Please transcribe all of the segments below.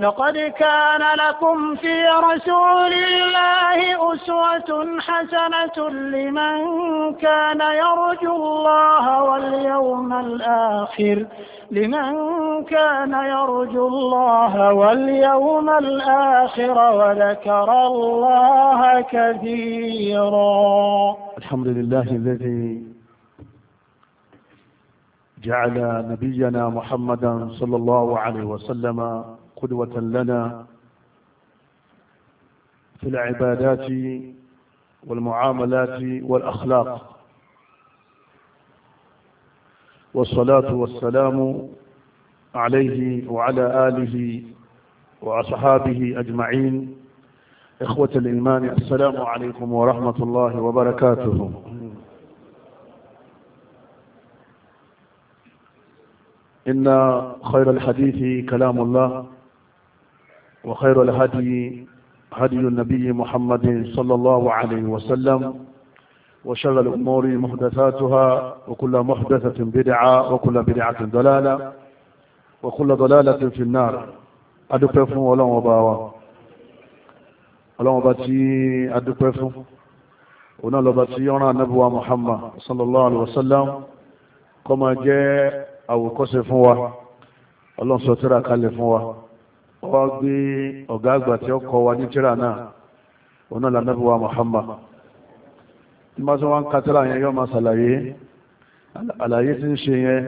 لقد كان لكم في رسول الله أسوة حسنة لمن كان يرجو الله واليوم الآخر لمن كان يرجو الله واليوم الآخر وذكر الله كثيرا الحمد لله الذي جعل نبينا محمدا صلى الله عليه وسلم قدوة لنا في العبادات والمعاملات والأخلاق والصلاة والسلام عليه وعلى آله وأصحابه أجمعين إخوة الإيمان السلام عليكم ورحمة الله وبركاته إن خير الحديث كلام الله وخير الهدي هدي النبي محمد صلى الله عليه وسلم وشر الأمور محدثاتها وكل محدثة بدعة وكل بدعة ضلالة وكل ضلالة في النار أدوكي ولا مباوا ولا مباتي أدوكي فون ولا مباتي نبوة محمد صلى الله عليه وسلم كما جاء أو كسر الله ولا سوتر ọwá gbé ọ̀gá àgbà tí ó kọ wa ní tíra náà ọ̀nà lànàbíwá Muhammad tí máa sọ wá ń ka tíra yẹn yọ́ máa ṣàlàyé àlàyé tí ń ṣe yẹn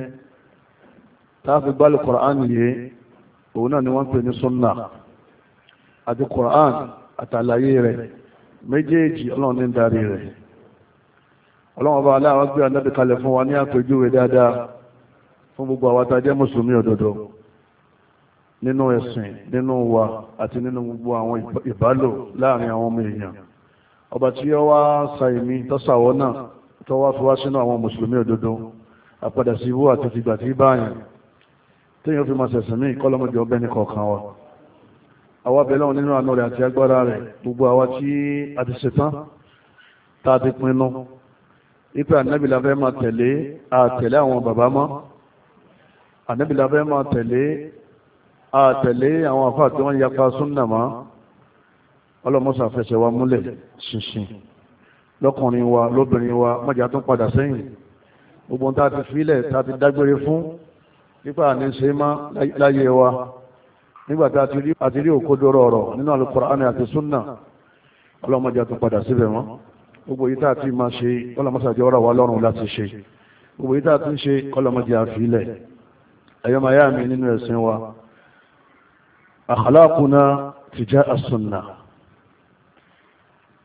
táàfi gbálù Kùránì yìí òun náà ni wọ́n pè ní sunna àti Kùránì àtàlàyé rẹ̀ méjèèjì ọlọ́run ní darí rẹ̀ ọlọ́run ọba aláwọ̀ gbé anábìkalẹ̀ fún wa ní àpèjúwe dáadáa fún gbogbo àwọn a mùsùlùmí nínú ẹ̀sìn nínú wa àti nínú gbogbo àwọn ìbálò láàrin àwọn ọmọ èèyàn ọba tí ó wá sàìmí tọ́sàwọ́ náà tó wá fi wá sínú àwọn mùsùlùmí òdodo àpadà sí ibú àti ìgbà tí báyìí téèyàn fi máa sẹ̀sìn míì kọ́lọ́mọdé ọbẹ̀ ní kọ̀ọ̀kan wa àwa bẹ̀rẹ̀ wọn nínú àánú rẹ̀ àti agbára rẹ̀ gbogbo àwa tí a ti ṣetán tá a ti pinnu ipe ànábìlà fẹ́ máa tẹ̀lé àtẹ̀lé àwọn bàbá mọ́ ànábìlà fẹ́ máa tẹ̀lé àtẹ̀lé àwọn àfà tí wọ́n yapa súnnà mọ́ ọlọ́mọ́sà fẹsẹ̀ wa múlẹ̀ ṣinṣin lọ́kùnrin wa lóbìnrin wa mọ́jà tún padà sẹ́yìn gbogbo tá a ti filẹ̀ tá a ti dágbére fún nípa àní ṣe má láyé wa nígbà tá a ti rí òkodoro ọ̀rọ̀ nínú Al-Qur'ani àti súnnà ọlọ́mọ́jà tún padà síbẹ̀ mọ́ gbogbo yìí tá a ti máa ṣe ọlọ́mọ́sà jẹ́ ọ̀rọ̀ wa lọ́rùn láti ṣe gbogbo yìí tá a ti ń ṣe ọlọ́mọ́jà àfilẹ̀ ẹ̀yọ́mọ̀ mi nínú ẹ̀sìn wa أخلاقنا تجاه السنة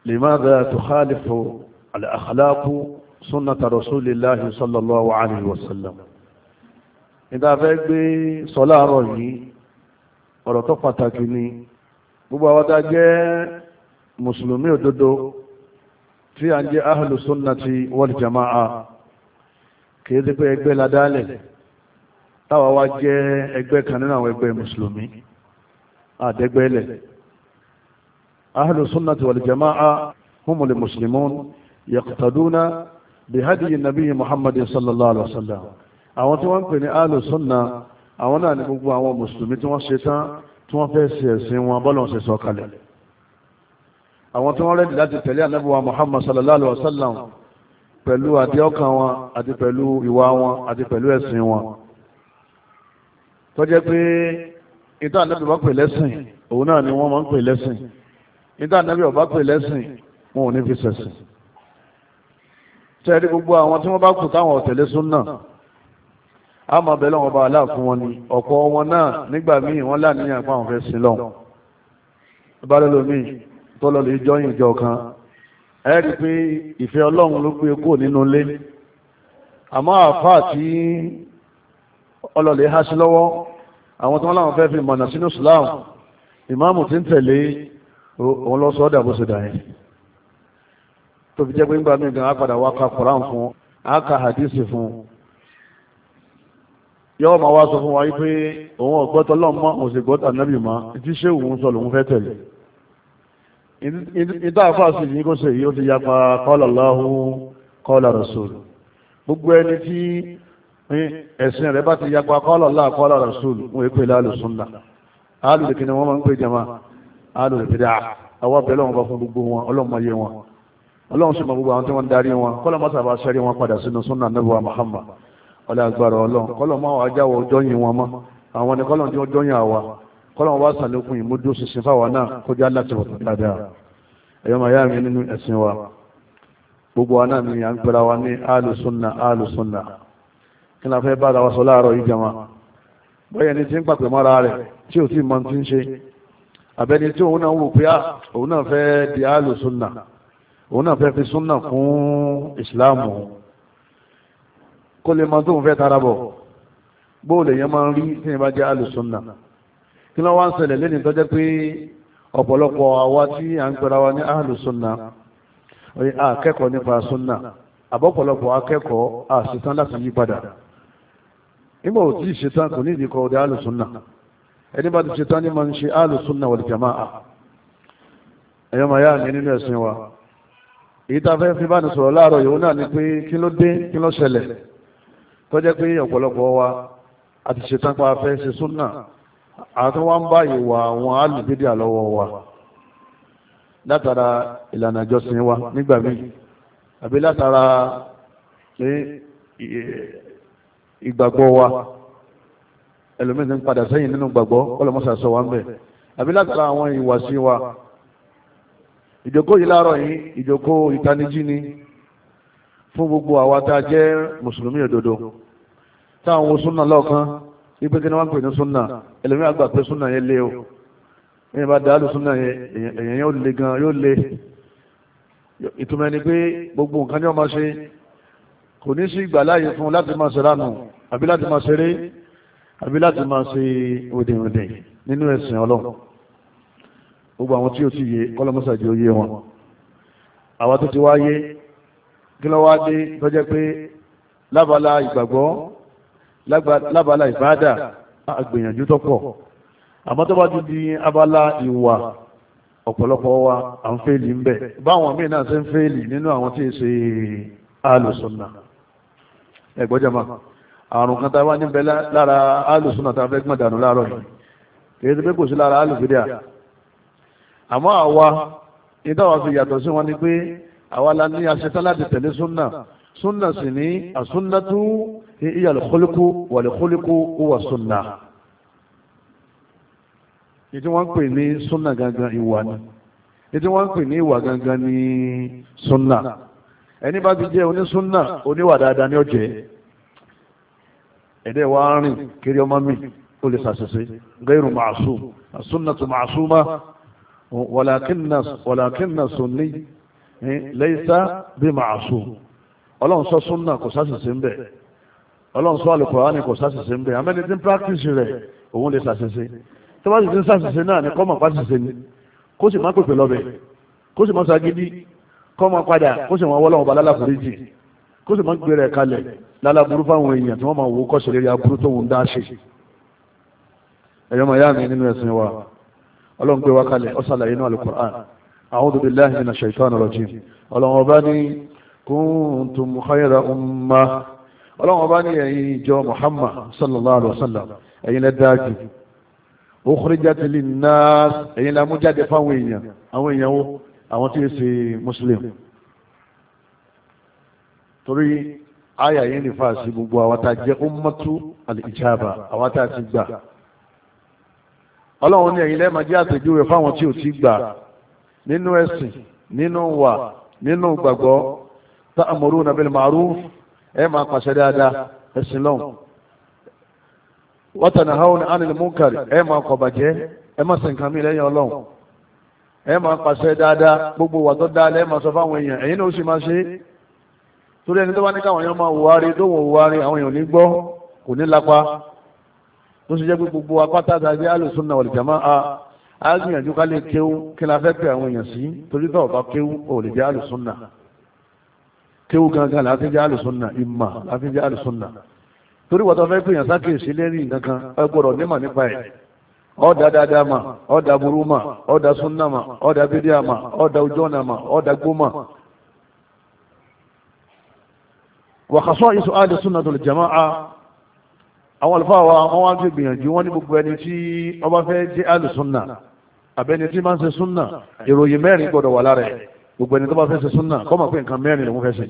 لماذا تخالف الأخلاق سنة رسول الله صلى الله عليه وسلم إذا فاك صلاة رجي ọ̀rọ̀ pàtàkì ni gbogbo àwọn tá a jẹ́ mùsùlùmí òdodo tí a ń jẹ́ ahlu sunnati wal jama'a kìí sí pé ẹgbẹ́ ladálẹ̀ táwa wá jẹ́ ẹgbẹ́ kan nínú àwọn ẹgbẹ́ mùsùlùmí àdẹ́gbẹ́lẹ̀ ahlu sunnati wal jama'a humul muslimun yaqtaduna bi hadiyi nabi muhammad sallallahu alaihi wasallam àwọn tí wọ́n pè ní ahlu sunna àwọn náà ni gbogbo àwọn mùsùlùmí tí wọ́n ṣe tán tí wọ́n fẹ́ ṣe ẹ̀sìn wọn bọ́lọ̀ ṣe sọ kalẹ̀ àwọn tí wọ́n rẹ́dì láti tẹ̀lé ànábì wa sallallahu alaihi wasallam pẹ̀lú àdéhọ́kàn wọn àti pẹ̀lú ìwà wọn àti pẹ̀lú ẹ̀sìn wọn tó pé ìta ànábì bá pè lẹ́sìn òun náà ni wọ́n máa ń pè lẹ́sìn ìta ànábì ọba pè lẹ́sìn wọn ò ní fi sẹ̀sìn tẹ́rí gbogbo àwọn tí wọ́n bá kù táwọn ọ̀tẹ̀lé súnà a máa bẹ̀rẹ̀ wọn bá aláà fún wọn ni ọ̀pọ̀ wọn náà nígbà míì wọ́n láníyàn pa àwọn fẹ́ sí lọ bá lọ́lọ́ tó lọ lè jọyìn ìjọ kan ẹ rí pé ìfẹ́ ọlọ́run ló gbé kúrò nínú ilé àmọ́ àfáà tí ọlọ́lẹ̀ há sí lọ́wọ́ àwọn tí wọ́n láwọn fẹ́ fi mọ̀nà sínú Islam ìmáàmù ti ń tẹ̀lé òun lọ sọ́ọ́dà bó ṣe dà yẹn tó fi jẹ́ pé nígbà míì gan apàdà wa ka fún a ka hadisi fún yọ́ọ̀ máa wá sọ fún wa yí pé òun ọ̀gbọ́tọ̀ lọ́ọ̀ mọ́ òun sì gbọ́tọ̀ nábì mọ́ tí ṣé òun sọ lòun fẹ́ tẹ̀lé ìdá àfáà sì ní kó ṣe yìí ó ti yapa qala Allahu qala Rasul gbogbo ẹni tí ẹ̀sìn rẹ̀ bá ti yapa kọ́lọ̀ láà kọ́lọ̀ rasul wọn èpè lálùsúnlá alùlùkì ni wọ́n máa ń pè jama alùlùkì dáa àwọn abẹ́ lọ́wọ́n bá fún gbogbo wọn ọlọ́mọ yé wọn ọlọ́run sì mọ gbogbo àwọn tí wọ́n darí wọn kọ́lọ̀ mọ́sà bá ṣẹ́rí wọn padà sínú súnà nàbùwà Muhammad ọlọ́ ọlọ́run kọ́lọ̀ mọ́ àwọn ajáwọ̀ ọjọ́ yìí wọn mọ́ àwọn ni kọ́lọ̀ kí la fẹ́ bára wa sọ láàárọ̀ yìí jama bóyá ni ti ń pàpẹ mọ́ra rẹ̀ tí ò tí mọ ti ń ṣe àbẹ́ni tí òun náà wò pé ah, òun náà fẹ́ di áàlù súnà òun náà fẹ́ fi súnà fún ìsìláàmù kó lè mọ tóun fẹ́ tara bọ̀ bóòlù èèyàn máa ń rí tí ìyẹn bá jẹ́ áàlù súnà kí ló wá ń ṣẹlẹ̀ lẹ́ni tó jẹ́ pé ọ̀pọ̀lọpọ̀ àwa tí à ń pera wa ní áàlù súnà akẹ́kọ̀ọ́ nípa súnà àbọ̀pọ̀lọpọ̀ akẹ́kọ̀ọ́ àṣetán láti yí padà nígbà ò tí ì ṣetán kò ní ìdíkọ̀ ọ̀dẹ alùsùnà ẹni bá ti ṣetán ní máa ń ṣe alùsùnà wal jamaa ẹ̀yọ́ màá yá mi nínú ẹ̀sìn wa èyí tá a fẹ́ fi bá ní sọ̀rọ̀ láàárọ̀ yòó náà ni pé kí ló dé kí ló ṣẹlẹ̀ tó jẹ́ pé ọ̀pọ̀lọpọ̀ wa àti ṣetán pa afẹ́ ṣe súnà àtún wá ń bá ìwà àwọn alùbídì àlọ́wọ́ wa látara ìlànà ìjọsìn wa nígbà míì àbí látara ìgbàgbọ́ wa ẹlòmíín ti ń padà sẹ́yìn nínú gbàgbọ́ ọlọ́mọṣà sọ wa ń bẹ̀ àbí látara àwọn ìwàsí wa ìjókòó yìí láàárọ̀ yìí ìjókòó ìtanijí ni fún gbogbo àwa tá a jẹ́ mùsùlùmí òdodo táwọn wo súnà lọ́ọ̀kan wípé kí ni wọ́n ń pè ní súnà ẹlòmíín àgbà pé súnà yẹn lé o èyàn bá dàálù súnà yẹn èyàn yóò le gan yóò le ìtumọ̀ ẹni pé gbogbo nǹkan ni wọ́n máa ṣe kò ní sí ìgbà láàyè fún láti máa ṣẹlánù àbí láti máa ṣeré àbí láti máa ṣe òdìrìndì nínú ẹ̀sìn ọlọ́run gbogbo àwọn tí ó ti yé kọ́lọ́mọ́sàjì ó yé wọn àwọn tó ti wá yé kí lọ́wọ́ á dé tó jẹ́ pé lábala ìgbàgbọ́ lábala ìbáàdà àgbìyànjú tó pọ̀ àmọ́ tó bá ti di abala ìwà ọ̀pọ̀lọpọ̀ wa à ń fẹ́ẹ̀lì ń bẹ̀ báwọn míì náà ṣe ń fẹ́ẹ̀lì nínú àwọn tí ì ṣe alùsùnà ẹ̀gbọ́jàmá àrùn kan tàbá níbẹ̀ lára alùsùnà tàbá fẹ́ gbọ́n dànù láàárọ̀ kìí ti pé kò sí lára alùfídíà àmọ́ àwa ìdáwà fi yàtọ̀ sí wọn ni pé àwa la ní aṣetán láti tẹ̀lé súnà súnà sì ní àsúnnátú ìyàlẹ̀ kólíkó wàlẹ̀ kólíkó wà súnà ìtí wọ́n ń pè ní súnà gangan ìwà ni ìtí wọ́n ń pè ní ìwà gangan ní súnà ẹni bá ti jẹ́ onísúnà oníwà dáadáa ni ó jẹ́ ẹ̀dẹ́ wa rìn kiri ọmọ mi ó lè sàṣẹṣe gairu ma'asum as-sunnatu ma'asuma walakinna walakinna sunni laysa bí ma'asum ọlọ́run sọ súnà kò sàṣẹṣe ń bẹ̀ ọlọ́run sọ Al-Qur'ani kò sàṣẹṣe ń bẹ̀ amẹ́ni tí ń practice rẹ̀ òun lè sàṣẹṣe tí wọ́n sì ti ń sàṣẹṣe náà ni kọ́mọ̀ pàṣẹṣe ni kó sì má pèpè lọ́bẹ̀ kó sì má sagídí kọ́ máa padà kó sì máa wọ́ lọ́wọ́ bá lálàforíjì kó sì máa gbé rẹ̀ kalẹ̀ lálàburú fáwọn èèyàn tí wọ́n máa wò ó kọ́sẹ̀ lérí aburú tó ń dá ṣe ẹ̀yọ́ máa yá mi nínú ẹ̀sìn wa ọlọ́run gbé wa kalẹ̀ ọ̀sàlàyé náà alukur'an a'udhu billahi minash shaitanir rajim ọlọ́run ọba ní kuntum khayra ummah ọlọ́run ọba ní ẹ̀yin ìjọ Muhammad sallallahu alayhi wa sallam ẹ̀yin lẹ́dáàjù ukhrijat linnas ẹ̀yin lámújáde fáwọn èèyàn àwọn èèyàn wo àwọn tí ó ṣe muslim torí àyà yìí nífà sí gbogbo àwọn tá a jẹ́ ummatu al-ijaba àwọn tá a ti gbà ọlọ́run ní ẹ̀yin lẹ́ẹ̀ma jẹ́ àtẹ̀júwe fáwọn tí ò ti gbà nínú ẹ̀sìn nínú wà nínú gbàgbọ́ ta'muruna bil ma'ruf ẹ̀ máa pàṣẹ dáadáa ẹ̀sìn lọ́hùn wa tanahawna 'anil munkar ẹ̀ máa kọ̀ bàjẹ́ ẹ̀ máa sìnkàmí lẹ́yìn ọlọ́run ẹ máa pàṣẹ dáadáa gbogbo wà tó dáa lẹ́ẹ̀ máa sọ fáwọn èèyàn ẹ̀yin náà ó sì máa ṣe é torí ẹni tó bá ní káwọn èèyàn máa wùwárí tó wọ̀ wùwárí àwọn èèyàn ò ní gbọ́ kò ní lapa tó sì jẹ́ pé gbogbo apáta tàbí alùsùnà wal jamaa á gbìyànjú ká lè kéwú kí la fẹ́ pè àwọn èèyàn sí torí tó bá kéwú ò lè jẹ́ alùsùnà kéwú gangan láti jẹ́ alùsùnà ìmà láti jẹ́ alùsùnà torí wọ́n tó fẹ́ pè èèyàn sákèèsí lẹ́rìí nǹkan kan ẹ gbọ́dọ̀ nímọ̀ nípa ẹ̀ ọ̀dà dáadáa ma ọ̀dà burú ma ọ̀dà súnà ma ọ̀dà bídíà ma ọ̀dà ojọ́nà ma ọ̀dà gbọ́mà. wa khasaisu ahli sunnati wal jamaa àwọn àlùfáà wa wọ́n wá ń fi gbìyànjú wọ́n ní gbogbo ẹni tí ó bá fẹ́ jẹ́ ahli sunna àbẹ́ni tí máa ń ṣe sunna ìròyìn mẹ́rin gbọ́dọ̀ wà lára ẹ̀ gbogbo ẹni tó bá fẹ́ ṣe sunna kó mọ̀ pé nǹkan mẹ́rin lòún fẹ́ ṣe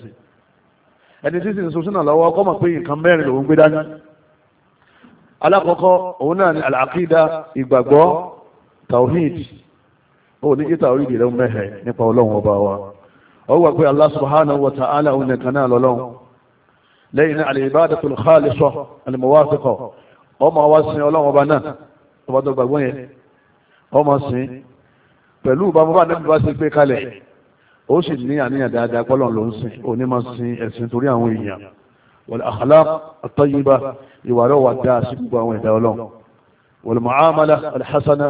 ẹni tí sì ń ṣe sunna lọ́wọ́ kó mọ̀ pé nǹkan mẹ́rin lòún gbé dání alákọ̀ọ́kọ́ òun náà ni àkídà ìgbàgbọ́ tawhid ó ní kí tawhid rẹ̀ mẹ́hẹ̀ nípa ọlọ́run ọba wa ó wà pé Allah subhanahu wa ta'ala òun nìkan náà lọ́lọ́run lẹ́yìn náà al-ibadatul khalisha al-muwafiqa ọmọ wa sin ọlọ́run ọba náà ọba tó gbàgbọ́ yẹn ọmọ sin والأخلاق الطيبة ìwàlọ́wà dáa sí gbogbo àwọn ẹ̀dá ọlọ́run wal-mu'amala al-hasana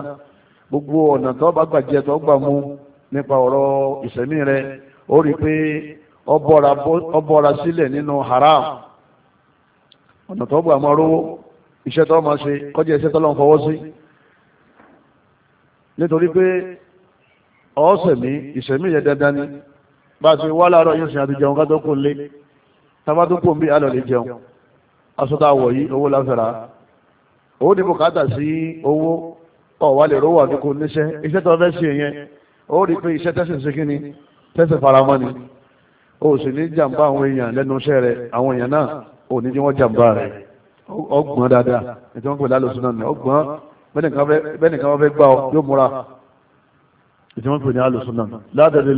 gbogbo ọ̀nà tó bá gbàjẹ́ tó gbà mú nípa ọ̀rọ̀ ìsẹ̀mí rẹ̀ ó rí pé ọ bọ́ra sílẹ̀ nínú haram ọ̀nà tó gbà máa rówó iṣẹ́ tó máa ṣe kọjá iṣẹ́ tọ́lọ́ fọwọ́ sí nítorí pé ọ̀ọ́sẹ̀mí ìsẹ̀mí yẹn dandan ni bá a ti wá láàárọ̀ yóò ṣe àtijọ́ nǹkan tó kù lé tàbátúkù ń bí alọ̀ lè jẹun asọ́ta wọ̀ yí owó láfẹ́ra owó ní bùkátà sí owó ọ̀wà lè rówó àdúkù níṣẹ́ iṣẹ́ tó fẹ́ sí ìyẹn ó rí pé iṣẹ́ tẹ́sìn sí kíni tẹ́sìn faramọ́ ni ó sì ní jàǹbá àwọn èèyàn lẹ́nu iṣẹ́ rẹ̀ àwọn èèyàn náà ò ní jí wọ́n jàǹbá rẹ̀ ọgbọ́n dáadáa ètò wọn pè lálùsùn náà ni ọgbọ́n bẹ́ẹ̀ nìkan fẹ́ gbà ọ yóò múra ètò wọn pè ní àlùsùn náà ládàdì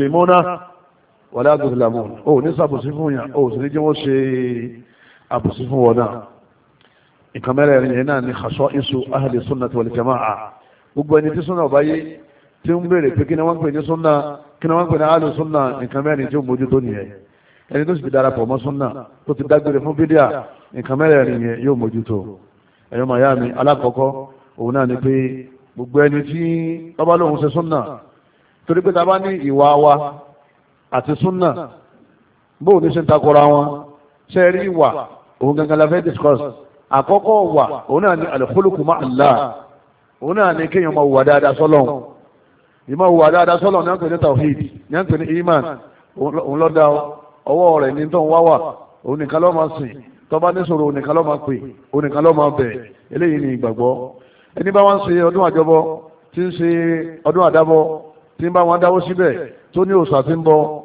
wàlá àdùnlámù ó ní sàbòsí fún yàn ó sì ní jẹ́ wọ́n ṣe àbòsí fún wọn náà nǹkan mẹ́rẹ̀ẹ̀rin yẹn náà ni kàṣọ isu ahli sunnati wal jamaa gbogbo ẹni tí súnà ọba yé tí ń béèrè pé kí ni wọ́n pè ní súnà kí ni wọ́n pè ní ahli súnà nǹkan mẹ́rin tí ó mójútó nìyẹn ẹni tó sì ti darapọ̀ mọ́ súnà tó ti dágbére fún bídíà nǹkan mẹ́rẹ̀ẹ̀rin yẹn yóò mójútó ẹ̀yọ́ màyá mi alákọ̀ọ́kọ́ òun náà ni pé gbogbo ẹni tí ọba lóhun ṣe súnà torí pé ta bá ní ìwà wa àti súnà bóun ní ṣe ń takora wọn ṣe rí ìwà òun gangan la fẹ́ discuss àkọ́kọ́ wà òun náà ni al Allah òun náà ni kéèyàn máa wà dáadáa sọ́lọ́hún ìmọ̀ wà dáadáa sọ́lọ́hún ní à ní tawhid ní à ní iman òun lọ́dà ọwọ́ rẹ̀ ní tó ń wá wà òun nìkan ló máa sìn tó ní sọ̀rọ̀ òun nìkan ló máa pè òun nìkan ló máa bẹ̀ eléyìí ni ìgbàgbọ́ ẹni bá wọn ṣe ọdún àjọbọ tí ń ṣe ọdún àdábọ tí ń bá wọn dáwọ́ síbẹ̀ tó ní òòṣà tí ń bọ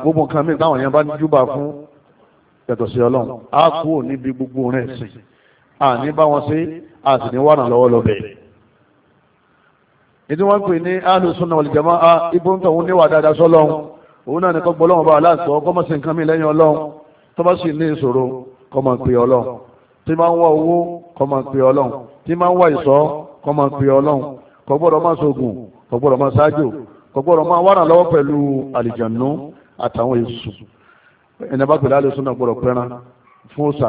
gbogbo nǹkan mi táwọn èèyàn bá ní júbà fún yàtọ̀ sí ọlọ́run á kúrò níbi gbogbo rẹ̀ sí àní bá wọn sí a sì ní wàràn lọ́wọ́ lọ bẹ̀rẹ̀ ìdí wọ́n pè ní alùsùnà olùjẹ̀mọ́ a ibùn tó ń níwà dáadáa sọ́lọ́run òun náà ní kọ́ gbọ́ lọ́wọ́ bá aláàtọ̀ kọ́ mọ̀ sí nǹkan mi lẹ́yìn ọlọ́run tó bá sì ní ìṣòro kọ́ máa pè ọlọ́run tí máa ń wá owó kọ́ máa pè ọlọ́run tí máa ń wá ìṣọ́ kọ́ pè ọlọ́run kò kò gbọ́dọ̀ máa wára lọ́wọ́ pẹ̀lú àlìjànú àtàwọn èṣù ẹni bá pẹ̀lú àlùsùn náà gbọ́dọ̀ pẹ́ran fún òòsà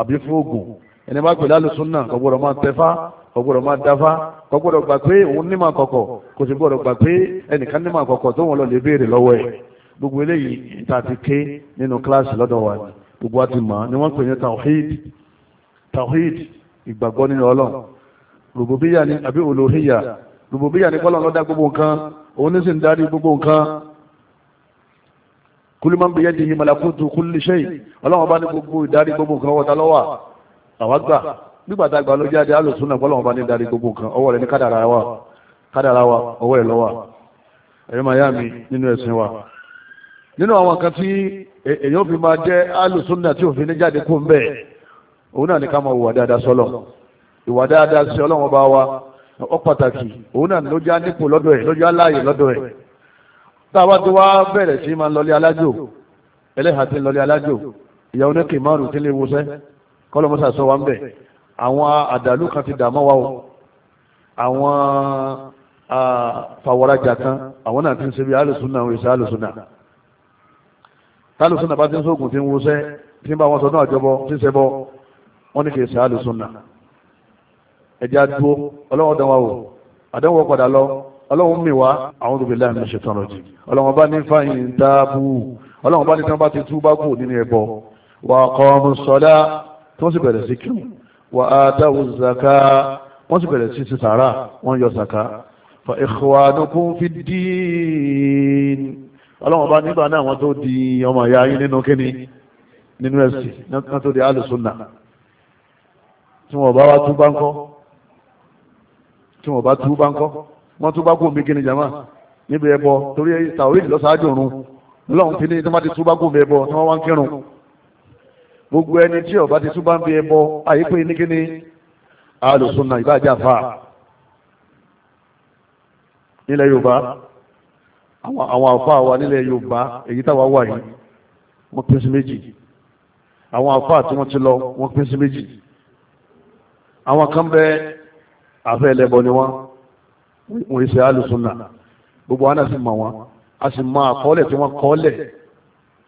àbí fún ògùn ẹni bá pẹ̀lú àlùsùn náà kò gbọ́dọ̀ máa tẹfá kò gbọ́dọ̀ máa dáfá kò gbọ́dọ̀ gbà pé òun ní máa kọ̀kọ̀ kò sì gbọ́dọ̀ gbà pé ẹnìkan ní máa kọ̀kọ̀ tó wọn lọ lè béèrè lọ́wọ́ ẹ̀ gbogbo eléyìí tá ti ké nínú kíláàsì lọ́dọ̀ wa gbogbo a ti mọ̀ ni wọ́n pè ní tawhid tawhid ìgbàgbọ́ nínú ọlọ́run rògbòbíyà ni àbí olóhíyà rògbòbíyà ni kọ́lọ́run ló gbogbo nǹkan òun ní sì ń darí gbogbo nǹkan kúlú máa ń bẹ̀yẹ́ di malakutu kulli shay ọlọ́wọ́n bá ní gbogbo ìdarí gbogbo nǹkan ọwọ́ta lọ́wọ́ àwa gbà nígbà tá a gbà ló jáde alùsùn náà gbọ́lọ́wọ́n bá ní darí gbogbo nǹkan ọwọ́ rẹ̀ ní kádàrà wa kádàrà wa ọwọ́ rẹ̀ lọ́wọ́ ẹ̀yọ́ máa mi nínú ẹ̀sìn wa nínú àwọn kan tí èyàn fi máa jẹ́ alùsùn náà tí òfin ní jáde kó ń òun náà ní ká máa wùwà dáadáa sọ́lọ̀ ìwà dáadáa sí ọlọ́wọ́n bá wa ọ pàtàkì òun náà ló já nípò lọ́dọ̀ ẹ̀ lọ́jọ́ aláàyè lọ́dọ̀ ẹ̀ táwa tó wá bẹ̀rẹ̀ sí máa ń lọlé alájò ẹlẹ́hàá ti ń lọlé alájò ìyàwó ní kìmárùn tí lè wọṣẹ́ kọ́lọ́mọ́sà sọ wa ń bẹ̀ àwọn àdàlú kan ti dààmú wa o àwọn fàwọ́rajà kan àwọn náà ti ń ṣe bí alùsùnà àwọn èsì alùsùnà tálùsùnà bá ti ń sóògùn tí ń wọṣẹ́ tí ń bá wọn sọ náà tí ń ṣẹbọ wọn ní kì í ṣe alùsùnà ẹjẹ́ àdúró ọlọ́wọ́ dánwà wò àdánwò padà lọ ọlọ́wọ́ mi wá àwọn tó láì ní ṣètàn lọ́jì ọlọ́wọ́ bá ní fàyín dáàbù ọlọ́wọ́ bá ní tán bá ti tú bá kù nínú ẹbọ wà kọ́ọ̀mù sọ́dá tó sì bẹ̀rẹ̀ sí kírun wà á dáwù zaka wọ́n sì bẹ̀rẹ̀ sí sàrà wọ́n yọ zaka fa ikhwanukum fi dín ọlọ́wọ́ bá nígbà náà wọ́n tó di ọmọ ìyá yín nínú kíni nínú ẹ̀sìn náà tó di alùsùnà tí wọ́n bá wá tún bá ń kọ́ tí wọ́n bá túbá ńkọ́ wọ́n túbá kó omi kíni jama níbi ẹbọ torí tàwíìdì lọ́sàájú òrun lọ́hùn tí ní tí wọ́n ti túbá kó omi ẹbọ tí wọ́n wá ń kírun gbogbo ẹni tí ó bá ti túbá ń bi ẹbọ àyíkú ní kíni alùsùnà ìbájá fa nílẹ̀ Yorùbá àwọn àfa wa nílẹ̀ Yorùbá èyí táwa wà yìí wọ́n pín sí méjì àwọn àfa tí wọ́n ti lọ wọ́n pín sí méjì àwọn kan bẹ́ẹ̀ àfẹ́ ẹlẹ́bọ ni wọ́n wọ́n ṣe alùsùnà gbogbo wọn náà sì mọ̀ wọn a sì mọ àkọọ́lẹ̀ tí wọ́n kọ́ọ́lẹ̀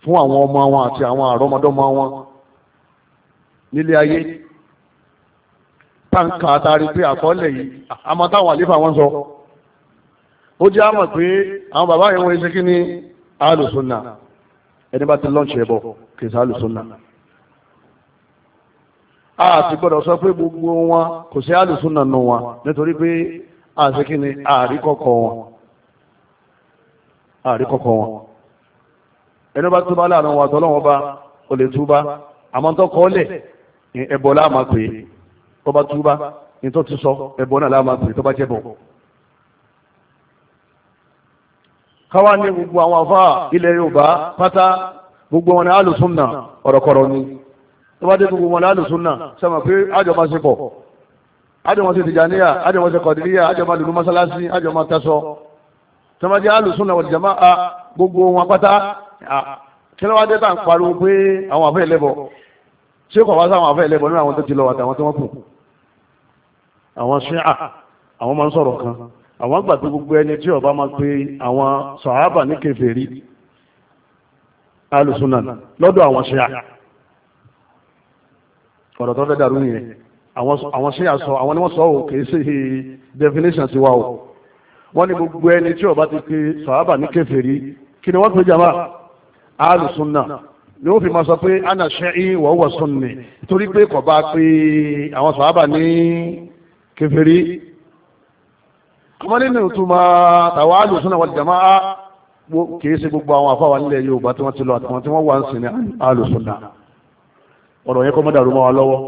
fún àwọn ọmọ wọn àti àwọn àrọ́mọdọ́mọ wọn nílé ayé táǹkà àtàrí pé àkọọ́lẹ̀ yìí àmọ́ táwọn àlífà wọn sọ ó jẹ́ àmọ̀ pé àwọn bàbá yẹn wọ́n ṣe kí ni alùsùnà ẹni bá ti lọ́ọ̀ṣì ẹbọ kì í sá alùsùnà a ti gbọ́dọ̀ sọ pé gbogbo wọn kò sí àlùsùnà nù wọn nítorí pé àṣekínni àríkọ̀kọ̀ wọn àríkọ̀kọ̀ wọn ẹni bá túbá láàrin wọn àtọ́lọ́wọ́n bá o lè túbá àmọ́ tó kọ́ lẹ̀ ẹ̀bọ̀ láàmà pé tó bá túbá ní tó ti sọ ẹ̀bọ̀ náà láàmà pé tó bá jẹ́bọ̀ káwá ní gbogbo àwọn afá ilẹ̀ Yorùbá pátá gbogbo wọn ni àlùsùnà ọ̀rọ̀kọ̀rọ̀ ni tó bá dé gbogbo wọn láàlù súnà sọmọ pé àjọba ṣe pọ̀ àjọba ṣe tìjàníyà àjọba ṣe kọ̀dìríyà àjọba lùlù mọ́sálásí àjọba tasọ tó bá jẹ́ àlù súnà wal jamaa gbogbo wọn pátá kí ló wá dé tá à ń pariwo pé àwọn àfẹ́ ẹlẹ́bọ ṣé kò wá sáwọn àfẹ́ ẹlẹ́bọ nínú àwọn tó ti lọ àtàwọn tó wọ́n kù àwọn ṣíà àwọn máa ń sọ̀rọ̀ kan àwọn gbà pé gbogbo ẹni tí ó máa pe àwọn sàhábà ní kèfèrí alùsùnà lọ́dọ̀ àwọn ṣíà ọ̀rọ̀ tó fẹ́ dàrú nìyẹn àwọn sí àsọ àwọn ni sọ ò kì í sí definition tiwa o wọ́n ní gbogbo ẹni tí ó bá ti pe sàhábà ní kèfèrí kí ni wọ́n pe jama alùsùnà ni ó fi máa sọ pé ana ṣẹ́yìn wọ́n wọ̀ sunni torí pé kò bá pe àwọn sàhábà ní kèfèrí àmọ́ nínú ìtumọ̀ tàwa alùsùnà wal jamaa kì í ṣe gbogbo àwọn àfáwà nílẹ̀ Yorùbá tí wọ́n ti lọ àtàwọn tí wọ́n wà ń sìn ní alùsùnà ọ̀rọ̀ yẹn kọ́ mọ́dàrú mọ́ wa lọ́wọ́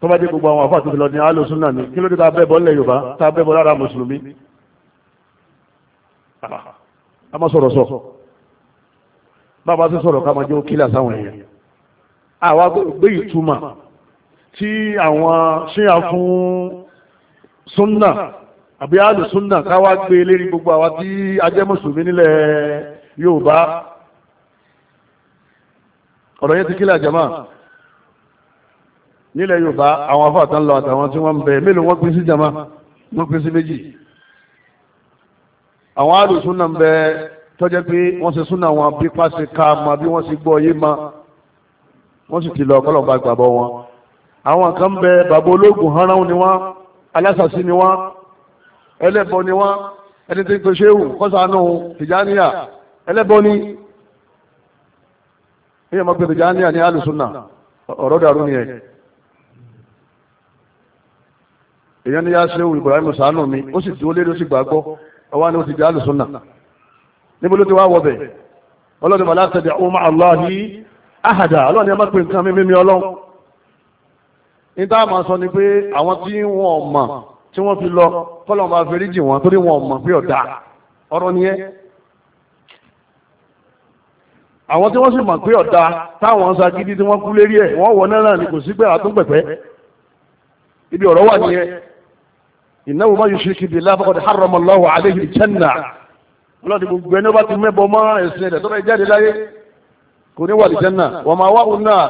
tó bá dé gbogbo àwọn àfáà tó fi lọ ní alòsùn náà ni kí ló dé ta bẹ́ẹ̀bọ̀ ńlẹ̀ yorùbá ta bẹ́ẹ̀bọ̀ lára mùsùlùmí a má sọ̀rọ̀ sọ bàbá sí sọ̀rọ̀ ká máa jẹ́ kílà sáwọn èèyàn àwa gbé ìtumọ̀ tí àwọn ṣíyà fún súnnà àbí alòsùn náà káwá gbé lérí gbogbo àwa tí ajẹ́ mùsùlùmí nílẹ̀ yorùbá ọ̀rọ̀ yẹn ti kílẹ̀ àjàmá nílẹ̀ yorùbá àwọn afáàtàn lọ àtàwọn tí wọ́n ń bẹ mélòó wọ́n pín sí jama wọ́n pín sí méjì àwọn àlùsùn náà ń bẹ tọ́jẹ́ pé wọ́n ṣe súnà wọn bí pàṣẹ ká ma bí wọ́n ṣe gbọ́ yé ma wọ́n sì kìlọ̀ ọ̀pọ̀lọpọ̀ àgbàbọ̀ wọn àwọn kan bẹ bàbá ológun haran ni wọn alásàsí ni wọn ẹlẹ́bọ ni wọn ẹni tí ń pe ṣéwù kọ́sánù tìjáníyà ẹlẹ́bọ ni ihe ọmọ gbèbè já ní àní alùsùnà ọ̀rọ̀ dàrú ni ya. èyàn ya yá ṣéwù Ibrahim sànù mi ó sì dúró lérí ó sì gbàgbọ́ na ni ó ti di alùsùnà ní àhàdà ọlọ́run sọ ni àwọn tí wọn ma tí wọn fi lọ bá jì torí pé àwọn tí wọ́n sì mọ̀ pé ọ̀dà táwọn ṣagídí tí wọ́n kú lérí ẹ̀ wọ́n wọ náírà ni kò sí pé àtún pẹ̀pẹ́ ibi ọ̀rọ̀ wà nìyẹn ìnáwó má yóò ṣe kìdí láfọkọ̀dé haramallahu alayhi janna ọlọ́dì gbogbo ẹni bá ti mẹ́bọ mọ́ ẹ̀sìn rẹ̀ tọ́lá ìjáde láyé kò ní wà ní janna wọ́n máa wá òun náà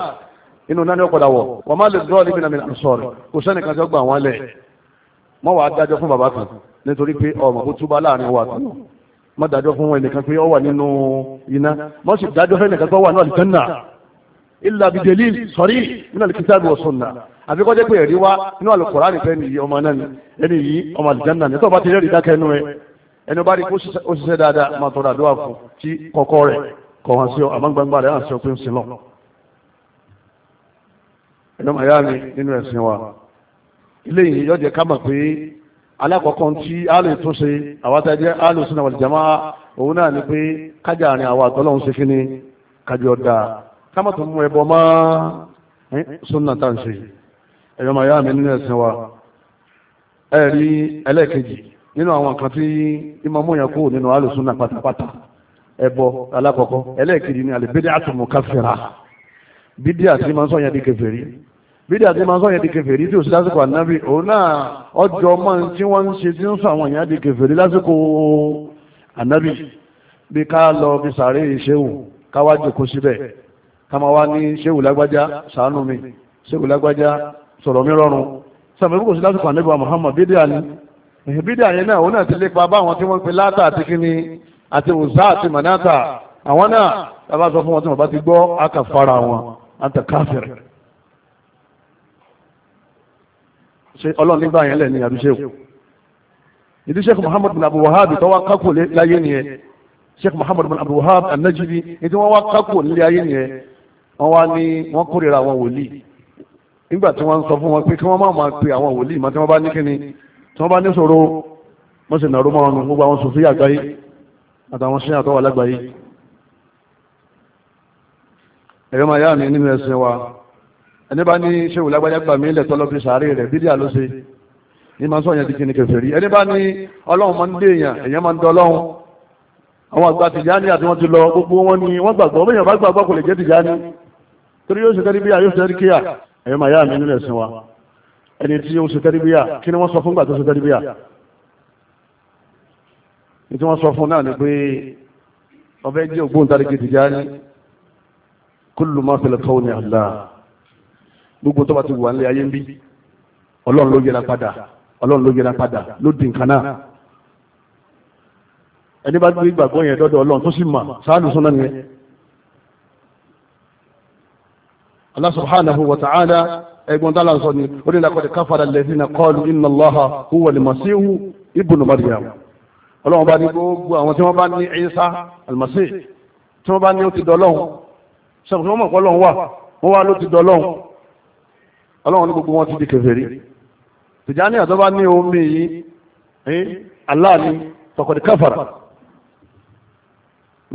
inú náà ni ó wọ̀ wọ́n máa lè dọ́ọ̀lì bí nàmínà sọ̀rọ̀ kò má dájọ́ fún ẹnìkan pé ó wà nínú iná má sì dájọ́ fún ẹnìkan pé ó wà nínú àlìjánà illa bi dalil sọ̀rí nínú al-kitab wa sunnah àfi kọ́jẹ́ pé ẹ̀rí wá nínú al-Qur'an nìfẹ́ ni ọmọ náà ni ẹni yìí ọmọ àlìjánà ni tó bá ti rẹ́rìí dákẹ́ ẹnu ẹ ẹni bá rí kó ṣiṣẹ́ dáadáa máa tọrọ àdúrà fún tí kọ́kọ́ rẹ̀ kọ̀ hàn sí ọ àmọ́ gbangba rẹ̀ hàn sí ọ pé ń sin lọ. alákọ̀ọ́kọ́ tí a lè tún ṣe àwátá jẹ́ alùsùn àwọn ìjàmá òun náà ni pé kájà àrin àwọn àtọ́lọ́hún ṣe kíni kájọ ọ̀dà kámọ̀tò mú ẹbọ mọ́ súnà tá ṣe ẹ̀yọ́ yá mi nínú ẹ̀sìn wa ẹ̀rí ẹlẹ́ẹ̀kejì nínú àwọn tí mú yẹn kú nínú alùsùn pátápátá ẹbọ alákọ̀ọ́kọ́ ni àlè bídíà káfíra bídíà tí bídí àti máa sọ yẹn di kèfèrí tí ò sí lásìkò ànábì òun náà ọjọ́ máa ń tí wọ́n ń ṣe tí ń sọ àwọn èèyàn di kèfèrí lásìkò ànábì bí ká lọ bí sàárè ṣéwù káwá jòkó síbẹ̀ ká máa wá ní ṣéwù lágbájá ṣàánú mi ṣéwù lágbájá sọ̀rọ̀ mi rọrùn sàmì kò sí lásìkò ànábì wa Muhammad bídí àní bídí àyẹn náà òun náà ti lépa báwọn tí wọ́n pe látà àti kíni àti òòsà àti mànátà àwọn náà bàbá ṣe ọlọ́run nígbà yẹn lẹ̀ ní àbíṣẹ́kù ìdí sheikh muhammad bin abu wahab tó wá kákò láyé nìyẹn sheikh muhammad bin abu wahab anajibi ìdí wọ́n wá kákò nílé ayé nìyẹn wọ́n wá ní wọ́n kórìíra àwọn wòlíì nígbà tí wọ́n sọ fún wọn pé kí wọ́n má máa pe àwọn wòlíì mọ́ tí wọ́n bá ní kíni tí wọ́n bá ní ṣòro wọ́n sì nàró mọ́ gbogbo àwọn sòfin àgbáyé àtàwọn ṣẹ́yà tó wà lágbàáyé máa yá mi nínú ẹ̀sìn wa ẹni bá ní ṣéwù lágbájá gbà mí lẹ́tọ́ lọ́fi sàárè rẹ̀ bídíà ló ṣe ní máa sọ yẹn ti kíni kèfèrí ẹni bá ní ọlọ́run máa ń dé èèyàn èèyàn máa ń dọ ọlọ́run àwọn àgbà tìjáni àti wọn ti lọ gbogbo wọn ni wọn gbàgbọ́ bẹ́ẹ̀ bá gbàgbọ́ kò lè jẹ́ tìjáni torí yóò ṣe tẹ́ríbíyà yóò ṣe tẹ́ríkíyà ẹ̀yọ́ màá yá mi nílẹ̀ sin wa ẹni tí yóò ṣe tẹ́ríbíyà kí ni wọ́n sọ fún gbà tó ṣe tẹ́ríbíyà ní tí wọ́n sọ fún náà ni pé ọbẹ̀ jẹ́ ògbóǹtarìkì tìjáni kúlù máa kọ́ ni Allah gbogbo tó bá ti wà nílé ayé ń bí ọlọ́run ló yẹra padà ọlọ́run ló yẹra padà ló di nǹkan náà ẹni bá gbé ìgbàgbọ́ yẹn dọ́dọ̀ ọlọ́run tó sì mà sáàlù sọ́nà nìyẹn Allah subhanahu wa ta'ala ẹgbọ́n tá láǹsọ ni ó ní laqad kafara alladhina qalu inna Allaha huwa al-masihu ibnu Maryam ọlọ́run bá ní gbogbo àwọn tí wọ́n bá ní Isa al tí wọ́n bá ní ó ti dọ́lọ́hun sọ̀rọ̀ tí ọlọ́run ní gbogbo wọn ti di kèfèrí tìjáni àtọ́bá ní omi yìí aláàní tọkọ̀dé káfàrà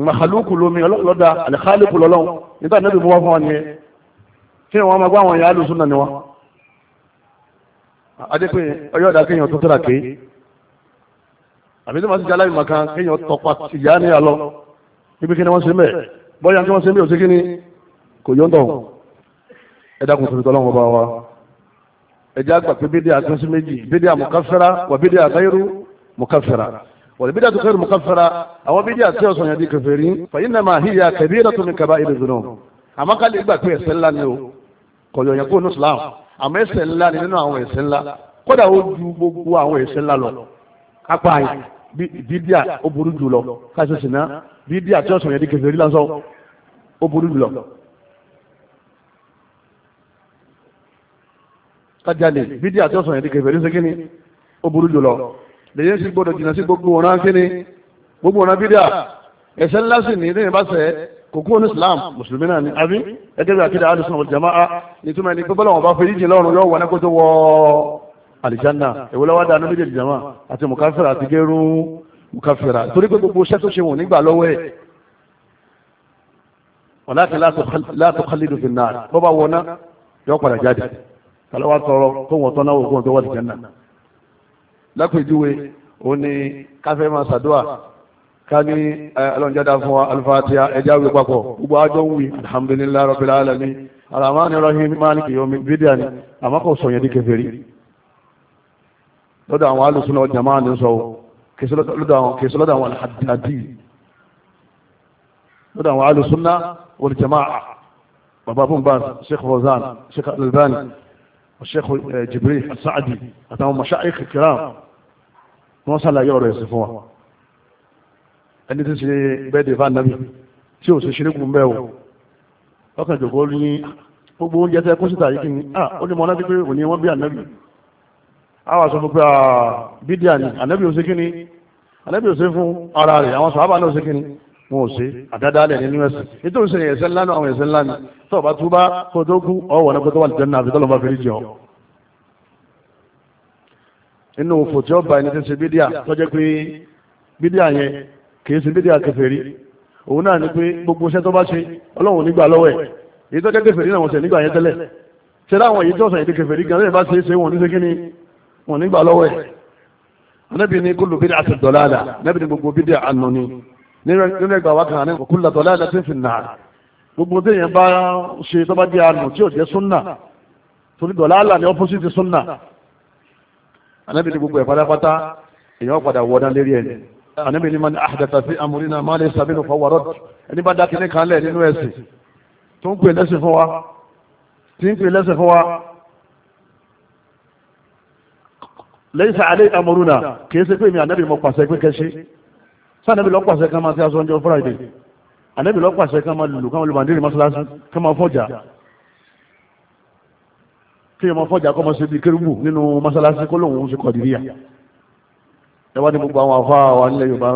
màhálùkù lómi lọ́dà àlẹ́kálùkù lọ́lọ́run nígbà níbi mú wá fún wa ni kí wọ́n máa gbá àwọn ìyá àlùsùn náà ni wá adépin ọyọ́ ọ̀dà kéèyàn tó tẹ́ra kéé àbí tí wọ́n ti jalábì màkàn kéèyàn tọpa tìjáni àlọ́ ibi kí wọ́n ṣe mẹ́ bọ́yá kí wọ́n ṣe mẹ́ òṣèkíní kò yọ́ ń tọ̀hún ẹ̀dàkùn tó tọ́lọ́wọ́ bá wa ẹjẹ́ àgbà pé bídíà tó sí méjì bídíà mùkáfẹ́ra wà bídíà gáírù mùkáfẹ́ra wà bídíà tó gáírù mùkáfẹ́ra àwọn bídíà tí ọ̀sán yẹn di kèfèrí fàyín náà máa híyà kẹ̀bí rẹ̀ tó mi kaba ìlú dùnú àmọ́ ká lè gbà pé ẹ̀ṣẹ̀ ńlá ni o kọ̀yọ̀ yẹn kó nù Islam àmọ́ ẹ̀ṣẹ̀ ńlá ni nínú àwọn ẹ̀ṣẹ̀ ńlá kódà ó ju gbogbo àwọn ẹ̀ṣẹ̀ ńlá lọ kápá yìí bídíà ó burú jù lọ káṣíṣ kájálè bídí àti ọ̀sán yẹn ti kẹfẹ́ lóṣù kínní ó burú jùlọ lèyìn sì gbọdọ̀ jìnnà sí gbogbo ọ̀ràn kínní gbogbo ọ̀ràn bídí à ẹ̀sẹ̀ ńlá sì ní lẹ́yìn bá sẹ̀ kò ní Islam mùsùlùmí náà ni àbí ẹgbẹ́ bíi akéde àdùsùn ọ̀jọ̀ máa nítorí ẹni pé bọ́lá wọn bá fẹ́ yíjì lọ́rùn yóò wọ ẹnẹ́kó tó wọ àlìjánná ìwọlọ́wọ́ dáná méjèèjì jama àti mùkáfẹ́rà àti gẹ́rùn mùkáfẹ́rà torí pé gbogbo iṣẹ́ tó ṣe wọn nígbà lọ́wọ́ ẹ̀ wọ́n láti látò kálídùn fi náà bọ́ bá wọná yóò padà jáde tàlọ́wà tọrọ tó wọ́n tọ́ná òkú ọ̀tọ́ wọ́n ti jẹ́nà lápèjúwe ó ní káfẹ́ máa ṣàdúà ká ní ọlọ́njẹ́dá fún alifatiya ẹja wí papọ̀ gbogbo àjọ ń wí alhamdulillahi rabbil alamin alamani rahim maliki yomi bídíà ni àmọ́ kò sọ yẹn di kèfèrí lọ́dọ̀ àwọn alùsùn náà jàmáà ní sọ kèsì lọ́dọ̀ àwọn alhadi lọ́dọ̀ àwọn alùsùn náà wal jàmáà bàbá fún bá Sheikh Fawzan Sheikh eh, Jibril As-Sa'di àtàwọn mashayikh kiram wọ́n sàlàyé ọ̀rọ̀ ẹ̀sìn fún wa ẹni tí ń ṣe bẹ́ẹ̀dẹ̀ fún anabi tí ò ṣe ṣerékùn bẹ́ẹ̀ o ọkàn jòkó ní gbogbo oúnjẹ tẹ kó síta yìí kí ni ah ó ní mọ ọlá pípé òní wọn bí anabi àwọn sọ fún pé ah, bídíà ni anabi ò ṣe kí ni anabi ò ṣe fún ara rẹ̀ àwọn sọ wọn ò ṣe àdádálẹ̀ nínú ẹ̀sìn nítorí sẹ́yìn ẹ̀sẹ̀ ńlá náà àwọn ẹ̀sẹ̀ ńlá ni tó bá túbá kó tó kú ọwọ́ náà pẹ́tọ́ wà lè jẹ́nà àfitọ́ lọ́ba fèrè jẹun inú òfò tí ó bá ẹni tí ń ṣe bídíà tó jẹ́ pé bídíà yẹn kì í ṣe bídíà kèfèrí òun náà ni pé gbogbo iṣẹ́ tó bá ṣe ọlọ́run nígbà lọ́wọ́ ẹ̀ èyí tó jẹ́ kèfèrí náà wọ́n ṣe nígbà yẹn tẹ́lẹ̀ ṣe láwọn èyí tó sàn èdè kèfèrí gan lẹ́yìn bá ṣe é ṣe wọ́n ní ṣe kí ni wọ́n nígbà lọ́wọ́ ẹ̀ anábì ní kúlù bídíà àti dọ̀lá àdà anábì ní gbogbo bídíà ànú ni nínú ẹgbàá wa kan ní kò kúlọ̀ tọ́lá ẹ̀ fi nà gbogbo téèyàn bá ṣe tó bá jẹ́ àánú tí ò jẹ́ súnà torí dọ̀lá àlà ní ọ́pọ́sìtì súnà anábì ní gbogbo ẹ̀ pátápátá èèyàn padà wọ́dá lérí ẹ̀ anábì ní man ahdatha fi amrina ma laysa minhu fahuwa radd ẹni bá dá kíní kan lẹ̀ nínú ẹ̀sìn tó ń pè lẹ́sìn fún wa tí ń pè lẹ́sìn fún wa laysa alayhi amruna kì í ṣe pé mi anábì mọ̀ pàṣẹ pé kẹ́ ṣe sáàdẹ́bì lọ́pàṣẹ kan máa ti aṣọ ọjọ́ friday àdẹ́bì lọ́pàṣẹ kan máa lùlù kan olùmọ̀ àdéhùn mọ́ṣáláṣí kan máa fọ́jà kí ọmọ fọ́jà kọ́ mọ́ sí bí kérúbù nínú mọ́ṣáláṣí kó lóun ṣe kọ̀dìríyà ẹ wá ní gbogbo àwọn afọ àwọn nílẹ̀ yorùbá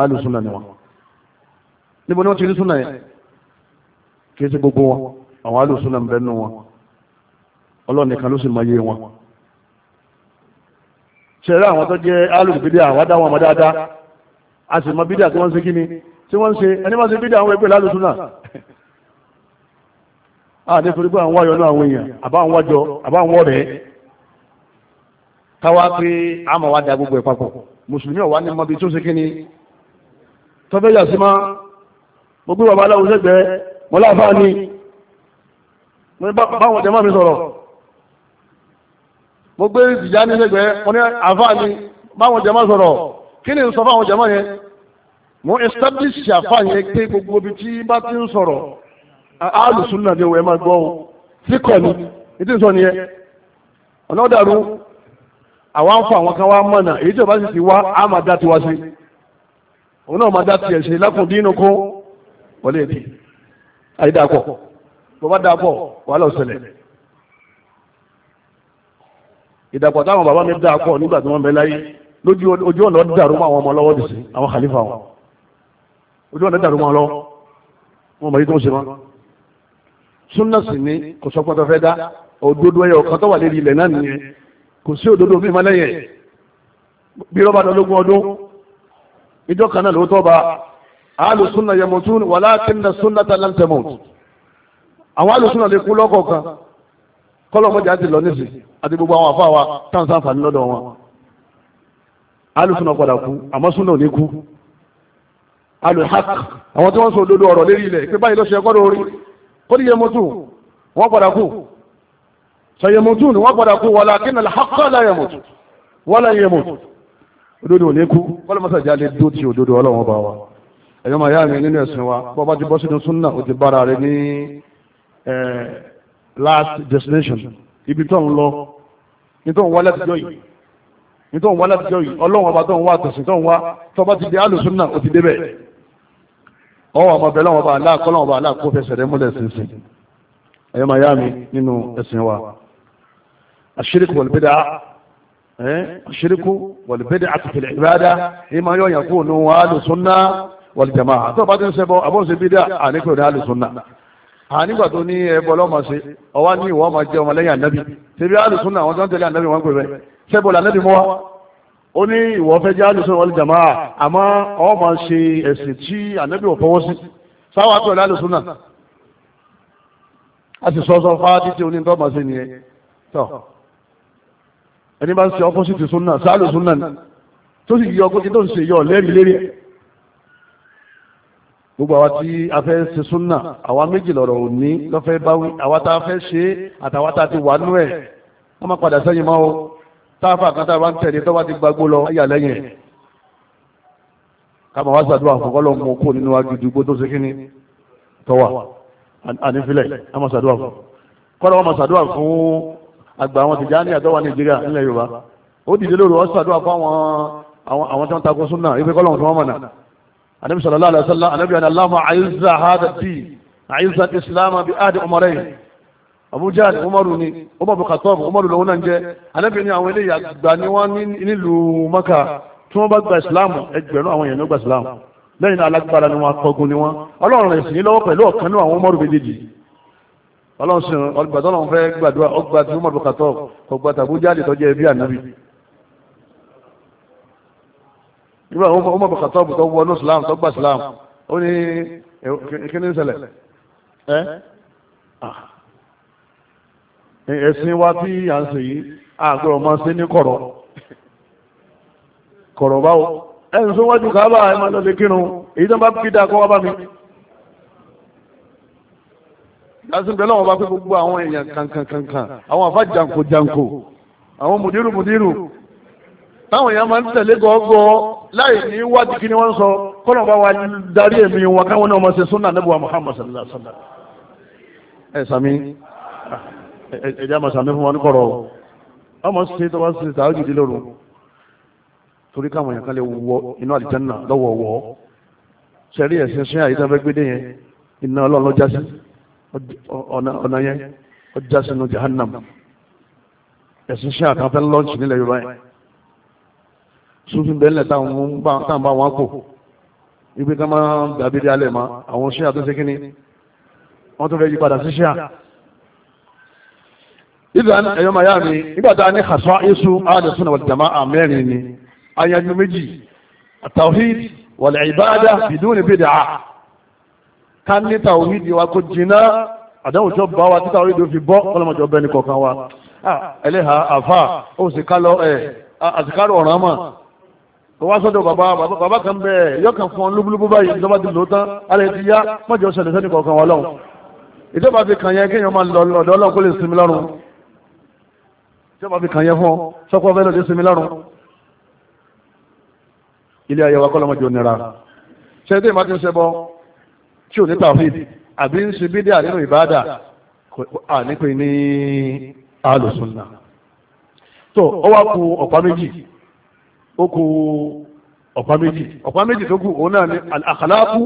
alùsùnà ni wọn níbo ni wọ́n ti rí súnà yẹn kì í ṣe gbogbo wọn àwọn alùsùnà ń bẹ nù wọn ọlọ́run nìkan ló sì mọ iye wọn ṣẹlẹ̀ àwọn tó jẹ́ alùsùn a sì mọ bídà tí wọ́n ń se kí ni tí wọ́n ń ṣe ẹni máa ṣe bídà àwọn ẹgbẹ́ lálùsùn náà a ní torí pé àwọn ayọ̀ náà àwọn èèyàn àbá àwọn ọjọ́ àbá àwọn ọ̀rẹ́ káwá pé a máa wá da gbogbo ẹ̀ papọ̀ mùsùlùmí ọ̀wá ní mọbi tó ṣe kí ni tọ́fẹ́ yà sí máa mo gbé bàbá aláwo sẹ́gbẹ̀ẹ́ mo láàfáà ni mo ní báwọn jẹ́ máa mi sọ̀rọ̀ mo gbé ìjìyà ní sẹ́gbẹ̀ẹ́ mo ní àfáà ni báwọn jẹ́ máa sọ̀rọ̀ kí ni sọ fáwọn jẹ́ yẹn mo establish àfààní pé gbogbo ibi tí bá ti ń sọ̀rọ̀ alùsùn náà ni òwe máa gbọ́ o síkọ̀ ni ètò ìsọ nìyẹn ọ̀nà ọ̀dàrú àwa ń fa àwọn kan wá mọ̀nà èyí tí ọba sì ti wá á máa dá tiwa sí òun náà máa dá tiẹ̀ ṣe lákùn dínú kó wọlé èdè àyídàpọ̀ bọ́bá dàpọ̀ wàhálà ọ̀sẹ̀lẹ̀ ìdàpọ̀ táwọn bàbá mi dàpọ̀ nígbà tí wọ́n bẹ láyé lójú ọ̀nà dàrú mọ́ àwọn ọmọ lọ́wọ́ dì sí àwọn khalifa wọn ojú ọ̀nà dàrú wọn lọ wọn mọ̀ yí tó ń ṣe wọn. súnà sì ni kò sọ pọ́tọ́ fẹ́ dá òdodo ẹyọ kan tó wà lérí ilẹ̀ náà nìyẹn kò sí òdodo mímọ́ lẹ́yìn bí rọ́bà dọ́lógún ọdún ìjọ kan náà ló tọ́ ba àálù súnà yamutun walakinna sunnata lam tamut àwọn àálù súnà lè kú lọ́kọ̀ọ̀kan kọ́lọ́mọdé àti lọ nísì àti gbogbo àwọn àfáà wa táwọn sáǹfà ní lọ́dọ̀ wọn àálù súnà padà kú àmọ́ súnà ò ní kú alùhàk àwọn tí wọ́n sọ òdodo ọ̀rọ̀ lérí ilẹ̀ pé báyìí ló ṣe ẹgbọ́dọ̀ orí kó ní yẹmọtù wọ́n padà kú sọ yẹmọtù ni wọ́n padà kú wọlá kí nàlá hakọ́lá yẹmọtù wọ́lá yẹmọtù òdodo òní kú kọ́lọ́ mọ́sàdì alẹ́ dó ti òdodo ọlọ́wọ́n bá wa ẹ̀yọ́ màá yá mi nínú ẹ̀sìn wa bọ́ bá ti bọ́ sínú súnà ó ti bára rẹ ní last destination ibi tó ń lọ ní ń wá látijọ́ yìí ní ń wá látijọ́ yìí ọlọ́wọ́n ọba tó ń wá àtọ̀sìn tó ń wá tó ti di alùsùn náà ó ti débẹ̀ ọwọ́ ọmọ bẹ̀rẹ̀ wọn bá aláàkọ́lọ́ wọn bá aláàkó fẹsẹ̀ rẹ múlẹ̀ sínsìn ẹ̀yọ́ máa yá mi nínú ẹ̀sìn wa àṣíríkù wọ̀lùbẹ́dà àṣíríkù wọ̀lùbẹ́dà àti fìlẹ̀ ìbáadá ní máa yọ̀ yàn kú òun wa alùsùnà wọ̀lùjàmá tó o bá ti ń sẹ́bọ̀ àbọ̀nsẹ̀ bídà àníkò ní alùsùnà ànígbà tó ní ẹbọ ọlọ́mọ ṣe ọwá ní ìwọ́ ọmọ jẹ́ ọmọ lẹ́yìn ànábì ṣe alùsùnà àwọn tó ń tẹ̀lé ànábì wọn pè bẹ́ẹ̀ sẹ́bọ̀ lànábì ó ní ìwọ fẹ́ jẹ́ alùsùn wal jamaa àmọ́ ọ máa ṣe ẹ̀sìn tí ànábì ò fọwọ́ sí sáwà tó ẹ̀lá lùsùn náà a sì sọ sọ fáá títí onítọ́ máa ṣe nìyẹn tọ́ ẹni bá ń ṣe ọpọ́sìtì súnà sáàlù súnà tó sì yọ ọgọ́tí tó ń ṣe yọ lẹ́rìí lérí gbogbo àwa tí a fẹ́ ṣe súnà àwa méjì lọ̀rọ̀ òní lọ́fẹ́ báwí àwa tá a fẹ́ ṣe àtàwa tá a ti wà nú ẹ̀ wọ́n má padà sẹ́yìn máa o táàfà kan táàbà ń tẹ̀lé tọ́wọ́ ti gbàgbó lọ ayà lẹ́yìn ẹ̀ káàmà wá sàdúrà fún kọ́lọ́ mú kó nínú agidigbó tó ṣe kíní tọ́wà ànífilẹ̀ àmà sàdúrà fún kọ́lọ́ wọn mà sàdúrà fún àgbà àwọn Tìjàní àtọ́wà Nàìjíríà nílẹ̀ Yorùbá ó dìde lóru wọn sàdúrà fún àwọn àwọn tí wọn takò súnà ife kọ́lọ́ fún wọn mọ̀nà ànábì sallallahu alaihi wasallam ànábì àná abuja ni umaru ni umar bin khattab umaru lòun náà ń jẹ anábì ni àwọn eléyìí àgbà ni wọn ní nílùú maka tí wọn bá gba ìsìláàmù ẹgbẹ̀rún àwọn èèyàn ló gba ìsìláàmù lẹ́yìn náà alágbára ni wọn akọgun ni wọn ọlọ́run rẹ̀ sì ní lọ́wọ́ pẹ̀lú ọ̀kan ní àwọn umaru méjèèjì ọlọ́run sì gbàdúrà ọlọ́run fẹ́ gbàdúrà ọgbà tí umar bin khattab kò gbà tàbújá lè ẹbí ànábì nígbà ẹ̀sìn wa tí à ń sè yìí àgbẹ̀ ọmọ sí ní kọ̀rọ̀ kọ̀rọ̀ báwo ẹ̀sìn sọ́wájú káàbà ẹ̀ máa lọ lè kírun èyí tó bá bí dáa kọ́ wá bá mi lásìkò lọ́wọ́ bá pé gbogbo àwọn èèyàn kankankankan àwọn àfa janko janko àwọn mùdírù mùdírù táwọn èèyàn máa ń tẹ̀lé gọ́gọ́ láì ní wádìí kí ni wọ́n ń sọ kọ́nà bá wa darí èmi wọn káwọn náà máa ṣe súnà níbo wa Muhammad sallallahu alaihi wa sallam ẹ̀ ẹ̀já máa sàmì fún wọn kọ̀rọ̀ ọmọ ṣe tó bá ṣe tààjù dé lóru torí káwọn èèyàn kan lè wọ inú àlìjánà lọ́wọ́wọ́ ṣẹ̀rí ẹ̀sìn sí àyíká fẹ́ gbédé yẹn iná ọlọ́run ló sí ọ̀nà yẹn ó sínú jahannam ẹ̀sìn sí àkàn fẹ́ lọ́ọ̀ṣì nílẹ̀ yorùbá yẹn sunsun bẹ́ẹ̀ lẹ̀ táwọn bá wọn kò ibi ká máa dàbí dé alẹ́ mọ́ àwọn sí àtúnṣe kínní wọ́n tún fẹ́ yí padà sí sí à ìdáni ẹ̀yọ́ maya mi nígbà tá a ní khasaisu ahlu sunna wal jamaa mẹ́rin ni ayanju méjì tawhid wal ibada biduni bid'a ká ní tawhid wa kò jìnnà àdáwùjọ bá wa tí tawhid fi bọ́ ọlọ́mọjọ bẹ́ẹ̀ ni kọ̀ọ̀kan wa ẹlẹ́ha àfa ó sì ká lọ ẹ̀ àsìkárò ọ̀ràn mọ̀ ó wá sọ́dọ̀ bàbá bàbá kan bẹ́ẹ̀ yọkàn fún ọ lúbúlúbú báyìí ìjọba ti tán alẹ́ ti yá mọ́jọ́ sẹ̀lẹ̀ sẹ́ni kọ̀ọ̀kan wa lọ́hùn ìjọba fi kàn yẹn kéèyàn máa lọ lọ́dọ̀ ọlọ́run kó lè sinmi lọ́rùn tí wọ́n fi kàn yẹn fún ọ sọ́kọ́ fẹ́ lóde sinmi lọ́rùn ilé ayé wa kọ́lọ́mọdé onira ṣe tí ìmọ̀tí ń ṣe bọ́ tí ò ní tàfíìd àbí ń ṣe bídíà nínú ìbáàdà à nípe ní alùsùnà tó ó wá ku ọ̀pá méjì ó ku ọ̀pá méjì ọ̀pá méjì tó kù òun náà ni àkàlákù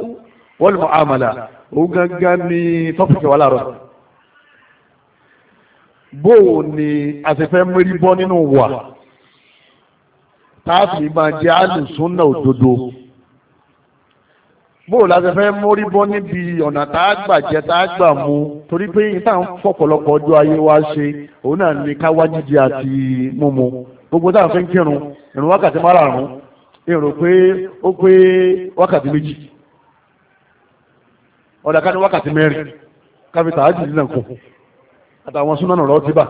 wal muamala òun gangan ni tọ́pìkì wà láàárọ̀ bó o ní àṣefẹ́ mérí bọ́ nínú wà táàfì máa jẹ́ àlùsúnà òdodo bó o láṣefẹ́ mórí bọ́ níbi ọ̀nà táàgbà jẹ táàgbà mu torí pé ìta ń fọ̀pọ̀lọpọ̀ ọjọ́ ayé wa ṣe òun náà ní káwá jíjẹ àti mímu gbogbo táà fi ń kírun ìrun wákàtí márààrún èrò pé ó pé wákàtí méjì ọ̀dà ká ní wákàtí mẹ́rin káfíńtà á jì nínú ẹ̀kọ́ àtàwọn súnmọ́nà rọ ti bà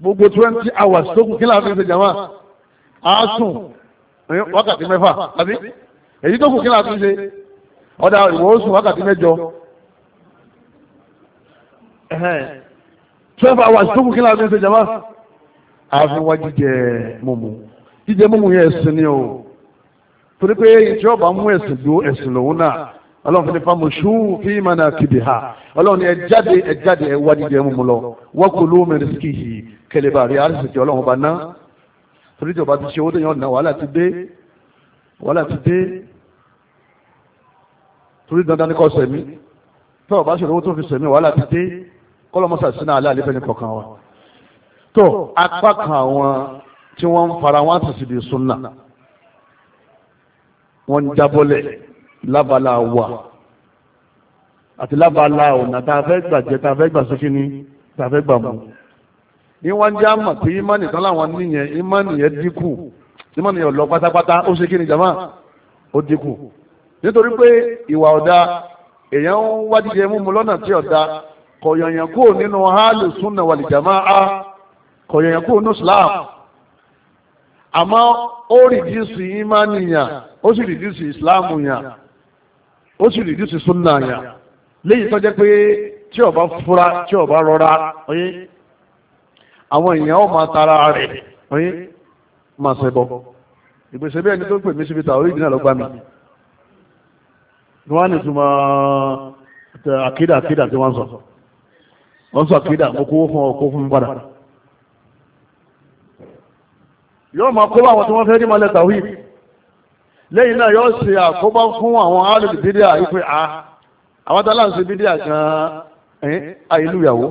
gbogbo twenty hours tó kù kí láàfin ṣe jàmá a sùn wákàtí mẹ́fà àbí èyí tó kù kí láàfin ṣe ọ̀dà ìwọ sùn wákàtí mẹ́jọ twelve hours tó kù kí láàfin ṣe jàmá àfi wá jíjẹ mọ̀mọ́ jíjẹ mọ̀mọ́ yẹn ẹ̀sìn ni o torí pé ìjọba mú ẹ̀sìn dúró ẹ̀sìn lòun náà ọlọ́run fi ní famushu fi manakibiha ọlọ́run ní ẹ jáde ẹ jáde ẹ wá jíjẹ mú mu lọ wakulu min rizqihi kẹlẹ́bà rí àrísìkì ọlọ́run bá ná torí tí ọba ti ṣe owó tó yàn ná wàhálà ti dé wàhálà ti dé torí dandan ní kò sẹ̀mí tí ọba ṣe owó tó fi sẹ̀mí wàhálà ti dé kọ́lọ́mọ́sà sínú àlẹ́ àlẹ́ fẹ́ni kọ̀ọ̀kan wa tó apá kan àwọn tí wọ́n ń fara wọn àti sì lábala wà àti lábala ọ̀nà tá a fẹ́ gbà jẹ tá a fẹ́ gbà ni tá a fẹ́ gbà mú pé ni jàmá ó dínkù nítorí pé ìwà ọ̀dà èèyàn ń wá jíjẹ lọ́nà tí ọ̀dà kọ̀yọ̀yàn kúrò nínú hálù súnà wàlì jàmáà kọ̀yọ̀yàn kúrò nínú Islam àmọ́ ó rìdíìsì ìmánì yàn ó sì rìdíìsì Islam yàn ó sì rìdí sí súnà àyà léyìí tó jẹ́ pé tí ó bá fura tí ó bá rọra oyé àwọn èèyàn ó máa tara rẹ̀ oyé máa ṣẹbọ ìgbésẹ̀ bí ẹni tó pè mí síbi tàwọn ìdí náà ló gbá mi wọ́n á ní túmọ̀ àkídà àkídà tí wọ́n sọ wọ́n sọ àkídà mo kó fún ọ fún mi padà yóò máa kó bá àwọn tí wọ́n fẹ́ ní malẹ̀ tàwíì lẹ́yìn náà yóò ṣe àkóbá fún àwọn arìnrìn ah, bídíà a àwọn tó láǹṣe bídíà gan-an àìlúyàwó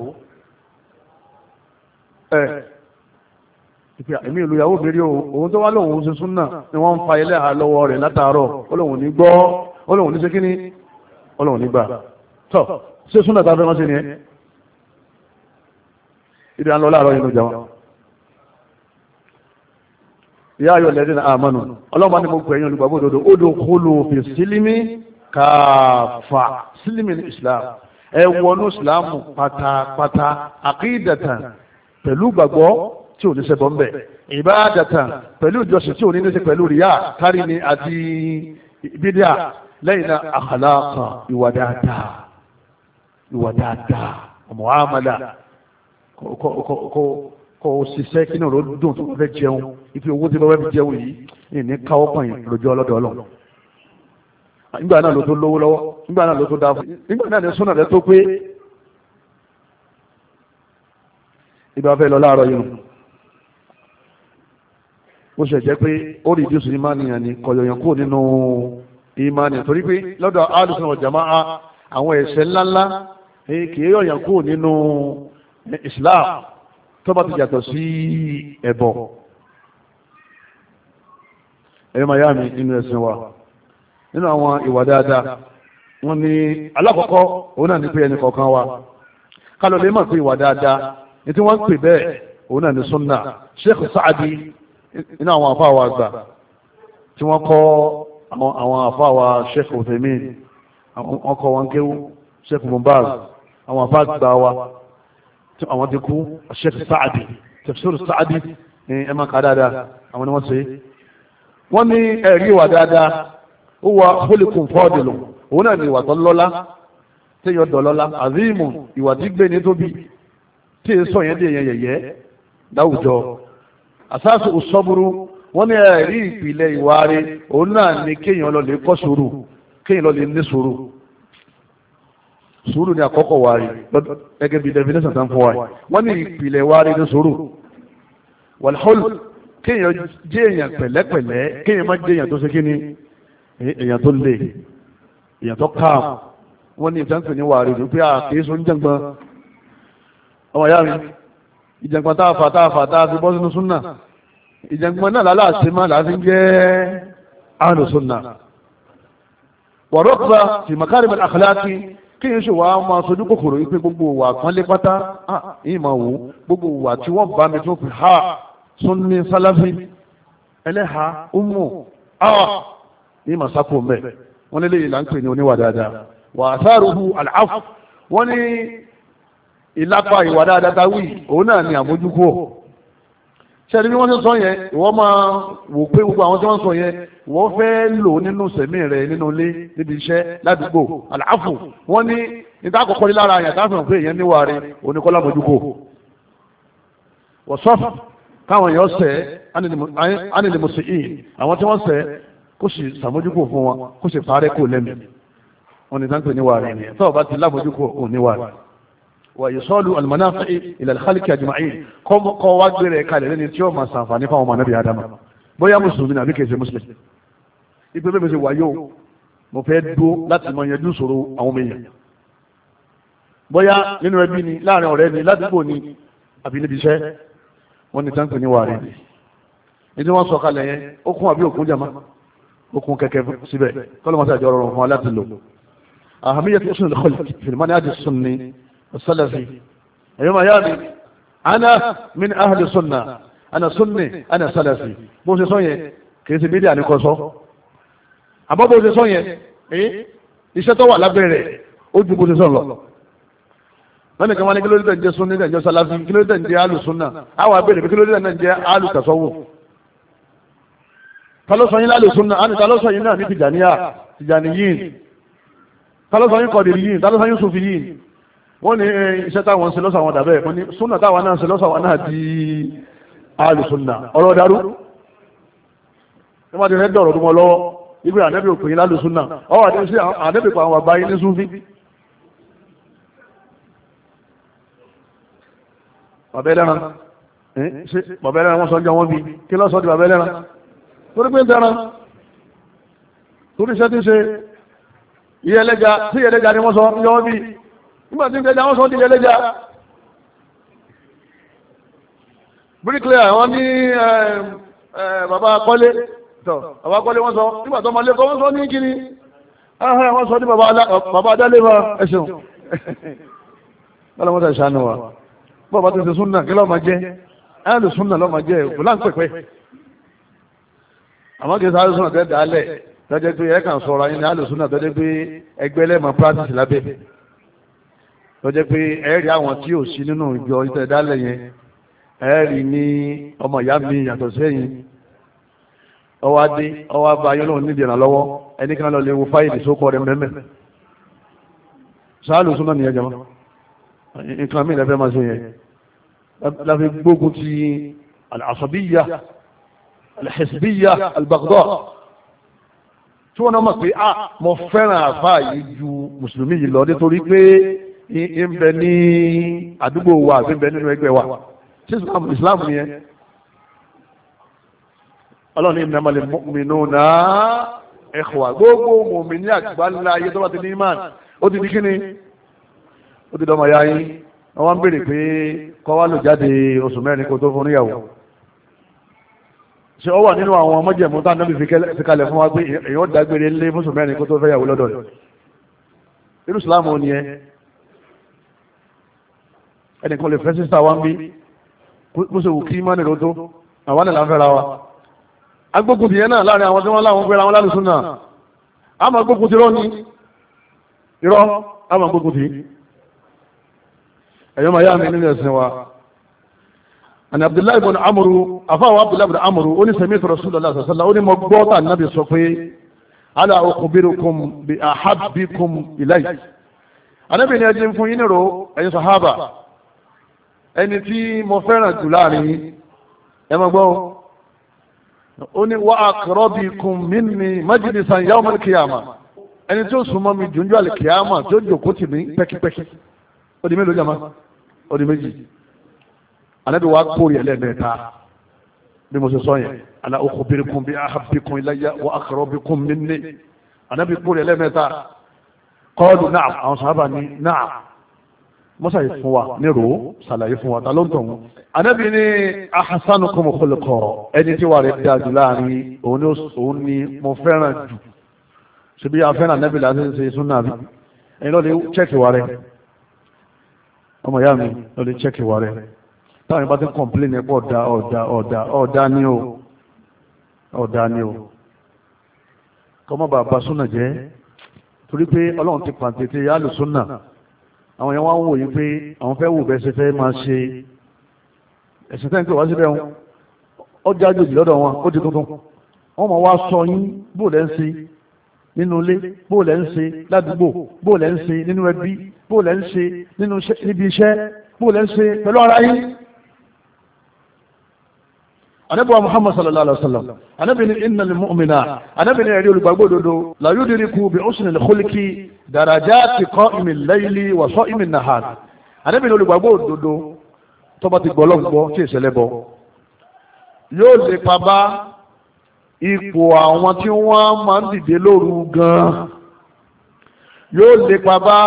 eh, ẹ eh, ìpè àmì ìlúyàwó bèrè o òun tó wá lóun ṣe súnà ni wọ́n ń fa ilé ha lọ́wọ́ rẹ̀ látàárọ̀ ó ní gbọ́ ó ní ṣe kíní ní gbà tọ́ súnà tá a fẹ́ wọ́n ìyá ayọ̀ lẹ́dínà àmánu ọlọ́mọ ni mo pè yín olùgbàgbọ́ òdodo ó dò kóló fi sílímì kàfà sílímì ní islam ẹ wọnú islam pátápátá àkídàtàn pẹ̀lú gbàgbọ́ tí ò ní ṣẹbọ ńbẹ ìbádàtàn pẹ̀lú ìjọsìn tí ò ní ṣe pẹ̀lú ríyà kárí ni àti bídíà lẹ́yìn náà àkàlàkà ìwà dáadáa ìwà dáadáa muamala kò kò kò kò ṣiṣẹ́ kí náà ló dùn tó fẹ́ jẹun ife owó tí bọ́wẹ́ fi jẹun yìí ìní káwọ́ pọ̀yìn lójú ọlọ́dọ̀ ọlọ́ nígbà náà ló tó lówó lọ́wọ́ nígbà náà ló tó dáa fún nígbà náà ni súnà rẹ tó pé ìgbà fẹ́ lọ láàárọ̀ yìí ó ṣe jẹ́ pé ó rí ìdíṣù ìmánìyàn ni kọ̀yọ̀yàn kúrò nínú ìmánìyàn torí pé lọ́dọ̀ alùsùn ọ̀jà àwọn ẹ̀ṣẹ̀ ńláńlá eh, kì í yọ̀yàn kúrò nínú Islam tó bá ti yàtọ̀ sí ẹbọ ẹ̀yọ́ màyá mi nínú ẹ̀sìn wa nínú àwọn ìwà dáadáa wọ́n ní alákọ̀ọ́kọ́ òun náà ní pé ẹnì kọ̀ọ̀kan wa kálọ̀ lè mọ̀ pé ìwà dáadáa ní tí wọ́n ń pè bẹ́ẹ̀ òun náà ní súnà Sheikh Saadi nínú àwọn àfa wa àgbà tí wọ́n kọ́ àwọn àfa wa Sheikh Uthaymeen wọ́n kọ́ wọn kéwú Sheikh Mumbaz àwọn àfa àgbà wa àwọn ti kú ṣẹ́tù sáàdì tẹ̀síọ́rù sáàdì ní ẹ máa kà dáadáa àwọn ni wọ́n ṣe. wọ́n ní ẹ̀rí ìwà dáadáa ó wà fólìkùn fọ́ọ̀dìlù òun náà ní ìwà tó lọ́lá téèyàn dọ̀lọ́lá àzíìmù ìwà tí gbé ní tóbi tí èyí sọ yẹn dé yẹn yẹ̀yẹ́ láwùjọ. àsáàsì òṣọ́burú wọ́n ní ẹ̀rí ìpìlẹ̀ ìwà rẹ̀ òun náà ní kéèyàn lọ lè kọ́ sùúrù kéèyàn lọ lè ní sùúrù sùúrù ni àkọ́kọ́ wa rí gẹ́gẹ́ bí definition tán fún wa rí wọ́n ní ìpìlẹ̀ wa rí ní sùúrù wàlúhọ́lù kéèyàn jẹ́ èèyàn pẹ̀lẹ́pẹ̀lẹ́ kéèyàn má jẹ́ èèyàn tó ṣe kíni èèyàn tó le èèyàn tó calm wọ́n ní ìtẹ́ǹpẹ̀ ní wa rí ní pé àkéésù ń jẹ́ǹgbọ́n ọmọ ìyá mi ìjẹ̀ǹgbọ́n tá a fà tá a fà tá a fi bọ́ sínú súnà ìjẹ̀ǹgbọ́n náà láláàṣẹ má láti jẹ́ àrùn súnà wàrọ́kùnrin tìmọ̀kárìmọ̀ àkàlà kí n ṣe wàá máa sojú kòkòrò wípé gbogbo òwà kan lé pátá ìmọ̀ wò gbogbo òwà tí wọ́n bá mi tó fi ha sunni salafi ẹlẹ́ha umu ìmọ̀ sápò mẹ́ wọ́n lé léyìí là ń pè ní oníwà dáadáa wà á sáàrùhù àlàáfù wọ́n ní ìlápa ìwà dáadáa táwì òun náà ni àmójúkúọ̀ sẹ́ni bí wọ́n ṣe sọ yẹn ìwọ máa wò pé gbogbo àwọn tí wọ́n sọ yẹn ìwọ fẹ́ lò nínú sẹ̀mí rẹ nínú ilé níbi iṣẹ́ ládùúgbò àlàáfù wọ́n ní níta àkọ́kọ́ ní lára àyàn táwọn pé èèyàn níwà rẹ oníkọ́lá mojúkò wọ́sọ́fù káwọn èèyàn sẹ́ ánìlèmọ̀sí yìí àwọn tí wọ́n sẹ́ kó sì sàmójúkò fún wọn kó sì parẹ́ kò lẹ́mìí wọn ni táwọn níwà rẹ tọ́ọ̀ ويصلوا المنافع sọ́ọ̀lù àlùmọ́nà ilẹ̀ قوم àjùmáyé kọ́ wá gbére kalẹ̀ lẹ́ni tí ó máa sàǹfààní fáwọn ọmọ nàbí adama bóyá mùsùlùmí nàbí kèsè mùsùlùmí ìgbé bẹ́ẹ̀ bẹ́ẹ̀ wà yóò mo fẹ́ dúró láti mọ yanjú ìṣòro àwọn ọmọ èèyàn bóyá nínú ẹbí ni láàrin ọ̀rẹ́ ni ládùúgbò ni àbí níbi iṣẹ́ wọ́n ní táǹkì ní wàrí ni ìdí wọ́n sọ kalẹ̀ yẹn ó kún àbí òkun jama ó kún kẹ̀kẹ́ síbẹ̀ kọ́lọ́mọ́sá ìjọ rọrùn fún aláàtì lò tó sùn lọ́kọ̀lì fìlímánì àdìsùn ni sálàfí ẹ̀yọ́ máa yá mi ana min ahli sunna ana sunni ana sálàfí سوني ṣe sọ yẹn kìí ṣe bídíà ní kọ sọ àmọ́ bó ṣe sọ yẹn iṣẹ́ tó wà lábẹ́ rẹ̀ ó ju bó ṣe sọ lọ wọ́n nìkan wá ní kílódé tẹ̀ ń jẹ́ sunni tẹ̀ ń jẹ́ sálàfí kílódé tẹ̀ ń jẹ́ alu sunna àwọn abẹ́rẹ́ bí kílódé tẹ̀ ń jẹ́ alu tasawuf talọ́sọ̀yìn lálẹ́ sunna àni talọ́sọ̀yìn náà ní tìjàníyà tìjàníyìn talọ́sọ̀yìn kọ̀dìrì yìí talọ́sọ̀yìn sufi yìí wọ́n ní eh, iṣẹ́ táwọn ṣe lọ́sọ̀ àwọn dàbẹ́ wọ́n ní súnà táwọn náà ṣe lọ́sọ̀ àwọn náà di alùsùnà ọ̀rọ̀ darú nígbà tí wọ́n dọ̀rọ̀ dùn wọn lọ́wọ́ ibi ànẹ́bí òpin yín lálùsùnà ọ̀rọ̀ àti ṣe ànẹ́bí pa àwọn àbáyé ní súnfí. bàbá ẹlẹ́ran ṣe bàbá ẹlẹ́ran wọ́n sọ jọ wọ́n bí kí lọ́ sọ di bàbá ẹlẹ́ran torí pé ń torí iṣẹ́ ti ṣe iye ẹlẹ́ja tí iye ẹlẹ́ja ni wọ́n sọ jọ wọ́n bí nígbàtí ìgbẹ́jà wọ́n sọ ti lẹ́lẹ́jà bricklayer wọ́n ní eh, eh, bàbá kọ́lé tọ̀ bàbá kọ́lé wọ́n sọ nígbàtí ọmọ lẹ́kọ́ wọ́n sọ ní kíni wọ́n sọ ní bàbá adálé wa ẹ̀sùn lọ́la wọ́n sọ ìṣàánú wa bọ́ọ̀ bá ti ṣe súnà kí lọ́ọ̀ máa jẹ́ ẹ̀ lè súnà lọ́ọ̀ máa jẹ́ òkú láǹpẹ̀pẹ̀ àmọ́ kì í sáré súnà tẹ́ dálẹ̀ tọ́jẹ́ pé ẹ̀ kàn sọ̀rọ̀ ayé ni alùsùnà tọ́jẹ́ pé ẹgbẹ́ lẹ́ẹ̀mọ́ practice lábẹ́ tó jẹ́ pé ẹ̀rí àwọn tí ò sí nínú ìjọ iṣẹ́ dálẹ̀ yẹn ẹ̀rí ní ọmọ ìyá mi yàtọ̀ sẹ́yìn ọwọ́ adé ọwọ́ abayọ́ náà nídìí ìrànlọ́wọ́ ẹni kan lọ lè wo fáìlì sókọ rẹ̀ mẹ́mẹ́ sáàlù súnmọ́ nìyẹn jẹ́ nǹkan mi lẹ́fẹ́ máa ṣe yẹn láfi gbógun ti àṣàbíyà alhẹsibíyà albagdọ́ tí wọ́n náà mọ̀ pé ah mo fẹ́ràn àfáà yìí ju mùsùlùmí yìí lọ nítorí pé ń bẹ ní àdúgbò wa àbí ń bẹ nínú ẹgbẹ́ wa ṣé islam nìyẹn ọlọ́run ní ìnámalè mu'minuna ikhwa gbogbo mòmìnì àgbáńlá ayé tó bá ti ní imán ó ti di kíni ó ti dọ́mọ ya yín wọ́n wá ń béèrè pé kọ́ wá lò jáde oṣù mẹ́rin kó tó fún níyàwó ṣe ọ wà nínú àwọn ọmọjẹ̀mú tá náà fi kalẹ̀ fún wa pé èèyàn dágbére lé fún oṣù mẹ́rin kó tó fẹ́yàwó lọ́dọ̀ rẹ̀ irú ìsìláàmù ni ẹ ẹnìkan lè fẹ́ sísá wa ń bí kó sì wù kí má nìró tó àwa náà láǹfẹ́ ra wa agbókun tìyẹn náà láàrin àwọn tí wọ́n láwọn fẹ́ra wọn lálùsùn náà àmọ́ agbókun ti rọ́ ni irọ́ àmọ́ agbókun ti ẹ̀yọ́ máa yá mi nínú ẹ̀sìn wa àni abdullahi bin amuru afáwọn abdullahi bin amuru ó ní sẹ́mi tó rasulullah sallallahu alaihi wasallam ó ní mo gbọ́ tà nàbì sọ pé ala okubirukum bi ahabbikum ilay anabi ni ẹjẹ fún yín ẹni tí mo fẹ́ràn jù láàrin yín ẹ máa gbọ́ ó ní wà á kọ́rọ́ bí kun mí ní majlisan yawm al-qiyamah ẹni tí ó súnmọ́ mi jù ń jù al-qiyamah tí ó jòkó tì mí pẹ́kípẹ́kí ó di mélòó jàmá ó di méjì ànábi wàá kórè ẹlẹ́mẹ̀ẹ́ta bí mo ṣe sọ yẹn ala ukhbirukum bi ahabbikum ilayya wa aqrabikum minni ànábi kórè ẹlẹ́mẹ̀ẹ́ta qalu na'am àwọn sábà ní na'am mọ́sàáyé fún wa ní ro ṣàlàyé fún wa ta ló ń tọ̀ wọn. anábì ní ahsanukum khuluqan ẹni tí wàá rẹ̀ dáa jù láàrin òun ni mo fẹ́ràn jù ṣebí afẹ́ràn anábì láti ṣe súnà bí ẹni lọ́ọ́ lè chẹ́kì wa rẹ̀ ọmọ ìyá mi lọ́ọ́ lè chẹ́kì wa rẹ̀ táwọn ìbá ti ń kọ̀m̀plé ní ẹgbọ́ ọ̀dà ọ̀dà ọ̀dà ọ̀dà ni o ọ̀dà ni o kọ́mọ́ bàbá súnà jẹ́ torí pé ọlọ́run ti pàǹtẹ̀tẹ̀ yálù súnà àwọn yẹn wá ń wò yí pé àwọn fẹ́ wò bẹ́ẹ̀ ṣe fẹ́ máa ṣe ẹ̀sìn tẹ́ǹtì wá síbẹ̀ wọn ó jáde jù lọ́dọ̀ wọn ó di tuntun wọ́n máa wá sọ yín bó lẹ́ ń ṣe nínú ilé bó lẹ́ ń ṣe ládùúgbò bó lẹ́ ń ṣe nínú ẹbí bó lẹ́ ń ṣe níbi iṣẹ́ bó lẹ́ ń ṣe pẹ̀lú ara yín anabi wa muhammad sallallahu alaihi wasallam anabi ni inna lil mu'mina anabi ni ẹ̀rí olùgbàgbọ́ dodo la yudriku bi usni al khulqi darajati qa'imi al layli wa sa'imi an nahar anabi ni olùgbàgbọ́ dodo tó bá ti gbọ́ Ọlọ́hun gbọ́ tí ìṣẹ̀lẹ̀ bọ̀ yóò lè pa bá ipò àwọn tí wọ́n máa ń dìde gan-an yóò lè pa bá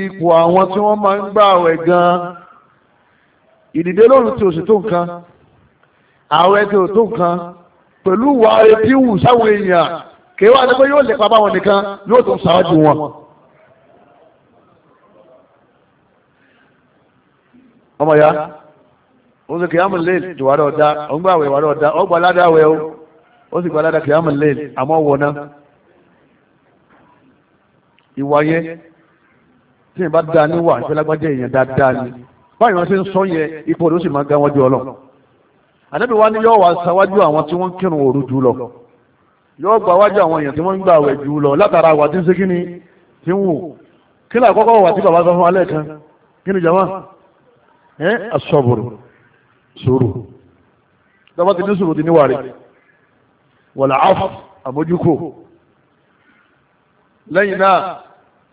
ipò àwọn tí wọ́n máa ń gan-an ìdìde lóru tí ò sì tó àwọn ẹgbẹ́ òtó nǹkan pẹ̀lú wa etí wù sáwọn èèyàn kìí wá lẹ́gbẹ́ yóò lẹ́pa báwọn nìkan yóò tún ṣáájú wọn. ọmọ ya ó sì kìí àmì lẹ́ẹ̀lì ìwádọ̀ ọ̀dá ọgbà àwẹ̀ ìwádọ̀ ọ̀dá ọgbà aládà àwẹ̀ o ó sì gba aládà kìí àmì lẹ́ẹ̀lì àmọ́ wọ̀ náà. ìwà yẹn tí ìbá dáa níwà ìfẹ́lágbájẹ́ èèyàn dáadáa ni báyìí wọn ṣe ń sọ yẹ ipò ló sì máa ń gá wọn jù ọlọ́run ànábì wa ni yóò wá ṣáwájú àwọn tí wọ́n ń kírun òru jù lọ yóò gba wájú àwọn èèyàn tí wọ́n ń gbà wẹ̀ jù lọ látara àwà tí ń ṣe kí ni ti ń wò kí lè àkọ́kọ́ wà tí bàbá sọ fún alẹ́ kan kí ni jama ẹ asọ́bùrù sùúrù dọ́bà ti ní sùúrù ti níwàrí wàlà áfù àmójúkò lẹ́yìn náà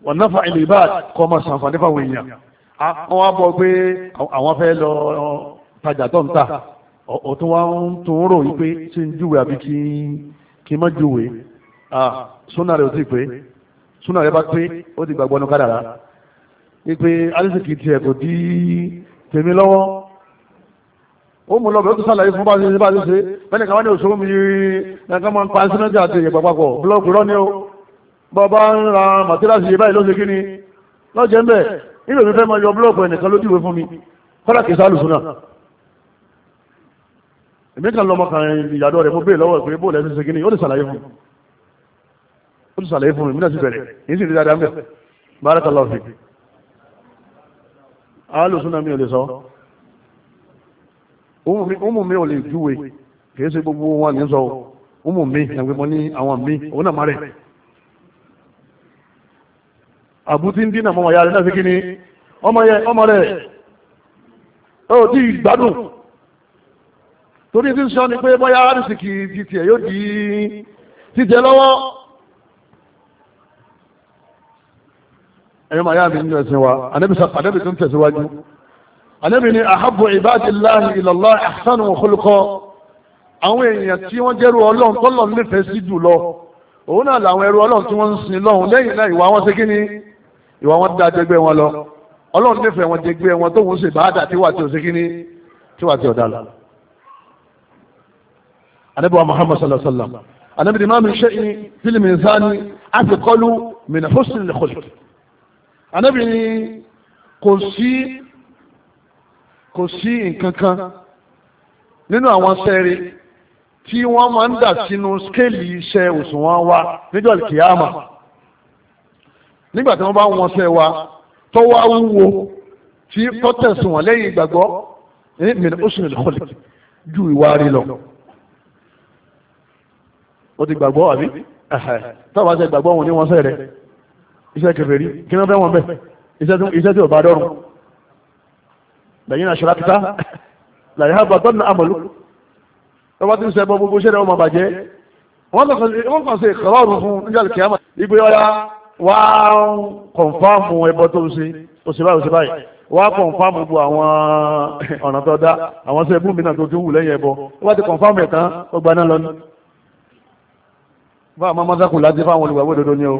wà náfà ilẹ̀ ìbá kọ́ ọmọ sàǹfààní fáwọn èèyàn wọ́n wá bọ̀ pé àwọn fẹ́ lọ tajà tó ń ta ọ̀tún wa ń tún rò wípé tí ń júwe àbí kí kí má júwe súnà rẹ̀ ò tí pé súnà rẹ̀ bá pé ó ti gbàgbọ́ ọ̀nà kádàrá wípé alẹ́sìkì tiẹ̀ kò dí tèmi lọ́wọ́ ó mú lọ́bẹ̀ ó tún sàlàyé fún báyìí ṣe báyìí ṣe bẹ́ẹ̀ ni káwọn ní òṣòwò mi nǹkan máa ń pa sínájà àti ìyẹ̀pẹ̀ papọ̀ búlọ́ọ̀kù rọ́ ni ó bàbá ń ra màtíráàsì yìí báyìí ló ṣe kí ni lọ́jẹ́ ń bẹ̀ nílò mi fẹ́ máa yọ búlọ́ọ̀kù ẹnìkan lójúwe fún mi kọ́dà kìí sálùsùn náà èmi kan lọ́mọ kan ìyàdọ̀ rẹ̀ mo béèrè lọ́wọ́ pé bóòlù ẹ̀sìn ṣègínì ó ti ṣàlàyé fún ó ti ṣàlàyé fún mi náà sì bẹ̀rẹ̀ yìí sì rí dáadáa mẹ́ barakallahu fi alùsùn náà mi ò lè sọ ọmọ mi ò lè júwe kìí ṣe gbogbo wọn ní sọ ọmọ mi ẹgbẹ́ mọ́ ní àwọn mi òun náà má rẹ̀ àbútí ń dínà mọ́ wọn yára náà ṣe ni ọmọ rẹ̀ ó ti gbádùn torí fi ń sọ ni pé bóyá arísìkì títì ẹ̀ yóò di títì lọ́wọ́ ẹ̀yọ́ màá yá mi nínú ẹ̀sìn wa ànábì tó ń tẹ̀síwájú ànábì ni àhábù ìbádìláhì ìlọ́lá àṣánù òkúlùkọ́ àwọn èèyàn tí wọ́n jẹ́rú ọlọ́run tọ́lọ̀ nífẹ̀ẹ́ sí jù lọ òun náà làwọn ẹrú ọlọ́run tí wọ́n ń sin lọ́hùn lẹ́yìn náà ìwà wọn ṣe kí ni ìwà wọn dá jẹgbẹ́ wọn lọ ọlọ́run nífẹ̀ẹ́ wọn jẹgbẹ́ wọn tóun ṣe bàádà tíwà tí ò ṣe kí ni tíwà tí ò dá lọ anabi wa muhammad sallallahu alaihi wasallam anabi di maamu shay'in fil mizani afiqalu min husnil khuluq anabi ni kò sí kò sí nǹkan kan nínú àwọn sẹ́ẹ̀rì tí wọ́n máa ń dà sínú skéèlì iṣẹ́ òṣùwọ̀n wa níjọ́ ìkìyàmà nígbà tí wọ́n bá wọn sẹ́ wa tọ́wọ́ awúwo tí tọ́tẹ̀sùn wọn lẹ́yìn ìgbàgbọ́ eh, min husnil khuluq ju ìwà lọ ó ti gbàgbọ́ àbí tọ́wọ́ àti ìgbàgbọ́ wọn ni wọ́n sẹ́rẹ̀ iṣẹ́ kèfèrí kí wọ́n fẹ́ wọn bẹ̀ iṣẹ́ tí ò bá dọ́rùn lẹ́yìn àṣírà kíta lẹ́yìn àbá tọ́nà àmọ̀lú tọ́wọ́ ti ń sẹ́gbọ́ gbogbo iṣẹ́ rẹ̀ wọ́n máa bàjẹ́ wọ́n kàn sí ìkọ̀rọ̀ ọ̀rùn fún níjà kìámà ìgbé ọ̀yà wá kọ̀nfàmù ẹbọ tó ń ṣe òṣèbáyì òṣèbáyì wá kọ̀nfàmù gbogbo àwọn ọ̀nà tó dá àwọn sẹ́gbùn mìíràn tó tún wù lẹ́yìn ẹbọ wọ́n ti kọ̀nfàmù ẹ̀ tán ó gbaná lọ́nà bá àmọ́ mọ́sákùn láti fáwọn olùgbàgbọ́ òdodo ní o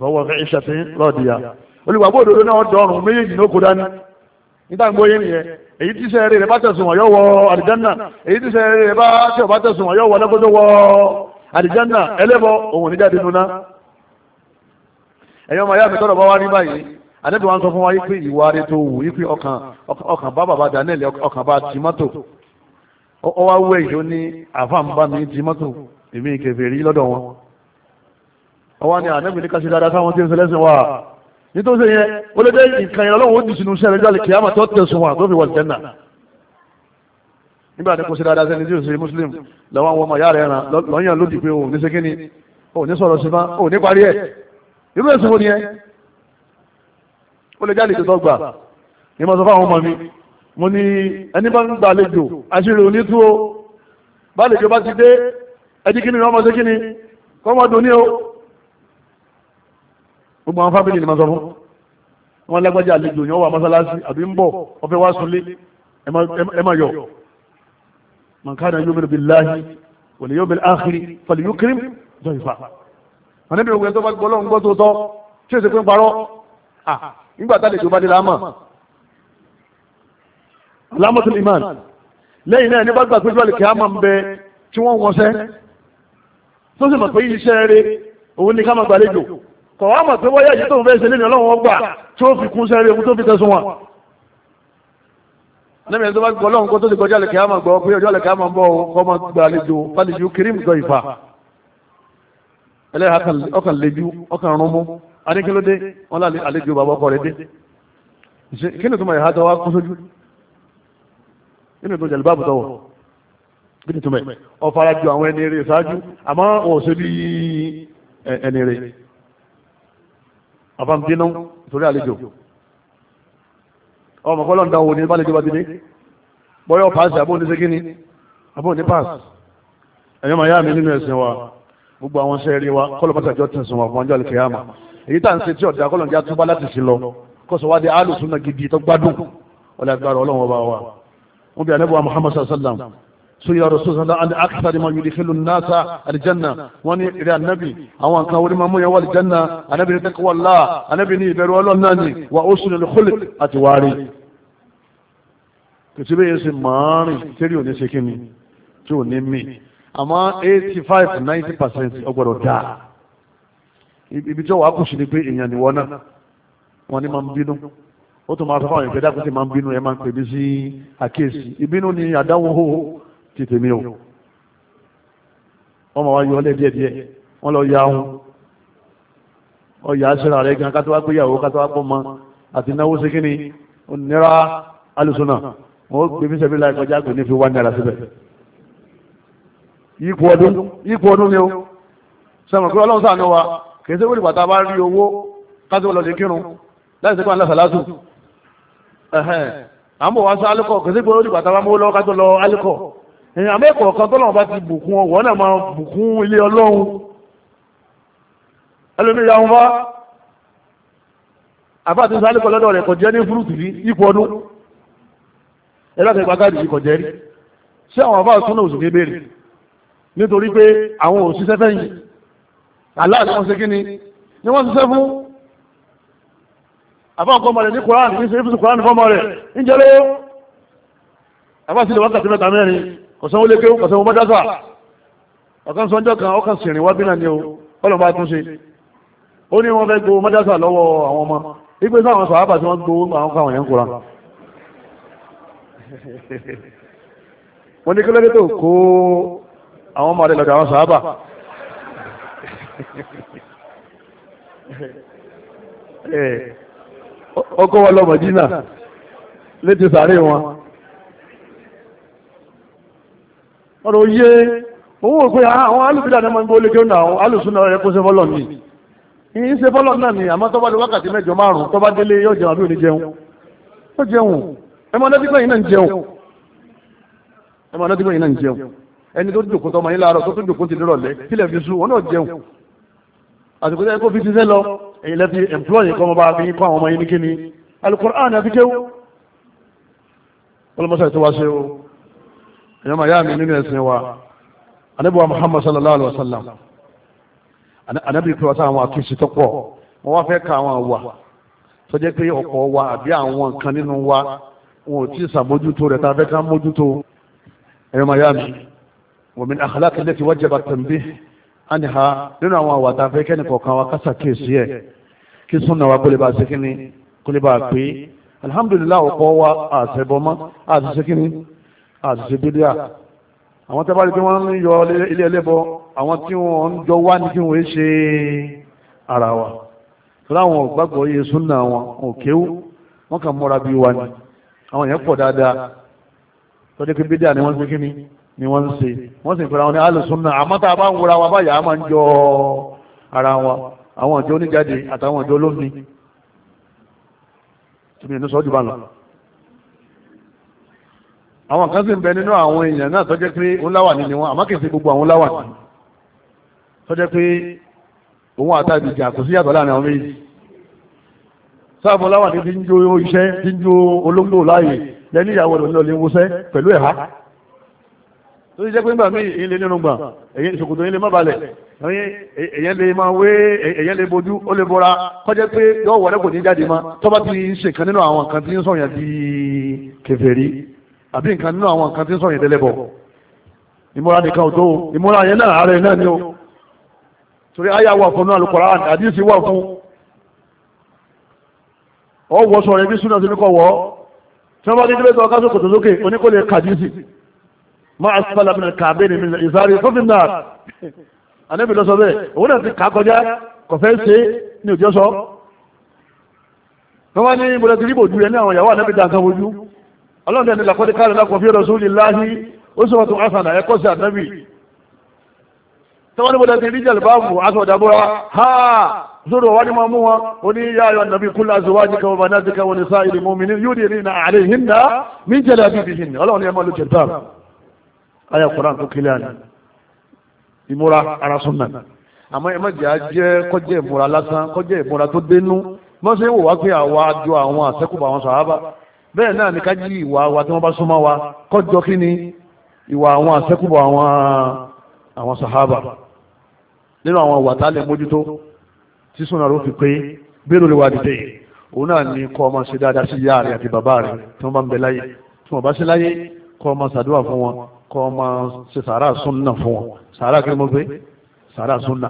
bọ́wọ́ fẹ́ iṣẹ́ sí lọ́ọ̀dìyà olùgbàgbọ́ òdodo náà dọ̀rùn méjèèjì ló kó dání nígbà ń gbóyè nìyẹn èyí tí sẹ́ẹ̀rì rẹ̀ bá tẹ̀sùn wọ̀ yóò wọ àlìjánà èyí tí sẹ́ẹ̀rì rẹ̀ bá tẹ̀ bá tẹ̀sùn wọ̀ yóò wọ lẹ́kọ́tọ́ wọ àlìjánà ẹlẹ́bọ òun ní jáde nuna ẹ̀yọ́ màá yá mi tọ́rọ̀ bá wá ní báyìí àdẹ́bí wa ń sọ fún wa yí pé ìwà rẹ̀ tó wù yí pé ọkàn ọkàn bá bàbá Daniel ọkàn bá tìmọ́tò ọwọ́ awé ìjọ ní àfàǹbá mi tìmọ́tò èmi kèfèrí lọ́dọ̀ wọn ọwọ́ ni ànábì ní kásí dáadáa sáwọn tí ń sẹlẹ́sìn wà nítorí sẹ́yìn yẹn ó lé dé nǹkan yẹn ọlọ́run ó dì sínú sẹ́rẹ̀ jáde kìámà tó tẹ̀sùn wà tó fi wọ̀ jẹ́nà nígbà tí kò sí dáadáa sẹ́ni tí ò sí muslim làwọn àwọn ọmọ ìyá rẹ̀ ràn lọ́yàn lódì pé òun ní ṣe kíni òun ní sọ̀rọ̀ sí ma òun ní parí ẹ̀ irú ẹ̀sìn wo ni ẹ ó lè jáde tó gbà ní mo sọ fáwọn ọmọ mi mo ní ẹni bá ń gbàlejò àṣírí onítúwó bá ti dé ẹjí kí ni wọ́n mọ̀ sí kí ni kọ́mọ̀ dùn ní o gbogbo àwọn fábílì ni ma sọ fún wọn lágbájá àlejò yẹn wà mọ́sálásí àbí ń bọ̀ ọfẹ́ wá sunlé ẹ má yọ man kana yu'minu billahi wal yawmil akhir falyukrim dayfa wọn níbi òwe tó bá gbọ́ lọ́wọ́ ń gbọ́ tó tọ́ tí èsì pín parọ́ nígbà tá àlejò bá dé láàmà lámọ́tún imán lẹ́yìn náà ní bá gbà pé jọ́ọ̀lì kìá máa ń bẹ tí wọ́n wọ́n sẹ́ tó sì mọ̀ pé iṣẹ́ rẹ̀ òun ni ká máa gbàlejò kọ̀ wá mọ̀ pé wáyà yìí tó ń fẹ́ ṣe lẹ́nu ọlọ́run ọgbà tí ó fi kún iṣẹ́ rẹ̀ òun tó fi tẹ̀sùn wọn. lẹ́mìí ẹni tó bá gbọ́ ọlọ́run kó tó ti kọjá lẹ̀kẹ́ àmọ̀ gbọ́ pé ọjọ́ lẹ̀kẹ́ àmọ̀ ń bọ̀ kọ́ máa gbàlejò fàlejò kírìm gọ ìfà ẹlẹ́yà ọkàn lejú ọkàn rúnmú aníkílódé wọn lálẹ́ àlejò bàbá ọkọ rẹ̀ dé kí ni tó máa yà á tọ́ wá kún sójú nínú tó jẹ̀lú báàbù tọ́wọ̀ kí ni túmọ̀ ẹ̀ ọ̀fara ju àwọn ẹni rẹ̀ ṣáájú àmọ́ wọn ò ṣe bí ẹni rẹ̀ àfàǹdínú torí àlejò ọmọ kọ́lọ́ ń dán owó ní bálejò bá ti dé bọ́yọ̀ paasi àbó ní ní paasi ẹ̀yọ́ màá yá mi nínú ẹ̀sìn wa gbogbo àwọn ṣe rí wa kọ́lọ́ pàtàkì ọjọ́ tẹ̀sán wa fún ọjọ́ àlùkìyàmá èyí tá à ń ṣe tí ọ̀dà kọ́lọ́ ń já túbá láti sí lọ kọ́sọ̀ wá dé alùsùn náà gidi tó gbádùn ọ̀làgbàrọ̀ ọlọ́run ọba wa wọ́n bí anábọ̀ Muhammad sallallahu alaihi wasallam sórí ọ̀rọ̀ sọ́sọ́ náà ní akitari ma yòlì fílù náà àlìjánà wọ́n ní ìrẹ́ ànábì àwọn nǹkan orí máa mú yẹn wọ àlìjánà ànábì ní tẹ́kọ̀ọ́ là ànábì ní ìbẹ̀rù ọlọ́run náà ni wà ó sùn lè kólè àti wárí. kìtì bẹ́ẹ̀ ṣe márùn tẹ́rì ò ní ṣe kíni tí ò ní mì àmọ́ eighty five ninety percent ọgbọ̀dọ̀ dá ibi tí wàá kù ni pé èèyàn ni wọ́n náà wọ́n máa ń bínú ó tún máa sọ fáwọn ìgbẹ́dàkùn tí máa ń bínú ẹ máa ń pè mí sí àkíyèsí ìbínú ni àdáwò ti tèmi o wọ́n máa wá yọ ọlẹ́ díẹ̀díẹ̀ wọ́n lọ ya ohun ọ̀yà aṣẹ́ra rẹ̀ gan kátó wá pé ìyàwó kátó wá pọ̀ mọ́ àti náwó sí kíni onírà alùsùnà wọ́n gbé fi sẹ́bí láì kọjá pé ní fi wá náírà síbẹ̀ ipò ọdún ipò ọdún ni o sọmọ pé ọlọ́run ṣàánú wa kì í ṣe wíwà tá a bá rí owó kátó lọ lè kírun láì sí pé àlá sàlátù àmọ́ wá sá alukọ̀ kì í ṣe pé ó bá mú lọ́wọ́ kátó lọ alukọ̀ èèyàn mẹ́kọ̀ọ́ kan tọ́lọ́wọ́ bá ti bùkún ọwọ́ náà máa bùkún ilé ọlọ́run ẹlòmí ìyá wọn bá àbá àti sálẹ̀ kọlọ́dọ̀ rẹ̀ kọjẹ́ ní fúrúùtù rí ipò ọdún ẹlọ́kẹ́ ìgbàgádì yìí kọjẹ́ rí ṣé àwọn àbá àtúnà òsì bèbèrè ni ni wọ́n ṣiṣẹ́ fún àbá ọkọ̀ ọmọ rẹ̀ ní ọ̀sánwó lékè ọ̀sánwó mọ́dásà ọ̀kan sọ́njọ́ kan ọ̀kan sìnrìn wá bínà ni o ọlọ́mọ àtúnṣe ó ní wọ́n fẹ́ gbowó mọ́dásà lọ́wọ́ àwọn ọmọ ìgbé sáwọn sàhábà tí wọ́n gbowó àwọn káwọn yẹn ń kóra wọ́n ní kílódé tó kó àwọn ọmọ rẹ̀ lọ́dọ̀ àwọn sàhábà ọkọ̀ wọn lọ́mọ jìnnà létí sàárè wọn. ọ̀rọ̀ yé owó òpé àwọn alùpùpù àti ọmọ ìgbóolé kéwòn àwọn alùsùn náà rẹ kó ṣe fọlọ ní ìyí ṣe fọlọ náà ni àmọ́ tọba di wákàtí mẹ́jọ márùn tọba délé yóò jẹun àbí òní jẹun ó jẹun ẹmọ ọdẹ dípẹ yìí náà ń jẹun ẹmọ ọdẹ dípẹ yìí náà ń jẹun ẹni tó jòkó tọmọ yín láàárọ̀ tó tó jòkó ti dérọ̀lẹ́ kílẹ̀ fi sùn wọn náà jẹun àsìkò tẹ́ kó fi ṣiṣẹ́ lọ èyí lẹ́fi ẹ̀mplọ́yì kọ́ ọmọba fi kọ́ àwọn ọmọ yín ní kíni alukur'an àfikẹ́wò ọlọmọṣẹ́ ti wá ṣe o ẹ̀yọ́ màá yá mi nínú ẹ̀sìn wa anábì wa muhammad sallallahu alayhi wa sallam anábì pé wọ́n sá àwọn àtúnṣe tó pọ̀ wọ́n wá fẹ́ ka àwọn àwà tó jẹ́ pé ọ̀pọ̀ wa àbí àwọn nǹkan nínú wa wọn ò tí ì sàmójútó rẹ̀ tá a fẹ́ ká mójútó ẹ̀yọ́ màá yá mi wa min akhlaq allati wajaba tanbih anha nínú àwọn àwà tá a fẹ́ kẹ́ni kọ̀ọ̀kan wa kásà kíyèsí ẹ̀ kí súnà wa a ṣe kíni a pé alhamdulilayi àṣìṣe bídíà àwọn tẹ́bá rí pé wọ́n ń yọ ilé ẹlẹ́bọ àwọn tí wọ́n ń jọ wá ní kí wọ́n ṣe ara wa láwọn ògbàgbọ́ iye súnà wọn òkéwú wọ́n kàn mọ́ra bí wa ni àwọn èèyàn pọ̀ dáadáa tọ́jú pé bídíà ni wọ́n ń ṣe kíní ni wọ́n ń ṣe wọ́n sì ń pera wọn ní alùsúnà àmọ́ tá a bá ń wura wa báyà á máa ń jọ ara wa àwọn ọjọ́ oníjáde àtàwọn ọjọ́ olómi tùmí ìnú sọ́jú bá lọ àwọn kan sì ń bẹ nínú àwọn èèyàn náà tọ́jẹ́ pé òun láwàní ni wọ́n àmọ́ kìí ṣe gbogbo àwọn láwàní tọ́jẹ́ pé òun àtàbí ìjà kò sí yàtọ̀ láàrin àwọn méjì sáàbọ̀ láwàní ti ń jó iṣẹ́ ti ń jó olóńgbò láàyè lẹ́ni ìyàwó rẹ̀ lọ́lẹ́ wọṣẹ́ pẹ̀lú ẹ̀há tó ti jẹ́ pé nígbà míì èyí lè nínú gbà èyí ṣòkòtò yín lè má balẹ̀ èyàn lè máa wé èyàn lè bojú ó lè bora kọjá pé yọ wọlé kò ní jáde ma tọ́ba ti ṣèkan nínú àwọn kan tí ń sọ̀yàn di kèfèrí àbí nǹkan nínú àwọn nǹkan tí ń sọ̀yìn tẹ́lẹ̀ bọ̀ ìmúra nìkan ò tó ìmúra yẹn náà ààrẹ náà ni ó torí àyà wà fún náà Al-Qur'an àdìsí wà fún ọ wọ sọ rẹ bí súnà sí kọ wọ tí wọn bá dé débẹ̀ tó ọkà sókòtò sókè oníkólé kàdísì máa sọlá bínú kàbé ní ìsáré fúnfin náà ànábì lọ sọ bẹ́ẹ̀ òun náà ti kà kọjá kọfẹ́ ṣe ní òjọ́ sọ wọn wá ní ìbúra ti rí bòjú rẹ ní àwọn ìyàwó ànábì dàǹkan wojú ọlọ́run tẹ̀lé làkọ́dé káàdì lákùn fi rasulillahi uswatun hasana ẹ̀kọ́ sí ànábì tọ́wọ́n ní bọ́dá ti rí jẹ̀lẹ̀ báàbù aṣọ ìdàbúra ha zoro wa ni ma mú wọn o ní yá ayọ̀ nàbí kúlá azọ́wájì kan ọba náà ti kan wọn ní sáà ìlú mi ní yóò dé ní àárẹ̀ hinna mí jẹ̀lẹ̀ àbíbi hinna ọlọ́run ní ẹ̀ máa lo jẹ̀lẹ̀ báàbù ayà Kùránì tó kílẹ̀ àná ara súnmọ̀ àmọ́ ẹ má jẹ́ ajẹ́ kọjá ìmúra lásán kọjá ìmúra tó dénú mọ́sẹ́ wò wá pé àwa ju àwọn àṣẹ́kùbà àwọn sàhábà bẹ́ẹ̀ náà ni ká jí ìwà wa tí wọ́n bá súnmọ́ wa kọjọ kí ni ìwà àwọn àṣẹ́kùbọ̀ àwọn àwọn sàhábà nínú àwọn ìwà tá lè mójútó tí súnà ló fi pé bẹ́ẹ̀rù lè wà dìde òun náà ni kọ́ ọmọ ṣe dáadáa sí ìyá rẹ̀ àti bàbá rẹ̀ tí wọ́n bá ń bẹ láyé tí wọ́n bá sí láyé kọ́ ọmọ ṣàdúrà fún wọn kọ́ ọmọ ṣe sàárà súnà fún wọn sàárà kí mo gbé sàárà súnà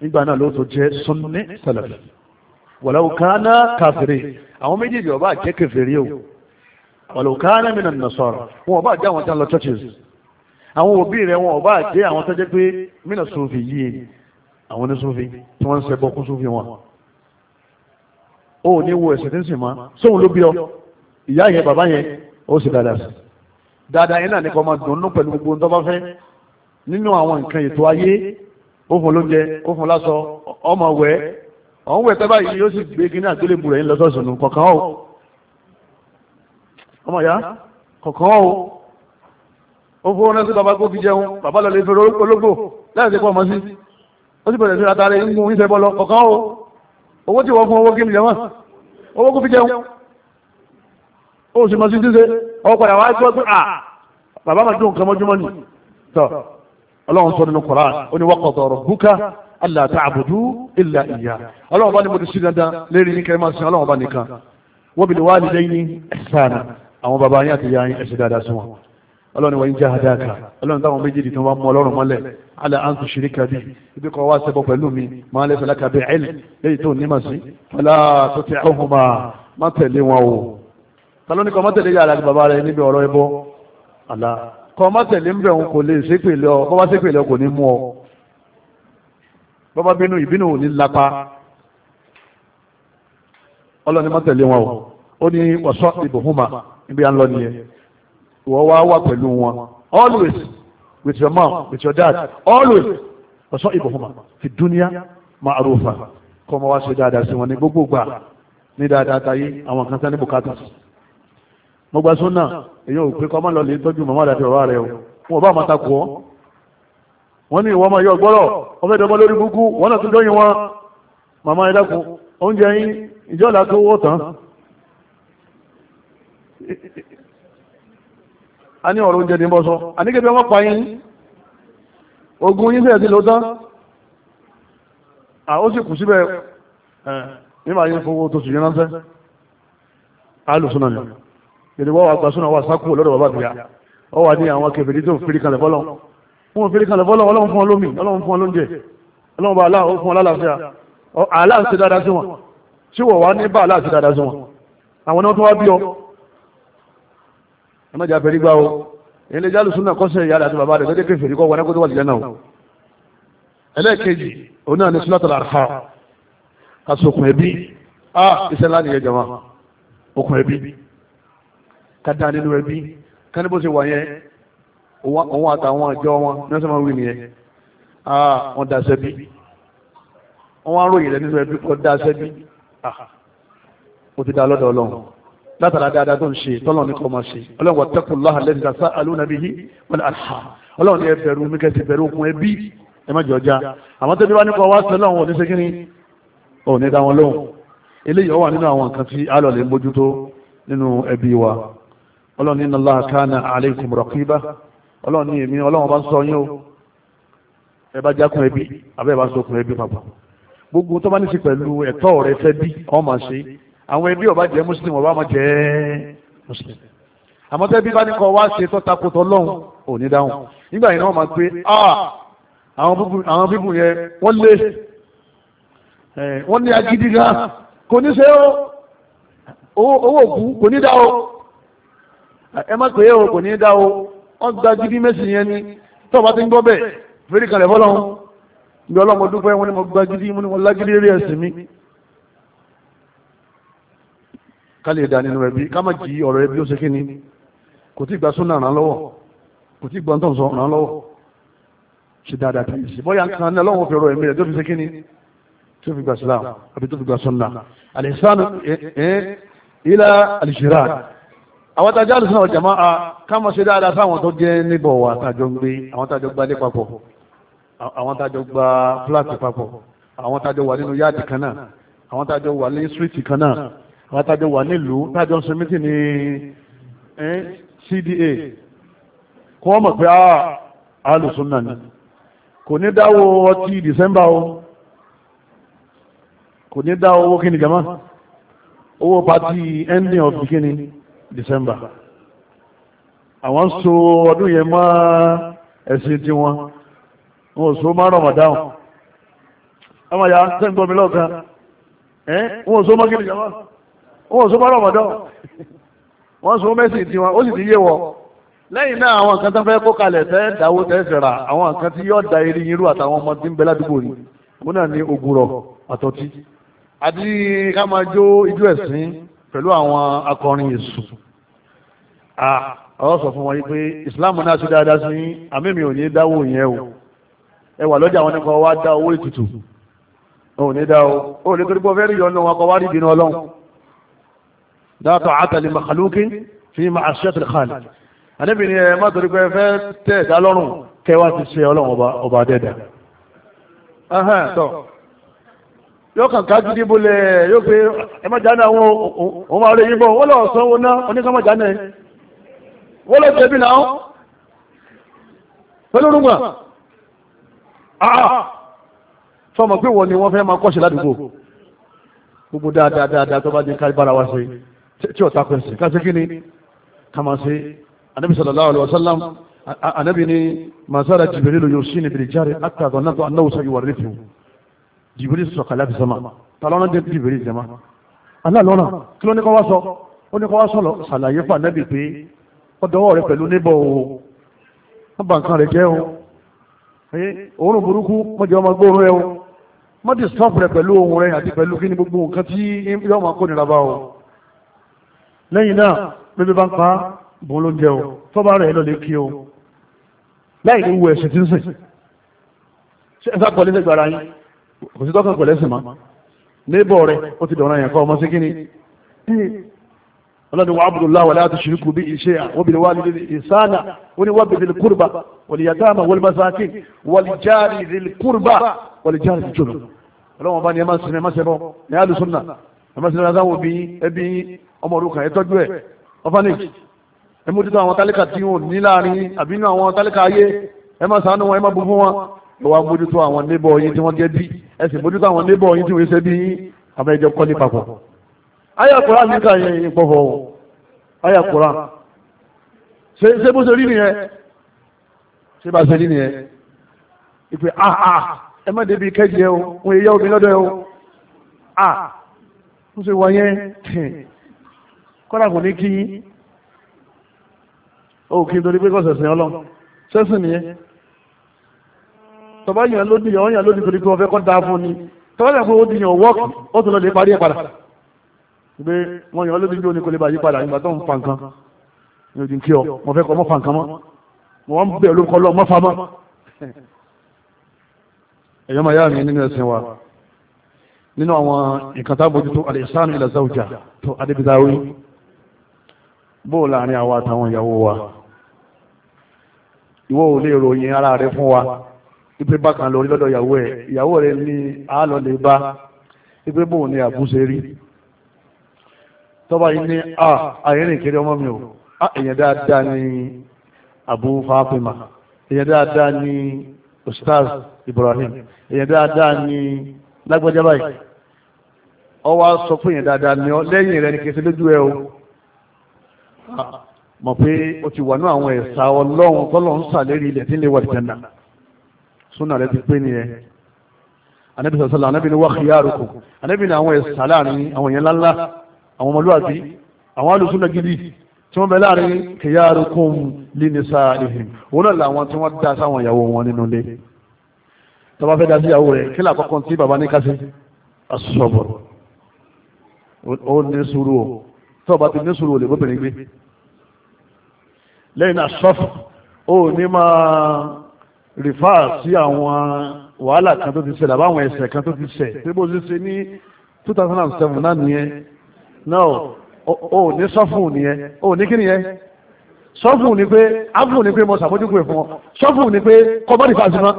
nígbà náà ló tó jẹ́ súnni sàlàfì wàlá òkàánà kàfìrí àwọn méjèèjì ọba àjẹ́ kèfèrí o ọ̀lùkánà mìíràn nasara wọn ọba àjẹ́ àwọn tán lọ churches àwọn òbí rẹ̀ wọn ọba àjẹ́ àwọn tó jẹ́ pé mìíràn sófì yìí àwọn ní sófì tí wọ́n ń ṣẹbọ kún sófì wọn ó ní wo ẹ̀sìn tí ń sìn máa sóhun ló bí ọ ìyá yẹn bàbá yẹn ó sì dáadáa sí dáadáa yẹn náà ní kọ́ máa dùnnú pẹ̀lú gbogbo ohun bá fẹ́ nínú àwọn nǹkan ètò ayé ó fún lóúnjẹ ó fún láṣọ ọmọ wẹ̀ẹ́ ọ̀hún wẹ̀ pẹ́ báyìí yóò sì gbé kí ní àgbélébù rẹ̀ lọ́sọ̀ọ̀sùn nù kọ̀ọ̀kan o ọmọ ìyá kọ̀ọ̀kan o ó fún ọ́nà sí bàbá kó fi jẹun bàbá lọ lè fi ológbò láìsí pọ̀ mọ́ sí ó sì bẹ̀rẹ̀ sí atare ń mú ìfẹ́ bọ́lọ kọ̀ọ̀kan o owó tí wọ́n fún owó kí ni jẹun owó kó fi jẹun ó sì mọ sí ṣíṣe ọwọ́ padà wá gbọ́ pé à bàbá máa dún nǹkan mọ́júmọ́ ni tọ́ ọlọ́run sọ nínú Kùránì ó ní waqada rabbuka Allah ta'budu illa iyyah ọlọ́run bá ní mo ti sí dandan lérí ní kẹrìmọ́ sí ọlọ́run bá nìkan wa bil walidayni ihsana àwọn bàbá yín àti yáyín ẹ̀sẹ̀ dáadáa sí wọn ọlọ́run wa in jahadaka ọlọ́run táwọn méjèèjì tó wá mú ọlọ́run mọ́lẹ̀ ala an tushrika bi ibi kọ́ wá sẹ́bọ̀ pẹ̀lú mi máa lẹ́sẹ̀ láka ẹ̀lì lẹ́yìn tó ní mà sí fala tuti'uhuma má tẹ̀lé wọn o ta ló ní kọ́ má tẹ̀lé yàrá bàbá rẹ níbi ọ̀rọ̀ ẹbọ àlá kọ́ má tẹ̀lé ń bẹ̀ òun kò lè ṣépè lọ bọ́ bá ṣépè lọ kò ní mú ọ bọ́bá bínú ìbínú ò ní lápá ọlọ́ni má o ó ní wọ́sọ́ hụma, níbi à ń lọ nìyẹn ìwọ wá wà pẹ̀lú wọn always with your mom with your dad always wọ́sọ́ ìbòhùnmá fi dúníà ma'rufa kọ́ ọmọ wa ṣe dáadáa sí wọn ní gbogbo gbà ní dáadáa tayé àwọn gba èyí ò pé kọ́ ọmọ o wọn bá ta wọ́n ní ìwọ́n máa yọ gbọ́rọ̀ wọ́n fẹ́ dọ́gbọ́n lórí burúkú wọ́n náà tún jọ́yìn wọn màmá ẹ dákun oúnjẹ yín ìjọ là tó wọ́ tán a ní ọ̀rọ̀ oúnjẹ ní bọ́ sọ àníkébí ọmọ pa yín ogun yín fẹ́ẹ̀ ti lọ tán ó sì kù síbẹ̀ nígbà yín fowó tó sì yín ránṣẹ́ alùsùnà ni ìdíwọ́ àgbàsùnà wà sákùú lọ́dọ̀ bàbá àbíyá ọ wà ní àwọn kẹfìrí tó fún òfin kan lọ́wọ́ ọlọ́run fún olómi ọlọ́run fún olóúnjẹ ọlọ́run bá aláà ó fún ọlálàáfíà aláà ń ṣe dáadáa sí wọn tí wọ́n wá ní bá aláà ṣe dáadáa sí wọn àwọn náà tó wá bí ọ ẹ má jà fẹ́rí gbá o èyí lè jálù súnà kọ́sẹ̀ ìyá àti bàbá rẹ̀ lọ́dẹ́ kẹfẹ́rí kọ́ wọn ẹgbẹ́ tó wà lẹ́nà o ẹlẹ́ẹ̀kejì òun náà ní súnàtà làrfà kásòkùn ẹbí a iṣẹ́ ńlá nìyẹn jama okùn ẹbí ká dá nínú ẹbí ká ní wà yẹn òun àtàwọn àjọ wọn ní ọ̀sán máa wí nìyẹn ah, wọ́n da sẹ́bí wọ́n wá ròyìn rẹ̀ nínú ẹbí kọ́ da sẹ́bí ó ti da lọ́dọ̀ ọlọ́run látara dáadáa tó ń ṣe tọ́lọ̀ ní kọ́ máa ṣe ọlọ́run wà tẹ́kùn láhà lẹ́nu ìdásá alónàbí yìí wọ́n ní àṣà ọlọ́run ní ẹbẹ̀rù mi kẹ́sì bẹ̀rù okùn ẹbí ẹ má jọ já àwọn tó bí wá ní kọ́ wá sí ọlọ́run ò ní ṣe kíni ò ní dá wọn lóhùn eléyìí ó wà nínú àwọn nǹkan tí alọ́ọ̀lẹ̀ ń bójútó nínú ẹbí wa ọlọ́run ní Allah kana alaykum raqiba ọlọ́run ní èmi ọlọ́run bá sọ yín o ẹ bá jákun ẹbí àbẹ́ ẹ bá sọkun ẹbí papọ̀ gbogbo tó bá ní sí pẹ̀lú ẹ̀tọ́ rẹ fẹ́ bí ọ máa ṣe àwọn ẹbí ọba jẹ́ muslim ọba máa jẹ́ muslim àmọ́ tẹ́bí bá ní kọ́ wá ṣe tọ́ takotọ́ lọ́hùn ò ní dáhùn nígbà yìí náà máa pé àwọn bíbù yẹn wọ́n lé wọ́n ní agídí gan kò ní ṣe owó òkú kò ní dá o ẹ má pè é o kò ní dá o ọgbà gidi mẹ́sìn yẹn ni tó bá ti ń gbọ́ bẹ́ẹ̀ fèrè kalẹ̀ fọlọ́hún ìgbà ọlọ́mọ dúpẹ́ wọn ni mo gba gidi mo ni mo lágídí eré ẹ̀sìn mi ká lè dà nínú ẹbí ká má jí ọ̀rọ̀ ẹbí ó ṣe kí ni kò tí gba súnà ràn lọ́wọ́ kò tí gbọ́n sọ ràn lọ́wọ́ ṣe dáadáa tẹ̀lé sí bóyá nǹkan ní ọlọ́run fi ọ̀rọ̀ ẹ̀mí rẹ̀ tó fi ṣe kí ni tó fi gba sílá àbí tó fi gba súnà àlẹ́sàn ẹ̀ ẹ̀ ilá àlìṣirà àwọn tàjọ àlùsùn náà jàmá a kámọ̀ ṣe dáadáa sáwọn tó jẹ́ níbọ̀ wà tàjọ gbé àwọn tàjọ gba ilé papọ̀ àwọn tàjọ gba fúláàtì papọ̀ àwọn tàjọ wà nínú yáàdì kan náà àwọn tàjọ wà ní síríìtì kan náà àwọn tàjọ wà nílùú tàjọ sèmítì ní CDA kó wọ́n mọ̀ pé ah, àlùsùn náà ni kò ní dáwó ọtí dìsẹ́mbà o kò ní dáwó owó kíni jàmá owó pàtí ending of beginning. December àwọn so ọdún yẹn mọ́ ẹ̀sìn tí wọn wọn ò so mọ́ Ramadan ọmọ ya tẹ́gbọ́n mi lọ́ọ̀kan wọn ò so mọ́ kíni jama wọn ò so mọ́ Ramadan wọ́n so mẹ́sìn tí wọn ó sì ti yé wọ lẹ́yìn náà àwọn nǹkan tó fẹ́ kó kalẹ̀ tẹ́ dáwó tẹ́ fẹ̀ra àwọn nǹkan tí yóò da eré yín rú àtàwọn ọmọ tí ń bẹ ládùúgbò ni wọn náà ní ògùrọ̀ àtọ́tí àti ká máa jó ijó ẹ̀sìn pẹ̀lú àwọn akọrin èṣù àwọn sọ fún wọn yìí pé ìsìláàmù náà ṣe dáadáa sí àmìmì ò ní dáwó yẹn o ẹ wà lọ́jà àwọn nípa wá dá owó ètùtù ò ní dá o ó lè torí pé ọfẹ́ rí yọ̀nà wọn kọ wá rí ìdènà ọlọ́run dáàtọ̀ àtàlẹ̀ màkàlùkì fi máa ṣe àtìlẹ̀kàlẹ̀ àdébìnrin ẹ má torí pé fẹ́ tẹ̀ ẹ̀dá lọ́rùn kẹwàá ti ṣe ọlọ́run ọba dẹ́dà yóò kàn ká gidi bolẹ̀ yóò pé ẹ má jáde àwọn òun máa rẹ yín bọ̀ wọ́n lọ sanwó ná oníkan má jáde wọ́n lọ jẹ̀bi náà pẹ̀lú rúgbà sọmọ pé wọ́n ni wọ́n fẹ́ máa kọ́ṣe ládùúgbò gbogbo dáadáa dáadáa tó bá jẹ́ ká bára wa ṣe tí ọ̀tá pẹ̀ sí ká ṣe kí ni ká máa ṣe anabi sallallahu alaihi wasallam anabi ni masara jibirilu yóò sí ni bìrìjáre àtàgọ̀ náà tó anáwó sáyé wà rí fún un jìbìrì sọ̀kà láti sọ́mà tàlọ́nà dé jìbìrì jẹ́mà aláàlọ́nà kí ló ní kọ́ wá sọ ó ní kọ́ wá sọ̀lọ̀ ṣàlàyé fún anábì pé ó dọwọ́ rẹ pẹ̀lú níbọ̀ o wọ́n bá nǹkan rẹ̀ jẹ́ o òórùn burúkú mọ́jọ́ ọmọ gbóòórùn rẹ o mọ́ ti sọ́ọ̀fù rẹ pẹ̀lú ohun rẹ àti pẹ̀lú kí ni gbogbo nǹkan tí yóò máa kó nira bá o lẹ́yìn náà bébí bá ń pa bó ló ń jẹ o tó bá rẹ̀ lọ kí o láì ní wo ẹ̀sìn tí ń sìn ṣé ẹ pọ̀ lẹ́sẹ̀ gbára yín kò sí tọ́kàn pẹ̀lẹ́ sì mọ́ níbọ̀ rẹ̀ ó ti dọ̀rọ̀ yẹn kọ́ ọmọ sí kíni ọlọ́dún wa abdullahi wàlá tó ṣirikù bí iṣẹ́ àwọbìnrin wa nílé ìsáàlà ó ní wàbí ìdílé kúrúbà wàlìyàtàmà wàlìmásàkì wàlìjáàrì ìdílé kúrúbà wàlìjáàrì ìjọba ọlọ́wọ́n bá ní ẹ máa sinmi ẹ máa sẹ́bọ̀ ní alùsùnà ẹ máa sinmi aláwọ̀ àwọn tálíkà tí wọn ní láàrin àbínú àwọn tálíkà ayé ẹ máa wọn ẹ máa wọn ló wá mójútó àwọn níbọ̀ yín tí wọ́n jẹ́ bí ẹ sì mójútó àwọn níbọ̀ yín tí wọ́n ṣe bí abẹ́jọ kọ́ ní papọ̀. àyà Kùránì níka yẹn ìpọ̀fọ̀ àyà Kùránì ṣe ṣe bó ṣe rí nìyẹn ṣe bá ṣe rí nìyẹn ìpè àà ah, ah, ẹ má débi kẹ́jì ẹ o wọn èyí omi lọ́dọ̀ ẹ o à ah, ń ṣe wọ yẹn kọ́dà kò ní kí yín ó kí n torí pé kọ́ sẹ̀sìn ọlọ́ sẹ́sìn nìyẹn tọba yàn lódì yàn yàn lódì torí pé wọ́n fẹ́ kọ́ da fún ni tọba yàn fún odi yàn wọ́ọ̀kì ó tún lọ lè parí ẹ̀ padà pé wọ́n yàn lódì yóò ní kò lè bá yí padà nígbà tó ń fa nǹkan ní odi kí ọ mo fẹ́ kọ́ mọ́ fa nǹkan mọ́ mo wọ́n bẹ̀ lórúkọ lọ́ mọ́ fa mọ́ ẹ̀yọ́ máa yára mi nínú ẹ̀sìn wa nínú àwọn nǹkan tá bójútó alẹ́sánú ilẹ̀ záwùjá tó adébídáwí bóò láàrin àwa àtàwọn ìyàwó wa ìwọ ò lè ròyìn ara rẹ fún wa ipe kan lọ rí lọ́dọ̀ ìyàwó ẹ̀ ìyàwó rẹ̀ ní àálọ́ lè bá ipe bóun ni àbúṣe rí tọ́ba yìí ní a àyẹ̀rìn kiri ọmọ mi o a èèyàn dáadáa ní Abu Fatima èèyàn dáadáa ní Ustaz Ibrahim èèyàn dáadáa ní lágbájá báyìí ọwọ́ sọ fún èèyàn dáadáa ní ọ lẹ́yìn rẹ̀ ní kẹsí lójú ẹ o mọ̀ pé o ti wà ní àwọn ẹ̀sà ọlọ́run tọ́lọ́run sàlérí ilẹ̀ tí ń lè wà súnà rẹ ti pé nìyẹn anabi sọsọlá anabi ni wà khiyarukum anabi ni àwọn ẹ̀sà láàrin àwọn yẹn ńláńlá àwọn ọmọlúwàbí àwọn alùsúnà gidi tí wọ́n bẹ láàrin khiyarukum li nisa'ihim òun náà làwọn tí wọ́n dá sáwọn ìyàwó wọn nínú ilé tó bá fẹ́ sí ìyàwó rẹ̀ kí làkọ́kọ́ tí bàbá ní kásí asọ́bọ̀ ó ní sùúrù o tó ti ní sùúrù o lè bóbìnrin gbé lẹ́yìn asọ́fù ó ní máa rìfà sí àwọn wàhálà kan tó ti ṣẹlẹ̀ àbáwọn ẹ̀ṣẹ̀ kan tó ti ṣẹ̀ tí bó ṣe ṣe ní 2007 náà nìyẹn náà o ní sọ́fún nìyẹn o ní kí nìyẹn sọ́fún ni pé áfún ni pé mo ṣàbójúkú ẹ̀ fún ọ sọ́fún ni pé kọ́bọ́ rìfà sí náà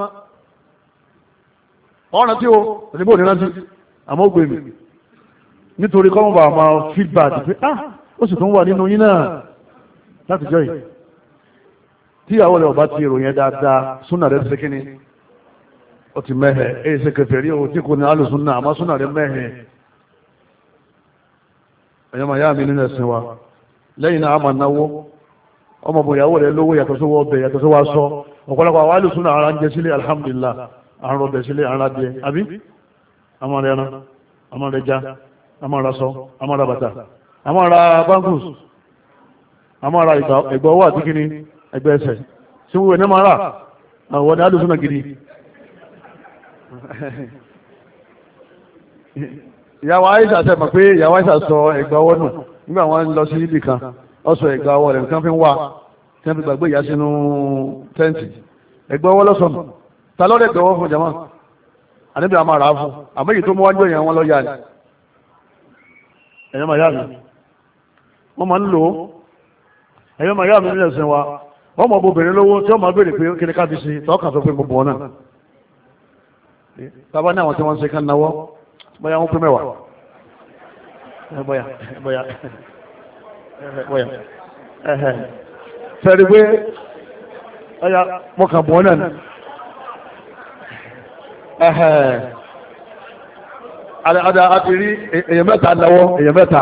ọ̀ràn tí o òṣèlú òní rántí àmọ́ ó gbé mi nítorí kọ́mọ̀bà máa feedback pé ah ó sì tún wà nínú yín náà láti jọ yìí. tí àwọn ọba ti ìròyìn dáadáa súnà rẹ̀ ṣe kíni ó ti mẹ́hẹ̀ èyí ṣe kẹfẹ́ rí o tí kò ní alùsúnà àmọ́ súnà rẹ̀ mẹ́hẹ̀ ẹ̀yọ́ màá yá mi nínú ẹ̀sìn wa lẹ́yìn náà a máa náwó ọmọ bòyàwó rẹ̀ lówó yàtọ̀ sówó ọbẹ̀ yàtọ̀ sówó aṣọ ọ̀pọ̀lọpọ̀ àwọn ara ń jẹ sílé alhamdulillah àrùn ọbẹ̀ sílé ara àbí ẹgbẹ́ ẹsẹ̀ sí wíwẹ̀ ní mara àwọn alùsùn náà gidi ìyàwó àìsà sẹ mọ̀ pé ìyàwó àìsà sọ ẹ̀gbà ọwọ́ nù nígbà wọn lọ sí ibì kan ó sọ ẹ̀gbà ọwọ́ rẹ̀ nǹkan fi ń wà tí wọ́n fi gbàgbé ìyá sínú tẹ́ǹtì ẹ̀gbà ọwọ́ lọ́sọ̀nù ta lọ́dẹ̀ gbẹ̀wọ́ fún jama àníbi àmà rà fún àmọ́ èyí tó mú wájú ẹ̀yàn wọn lọ yá ni ẹ̀yọ́ màyá mi wọ́n máa ń lò ó ẹ̀yọ́ màyá mi nílẹ̀ sìn wa wọ́n mọ̀ obìnrin lówó tí wọ́n mọ̀ béèrè pé kí ni ká fi ṣe tọ́ka sọ pé gbogbo ọ̀nà bàbá ní àwọn tí wọ́n ń ṣe ká náwọ́ bóyá wọ́n pín mẹ́wàá bóyá bóyá bóyá sẹ́rí pé ọya mọ́kà bọ́ náà ni ada a ti rí èèyàn mẹ́ta náwọ́ èèyàn mẹ́ta.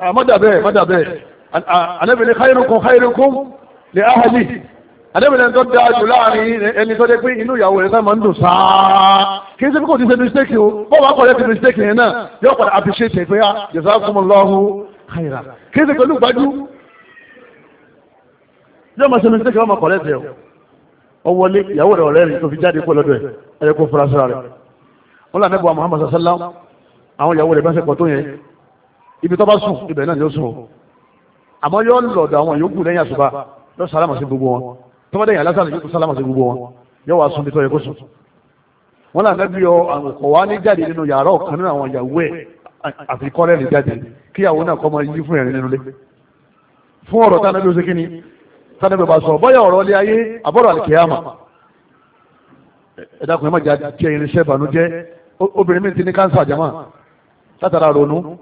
Ah, mọ́dàbẹ́ mọ́dàbẹ́ anábìnrin ah, khairukum khairukum li ahli anábìnrin tó dáa jù láàrin ẹni tó dé pé inú ìyàwó rẹ̀ sáà ń dùn sáà kí n sẹ́ni kò ti ṣe mistake o bọ́ọ̀ bá kọ̀ọ̀lẹ́ ti mistake yẹn náà yóò padà appreciate pé a ah, jazakumullahu khaira kí n sẹ́ pẹ̀lú gbájú yóò máa ṣe mistake wọn máa kọ̀ọ̀lẹ́ tẹ̀ ọ wọlé ìyàwó rẹ̀ ọ̀rẹ́ rẹ̀ tó fi jáde kó lọ́dọ̀ ẹ̀ ẹ̀yẹ kó fura síra rẹ̀ wọn lànà bọ̀ Muhammad sallallahu àwọn ìyàwó rẹ̀ bá ṣe pọ̀ tó yẹn ibi tó bá sùn ibẹ̀ náà yóò sùn o àmọ́ yóò lọ̀dọ̀ àwọn yòókù lẹ́yìn àṣùbà yóò sálámà sí gbogbo wọn tó bá dẹ̀yìn alásàlẹ̀ yóò sálámà sí gbogbo wọn yóò wá sùn bí tó yẹ kó sùn. wọn là nẹ́bí ọ àwòkọ̀ wa ní jáde nínú yàrá ọ̀kan nínú àwọn ìyàwó ẹ̀ àfi kọ́rẹ́ ní jáde kí ìyàwó náà kọ́ mọ yí fún ẹ̀rín nínú ilé fún ọ̀rọ̀ tánẹ́bí ó ṣe kíni tánẹ́bí bá sọ bọ́yá ọ̀rọ̀ ilé ayé àbọ̀rọ̀ àlìkèyàmà ẹ̀dá kan ẹ̀ má jà jẹ́ irinṣẹ́ ìbànújẹ́ obìnrin mi ti ní káńsà jama látara ronú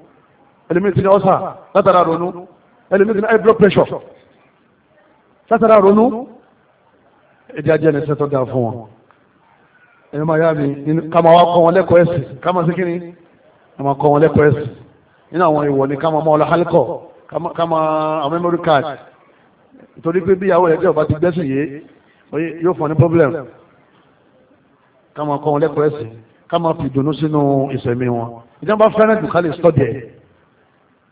ẹlòmíì ti ní ọ́sà látara ronú ẹlòmíì ti ní high blood pressure látara ronú ẹ̀jẹ̀ ajé ẹni sẹ́tọ̀ dáa fún wọn ẹni máa yá mi ká máa wá kọ́ wọn lẹ́kọ̀ọ́ ẹ̀sìn ká máa sí ni ká máa kọ́ wọn lẹ́kọ̀ọ́ ẹ̀sìn nínú àwọn ìwọ̀ ni ká máa mọ ọlọ́ hálíkọ̀ ká máa àwọn memory card torí pé bí ìyàwó rẹ̀ jẹ́ ọba ti gbẹ́sìn yé yóò fún ọ ní problem ká máa kọ́ wọn lẹ́kọ̀ọ́ ẹ̀sìn ká máa fi ìdùnnú sínú ìsẹ̀mí wọn ìjọba fẹ́ràn jù ká lè sọ́dẹ̀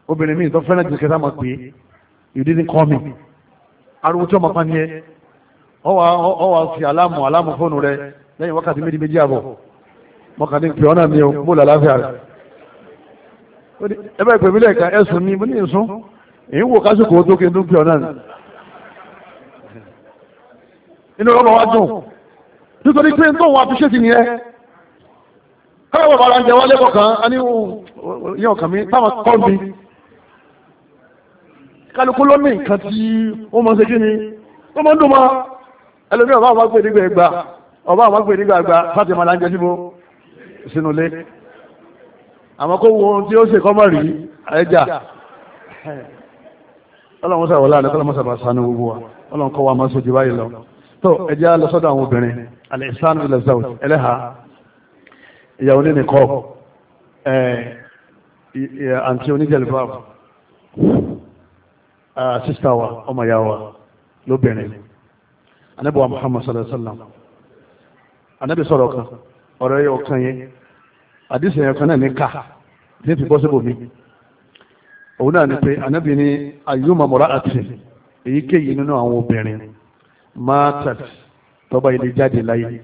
obìnrin mi tó fẹ́ràn jù kẹta mọ̀ pé you didn't call me ariwo tí ọmọ pa ni ẹ ọ wà fi aláàmù aláàmù fóònù rẹ lẹ́yìn wákàtí méjì méjì àbọ̀ mọ̀kàn ní pè ọ́ náà ni o mo là láfíà rẹ̀ ẹ bá ìpè mí lẹ́ẹ̀ka ẹ̀sùn mi mo ní ìsún èyí wò kásìkò tó kí n tún pè ọ́ náà ni inú ọmọ wa dùn nítorí pé n tó wọn àfiṣẹ́ ti nìyẹn káwọn bàbá ara ń jẹ wálé kọ̀ọ̀kan a ní yẹn ọ̀kan mi táwọn kọ́ mi kálukú ló ní nǹkan tí ó máa ṣe kí ni ó máa ń dùn mọ́ ẹlòmíì ọba àwọn agbèrè nígbà ẹgbà ọba àwọn agbèrè nígbà ẹgbà láti máa láńjẹ síbo sínú ilé àmọ́ kó wo ohun tí ó ṣe kọ́ mọ̀ rí ẹja ọlọ́run sábà láàrin ọlọ́run sábà sanu gbogbo wa ọlọ́run kọ́ wa máa sojú báyìí lọ tó ẹja lọ àwọn obìnrin alẹ́ ìsánú ilẹ̀ zaut ẹlẹ́ha ìyàwó nínú kọ́ ẹ̀ àǹtí oníjẹ̀lẹ̀ báwò. Ah, sísá wa ọmọ ya wa lóbìnrin wa muhammad sallallahu wa sallam anábì kan ọ̀rọ̀ yẹ ọ̀kan yẹn àdìsí yẹn kan náà ní ká ní òun náà ni pé anábì ní ayuma yi èyíkéyìí nínú àwọn obìnrin matat tọ́ba ilé jáde láyé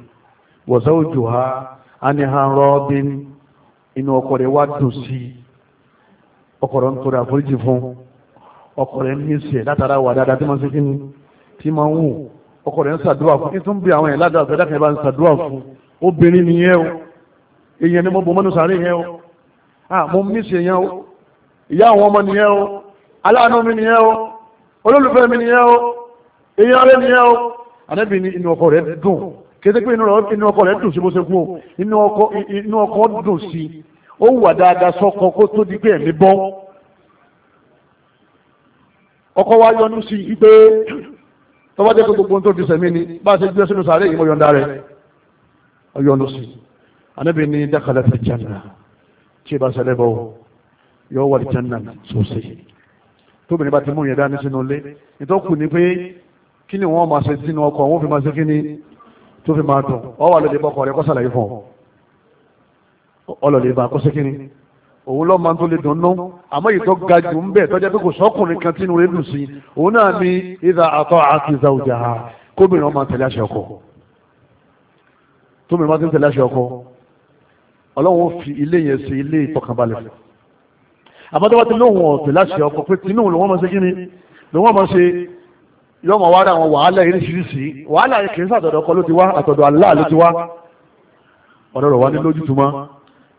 wa zawjuha aniha rọ́ọ̀bìn inú ọkọ rẹ̀ wá dùn sí rẹ̀ ń torí àforíjì fún ọkọ rẹ̀ ní ìṣe látara wà dáadáa tí wọ́n ṣe kí ni tí máa ń wù ọkọ ń ṣàdúrà fún kí tó ń bí àwọn yẹn ládàá ọ̀gá dákẹ́ bá ń ṣàdúrà fún obìnrin nìyẹn o èèyàn ni mo bò mọ́nu sàárè yẹn o ah mo mí ṣe yẹn o ìyá àwọn ọmọ nìyẹn o aláàánú mi nìyẹn o olólùfẹ́ mi nìyẹn o èèyàn rẹ̀ nìyẹn o ànábì ni inú ọkọ rẹ̀ dùn kété pé inú ọkọ rẹ̀ dùn sí bó ṣe kú o inú ọkọ dùn sí ó wà dáadáa sọ́kọ kó tó di pé ẹ̀mí bọ́ ọkọ wa yọnu sí i pé tọ́wọ́ jẹ́ pé gbogbo tó fi sẹ̀mí ni bá a ṣe gbé sínú sàárè yìí mo yọ̀ǹda rẹ̀ ọ yọnu sí i anábì ní dákàlẹ̀ fẹ́ jẹ́nà tí ì bá ṣẹlẹ̀ bọ̀ yọ wà jẹ́nà sòsì tóbìnrin bá ti mú yẹn dání sínú ilé ìtọ́kù ni pé kí ni wọ́n máa ṣe sínú ọkọ̀ wọ́n fi máa ṣe kí ni tó fi máa dùn ọ wà lóde bọ́kọ̀ rẹ̀ kọ́ fún ọ lọ́lẹ̀ bá kó ṣe kí ni òun lọ́ọ́ máa tó lè dùnnú àmọ́ ìtọ́ ga jù ń bẹ̀ tọ́jà pé kò sọ́kùnrin kan tínú rẹ̀ dùn sí òun náà ní ìdá àtọ́ àti ìdá òjà kóbìnrin ọmọ tẹ̀lé àṣẹ ọkọ tóbìnrin máa ti ń tẹ̀lé àṣẹ ọkọ ọlọ́run ó fi ilé yẹn sí ilé ìtọ́kànbalẹ̀ fún àmọ́ tó bá ti lóhùn ọ̀tẹ̀ láṣẹ ọkọ pé tinú ló wọ́n máa ṣe kí ni ló wọ́n máa ṣe yọ́mọ wá ra àwọn wàhálà iríṣiríṣi wàhálà kì í sàtọ̀dọ̀ ọkọ ló ti wá àtọ̀dọ̀ Allah ló ti wá ọ̀dọ̀ rẹ̀ wá ní lójútùmọ́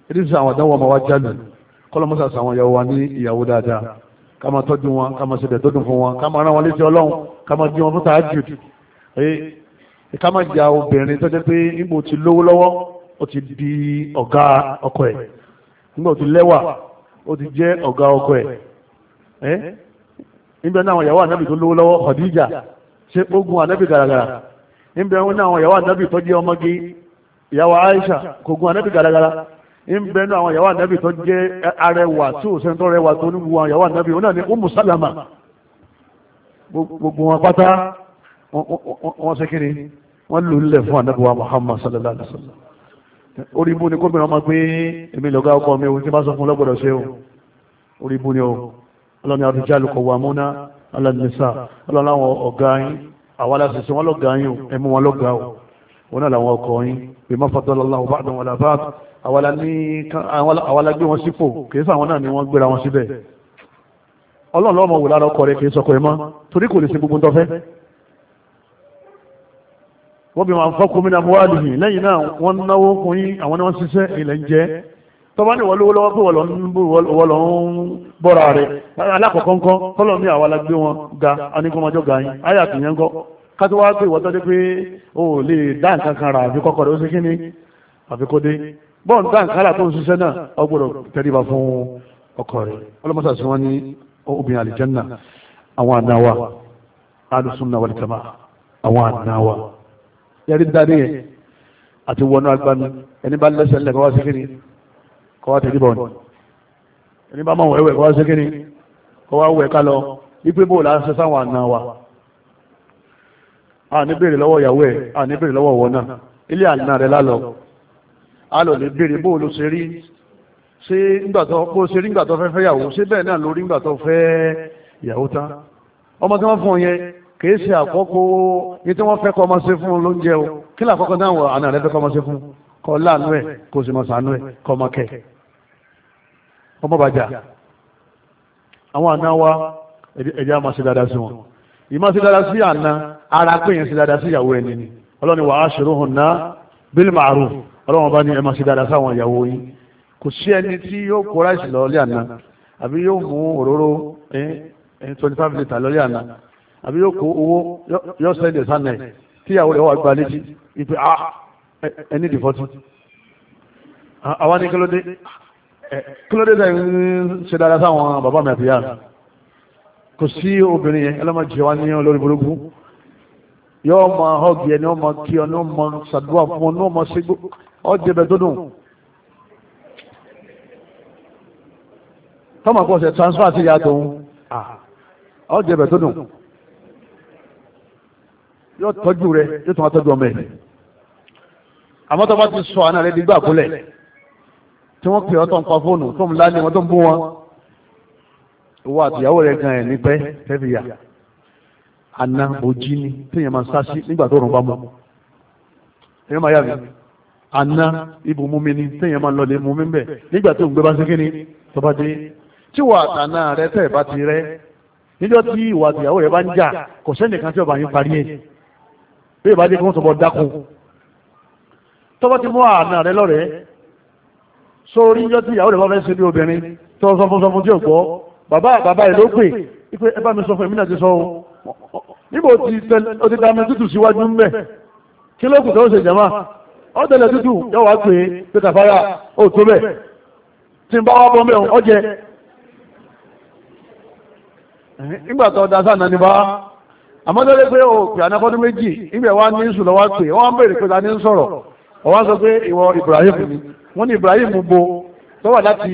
iríṣiríṣi àwọn àdánwò ọmọ wa jálù kọ́lọ́mọ́sà sàwọn ìyàwó wa ní ìyàwó dáadáa ká máa tọ́jú wọn kama máa ṣẹlẹ̀ tọ́dún fún wọn ká máa rán wọn létí ọlọ́run ká máa bí wọn fún tàájù ká máa ja obìnrin tó jẹ́ pé nígbà ó ti lówó lọ́wọ́ ó ti di ọ̀gá ọkọ ẹ̀ nígbà ó ti lẹ́wà ó ti jẹ́ ọ̀gá ọkọ ẹ̀ níbẹ̀ náà àwọn ìyàwó ànábì tó lówó lọ́wọ́ Khadija ṣe ogun ànábì gàràgàrà níbẹ̀ náà àwọn ìyàwó ànábì tó ọmọge ìyàwó Aisha kò gun ànábì gàràgàrà ń bẹnu àwọn ìyàwó ànábì tó jẹ́ arẹwà tí ò sẹ́ńtọ́ rẹwà tó ní gbogbo àwọn ìyàwó ànábì náà ní Umu Salama gbogbo wọn pátá wọn sẹ́kìrì wọn lù lẹ̀ fún ànábì wa Muhammad sallallahu alaihi wa sallam orí ibú ni kó bẹ̀rẹ̀ ọmọ pé èmi lọ́gá ọkọ mi òun ti bá sọ fún lọ́gbọ̀dọ̀ ṣe o orí ibú ni o ọlọ́ni ar-rijalu qawwamuna 'ala an-nisa àwọn ọ̀gá yín àwọn aláṣẹṣẹ wọn lọ́gá yín o ẹ̀mú wọn lọ́gá o wọn náà làwọn ọkọ yín bima faddala Allahu ba'dahum 'ala ba'd àwọn alágbé wọn sípò kìí sáwọn náà ni wọ́n gbéra wọn síbẹ̀ ọlọ́run lọ́mọ wò lára ọkọ rẹ̀ kìí sọkọ ẹ̀ mọ́ torí kò lè ṣe gbogbo ntọ́fẹ́ wọ́n bí wọn fọ́kùn mí náà mú wáàlì yìí lẹ́yìn náà wọ́n náwó fún yín àwọn ni wọ́n ṣiṣẹ́ ilẹ̀ ń jẹ́ tọ́ba ní wọlé wọlé wọ́n pé wọ́n lọ ń bọ́ra rẹ̀ alákọ̀ọ́kọ́ ńkọ́ kọ́lọ̀ ní àwọn alágbé wọn ga anígbọ́nmọ́jọ́ ga yín ayé àtìyẹn ńkọ́ kátó wá pé ìwọ́tọ́ dé pé o lè dá nǹkan kan rà àfikọ́kọ́ rẹ̀ ó ṣe kí ni àfikọ́ dé bọ́ọ̀n tá nkálà tó ń ṣiṣẹ́ náà ọgbọ́dọ̀ tẹ́lifà fún ọkọ rẹ̀ ọlọ́mọṣà sí wọn ní obìnrin àlìjẹ́nà àwọn ànáwà alùsùn náà wal jamaa àwọn ànáwà yẹrí dání yẹn àti wọnú agbami ẹni bá lẹ́sẹ̀ ńlẹ̀ kọ́wá sí kíni kọ́wá tẹ̀lé bọ́ọ̀ni ẹni bá máa wẹ̀wẹ̀ kọ́wá sí kíni kọ́wá wẹ̀ ká lọ wípé bó la ṣe sáwọn ànáwà à ní bèrè lọ́wọ́ ìyàwó a lọ lè béèrè bó o ṣe rí ṣé o ṣe rí ńgbàtọ́ ya fẹ́ yàwó ṣé náà lórí yàwó tán ọmọ tí fún yẹn kìí ṣe àkọ́kọ́ ní tí wọ́n fẹ́ kọ́ ọmọ ṣe fún o kí náà wọ rẹ ọmọ ṣe fún kọ́ láàánú ẹ̀ kó sànú ọmọ ọmọ bàjá àwọn wọn ìmọ̀ ṣe sí àna ṣe dada sí ìyàwó ẹni ọlọ́ni wàá ṣòro hàn ná ọlọ́wọ́n bá ní ẹ máa ṣe dáadáa sáwọn ìyàwó yín kò sí ẹni tí yóò kó ráìsì lọ́ọ́lé àná àbí yóò mú òróró ẹni twenty five litre lọ́ọ́lé àná àbí yóò kó owó yóò sẹ́ndẹ̀ sánà ẹ̀ tíyàwó rẹ̀ wà gba létí ipe a ẹni dìfọ́tì àwa ní kílódé kílódé tẹ̀ ń ṣe dáadáa sáwọn bàbá mi àti ìyá kò sí obìnrin yẹn ẹlọ́mọdé wa ní olórí burúkú yóò máa họ́ọ̀gì ẹni ó máa kí ọ ní ó ṣàdúrà fún ọ ní ó máa ọjẹbẹ tó dùn tọ́mọ̀ kọ́ ṣe transfer sí ìyá tòun ọjẹbẹ tó dùn yóò tọ́jú rẹ yóò tún wá tọ́jú ọmọ ẹ̀ àmọ́ tó bá ti sọ àná rẹ dígbà kúlẹ̀ tí wọ́n pè ọ́ tó ń pa fóònù tó ń lálé wọn tó ń bú wọn owó àtìyàwó rẹ gan ẹ̀ nípẹ́ fẹ́fì yà àná òjì ni téèyàn máa sá sí nígbà tó rùn bá mọ́ èèyàn máa yà mí àná ibù mumi ni téèyàn máa ń lọlé mumi ń bẹ̀ nígbà tó ń gbé bá ṣe kíni tó bá dé tí wà àtàná rẹ tẹ̀ bá ti rẹ níjọ́ tí ìwà àtìyàwó rẹ bá ń jà kò sẹ́nìkan tí ọba yín parí ẹ̀ bí ìbá dé kí wọ́n sọ bọ́ dákun tó bá ti mú àná rẹ lọ́rẹ̀ẹ́ sórí níjọ́ tí ìyàwó rẹ bá fẹ́ ṣe bí obìnrin tó sọ fún sọ fún tí ò gbọ́ bàbá bàbá ẹ̀ ló pè ipe ẹ bá mi sọ fún èmi náà ti sọ o níbo ti tẹ o ti dá mi tútù síwájú ń kí ló kù tó ṣe jàmáà ọ̀dẹ̀lẹ̀ dúdú yóò wá pé peter fara ó tó bẹ̀ tí n bá wá bọ́ mẹ́rin ọjẹ́ nígbà tó da sáà náà ni bá àmọ́tẹ́lẹ́ pé ó pè anáfọ́dún méjì ibẹ̀ wá ní sùn lọ́wọ́ pé wọ́n béèrè pé ta ní sọ̀rọ̀ ọwọ́n sọ pé ìwọ Ibrahim ni wọ́n ní Ibrahim bo tó wà láti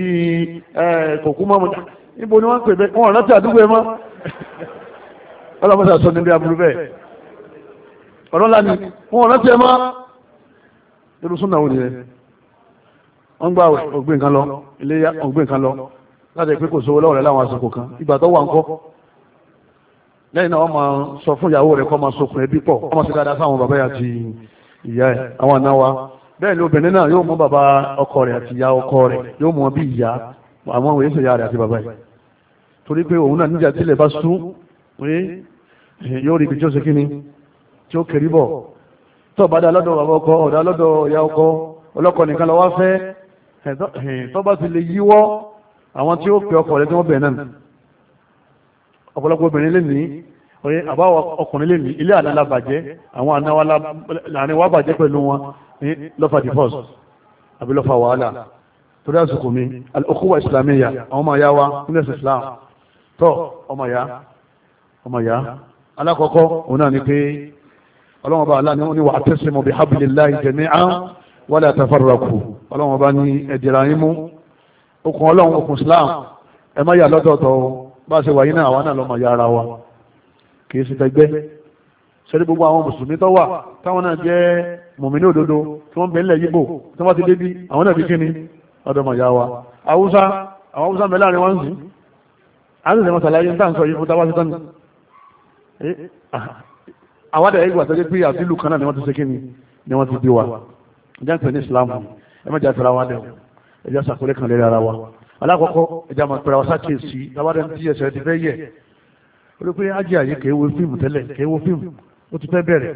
kòkú mọ́mu níbo ni wọ́n pè bẹ́ẹ̀ wọ́n rántí àdúgbò ẹ mọ́ ọlọ́mọdé àṣọ níbi àbúrú bẹ́ẹ̀ ọ̀rọ̀ lánìí wọ́n rántí ẹ mọ́ irú súnà wo nìyẹn wọ́n gbà ọ̀gbìn kan lọ iléyá ọ̀gbìn kan lọ láti pé kò sówó lọ́wọ́ rẹ̀ láwọn àsìkò kan ìgbà tó wà ń kọ́ lẹ́yìn náà wọ́n máa sọ fún ìyàwó rẹ̀ kọ́ máa sokùn ẹbí pọ̀ wọ́n máa dáadáa sáwọn bàbá yà ti ìyá ẹ̀ àwọn àna wa bẹ́ẹ̀ ni obìnrin náà yóò mú bàbá ọkọ rẹ̀ àti ìyá ọkọ rẹ̀ yóò mú bí ìyá àwọn òye ṣèyá rẹ̀ àti bàbá yìí torí pé òun náà níjà tílẹ̀ bá sún pé eh, yóò rí ibi tí ó ṣe kíni tí ó kẹrí bọ̀ tó bá dá lọ́dọ̀ bàbá ọkọ ọ̀dá lọ́dọ̀ ìyá ọkọ ọlọ́kọ nìkan lọ́wọ́ fẹ́ tó bá ti lè yíwọ́ àwọn tí ó pè ọkọ rẹ tí wọ́n bẹ̀ náà ọ̀pọ̀lọpọ̀ obìnrin lè ní oye àbáwọ̀ ọkùnrin lè ní ilé àná àwọn àná pẹ̀lú wọn ní divorce àbí lọ́fà wàhálà torí àsìkò mi al-ukhuwa wa nílẹ̀ islam tọ́ ọmọ ya ọmọ ya alákọ̀ọ́kọ́ òun ọlọ́wọ́n bá aláàánú ní wa'tasimu bihablillahi jami'an wala tafarraqu ọlọ́wọ́n bá ní ẹ̀dìrà yín mú okùn ọlọ́run okùn islam ẹ má yà lọ́tọ̀ọ̀tọ̀ bá a ṣe wà yín náà àwa náà lọ́mọ ya ara wa kì í ṣe tẹgbẹ́ sẹ́ni gbogbo àwọn mùsùlùmí tó wà táwọn náà jẹ́ mùmínú òdodo tí wọ́n bẹ yíbò tí wọ́n ti débi àwọn náà bí kíni ọdọmọ ya wa haúsá àwọn haúsá mẹ́lá ni wọ́n ń sìn á sì sẹ́wọ́n sàlàyé ní táǹsọ̀ yìí fún táwa àwọn àdàyẹ ìgbà sọ́jọ́ pé àti ìlú kan náà ni wọ́n ti ṣe kí ni ni wọ́n ti bí wa ẹjẹ́ ń pè ní Islam ẹ mẹ́jà sara wa dẹ̀ ẹjẹ́ sàkólé kan lé ara wa alákọ̀ọ́kọ́ ẹjẹ́ àmọ́ pẹ̀lú àwọn sákèsí tábàdà ń tíyẹ̀ sẹ́yìn ti fẹ́ yẹ̀ ó rí pé ájì àyè kèé wo fíìmù tẹ́lẹ̀ kèé wo fíìmù ó ti fẹ́ bẹ̀rẹ̀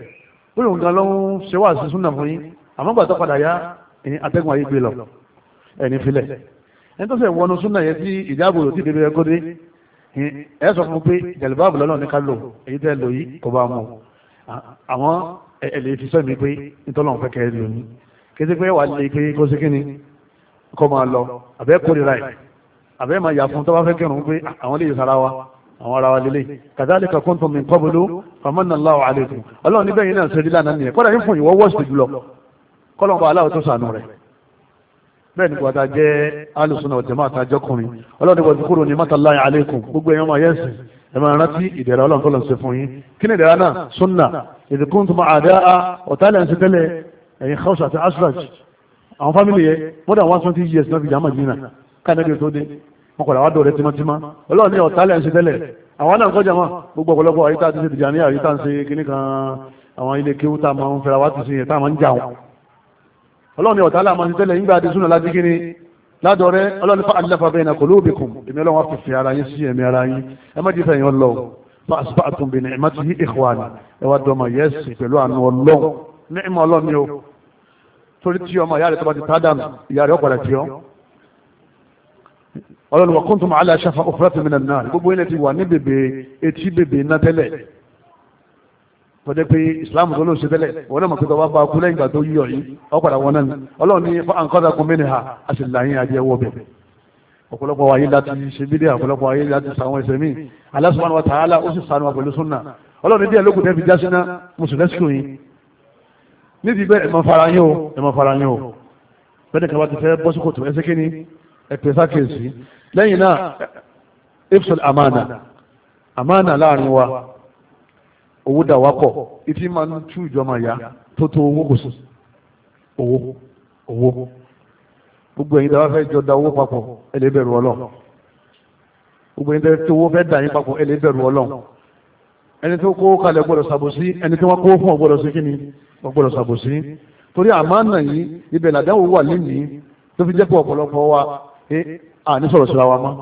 ó lóun gan lọ́hún ṣe wá sí súnà fún yín àmọ́ gbà tó padà yá ẹni atẹ́gùn ayé gbé lọ ẹni filẹ̀ ẹni tó sẹ̀ wọnú súnà yẹn tí ìjábò yòó ti ẹgọ́dé ẹ sọ fún pé jàlùbáàbù lọ́nà ní ká lò èyí tẹ́ lò yìí kò bá mọ̀ àwọn ẹ̀lẹ́ fi sọ́mi pé ìtọ́lọ́n fẹ́ kẹ́ lò ní kété pé wà lè pé kó sí kí ni kọ́ máa lọ àbẹ́ kórìíra ẹ̀ àbẹ́ máa yà fún tọ́wọ́ fẹ́ kírun pé ah, àwọn lè sara wa àwọn ara wa lélẹ̀ kadhalika kuntum min qablu famanna Allahu alaykum ọlọ́run níbẹ̀ yìí náà ṣe rí lánàá nìyẹn kọ́dà yín fún ìwọ́ jùlọ kọ́lọ́n bẹ́ẹ̀ ni kò wáta jẹ́ alùsùnà ọ̀tẹ̀mọ́ àtàjọkùnrin ọlọ́run kò kúrò ní mọ́tàlá àlékún gbogbo èèyàn máa yẹ́sìn ẹ máa rántí ìdẹ̀ra ọlọ́run tó lọ sí fún yín kí ni ìdẹ̀ra náà súnà ìdìkún tó máa dá a ọ̀tá ilẹ̀ ń tẹ́lẹ̀ ẹ̀yìn house àti asraj àwọn fámìlì yẹ mọ́tà wọn tún ti yẹ sinọ́ fi jàmà àwọn náà kọjá wọn gbogbo ọ̀pọ̀lọpọ̀ àyíká ti ṣe tìjànìyà àyíká ń ṣe kíní kan àwọn ilé kéwú tá a máa ń fẹ́ra wá ti ṣe yẹn tá a máa ń jà wọn ọlọ́run ni ọ̀tá aláàmọ́ ti tẹ́lẹ̀ yín gbà dé súnà láti kí ni ládọ̀ọ́rẹ́ ọlọ́run fa allafa bayna qulubikum èmi ọlọ́run wá fi fi ara yín sí ẹ̀mí ara yín ẹ má dìfẹ́ yín ọlọ́ fa asba'tum bi ni'matihi ikhwana ẹ wá dọ́mọ yẹ́sì pẹ̀lú àánú ọlọ́run ní ìmọ̀ ọlọ́run ni o torí tí ọmọ ìyá rẹ̀ tó bá ti tá dànù ìyá rẹ̀ ọ̀padà tí ọ́ ọlọ́run wà ní bèbè kọjá pé islam tó ló ṣe tẹ́lẹ̀ wọ́n náà mọ̀ pé tọ́ bá bá kú lẹ́yìn ìgbà tó yíyọ̀ yìí ọ̀padà wọn náà ni ọlọ́run ní àǹkọ́dà kún mẹ́ni ha a sì là yín ajẹ́ wọ́ bẹ̀. ọ̀pọ̀lọpọ̀ ayé láti ṣe bídé ọ̀pọ̀lọpọ̀ ayé láti sàwọn ẹsẹ̀ míì Allah subhanahu wa ta'ala ó sì sànù pẹ̀lú súnà ọlọ́run díẹ̀ lókùn tẹ́bi jásínà mùsùlẹ́sì amana amana láàrin wa owó dà wá pọ̀ ìtì máa ń tú ìjọba ìyá tó tó owó kò sí owó owó gbogbo ẹ̀yin dáwọ́ fẹ́ jọ da owó papọ̀ ẹ lè bẹ̀rù ọlọ́run gbogbo ẹ̀yin tó owó fẹ́ dà yín papọ̀ ẹ lè bẹ̀rù ọlọ́run ẹni tó kó kalẹ̀ gbọ́dọ̀ ṣàbòsí ẹni tí wọ́n kó fún ọgbọ́dọ̀ sí kí ni ọgbọ́dọ̀ ṣàbòsí torí àmánà yìí ibẹ̀ làdáwò wà lónìí tó fi jẹ́ pé ọ̀pọ̀lọpọ̀ wa à ní sọ̀rọ̀ síra wa mọ́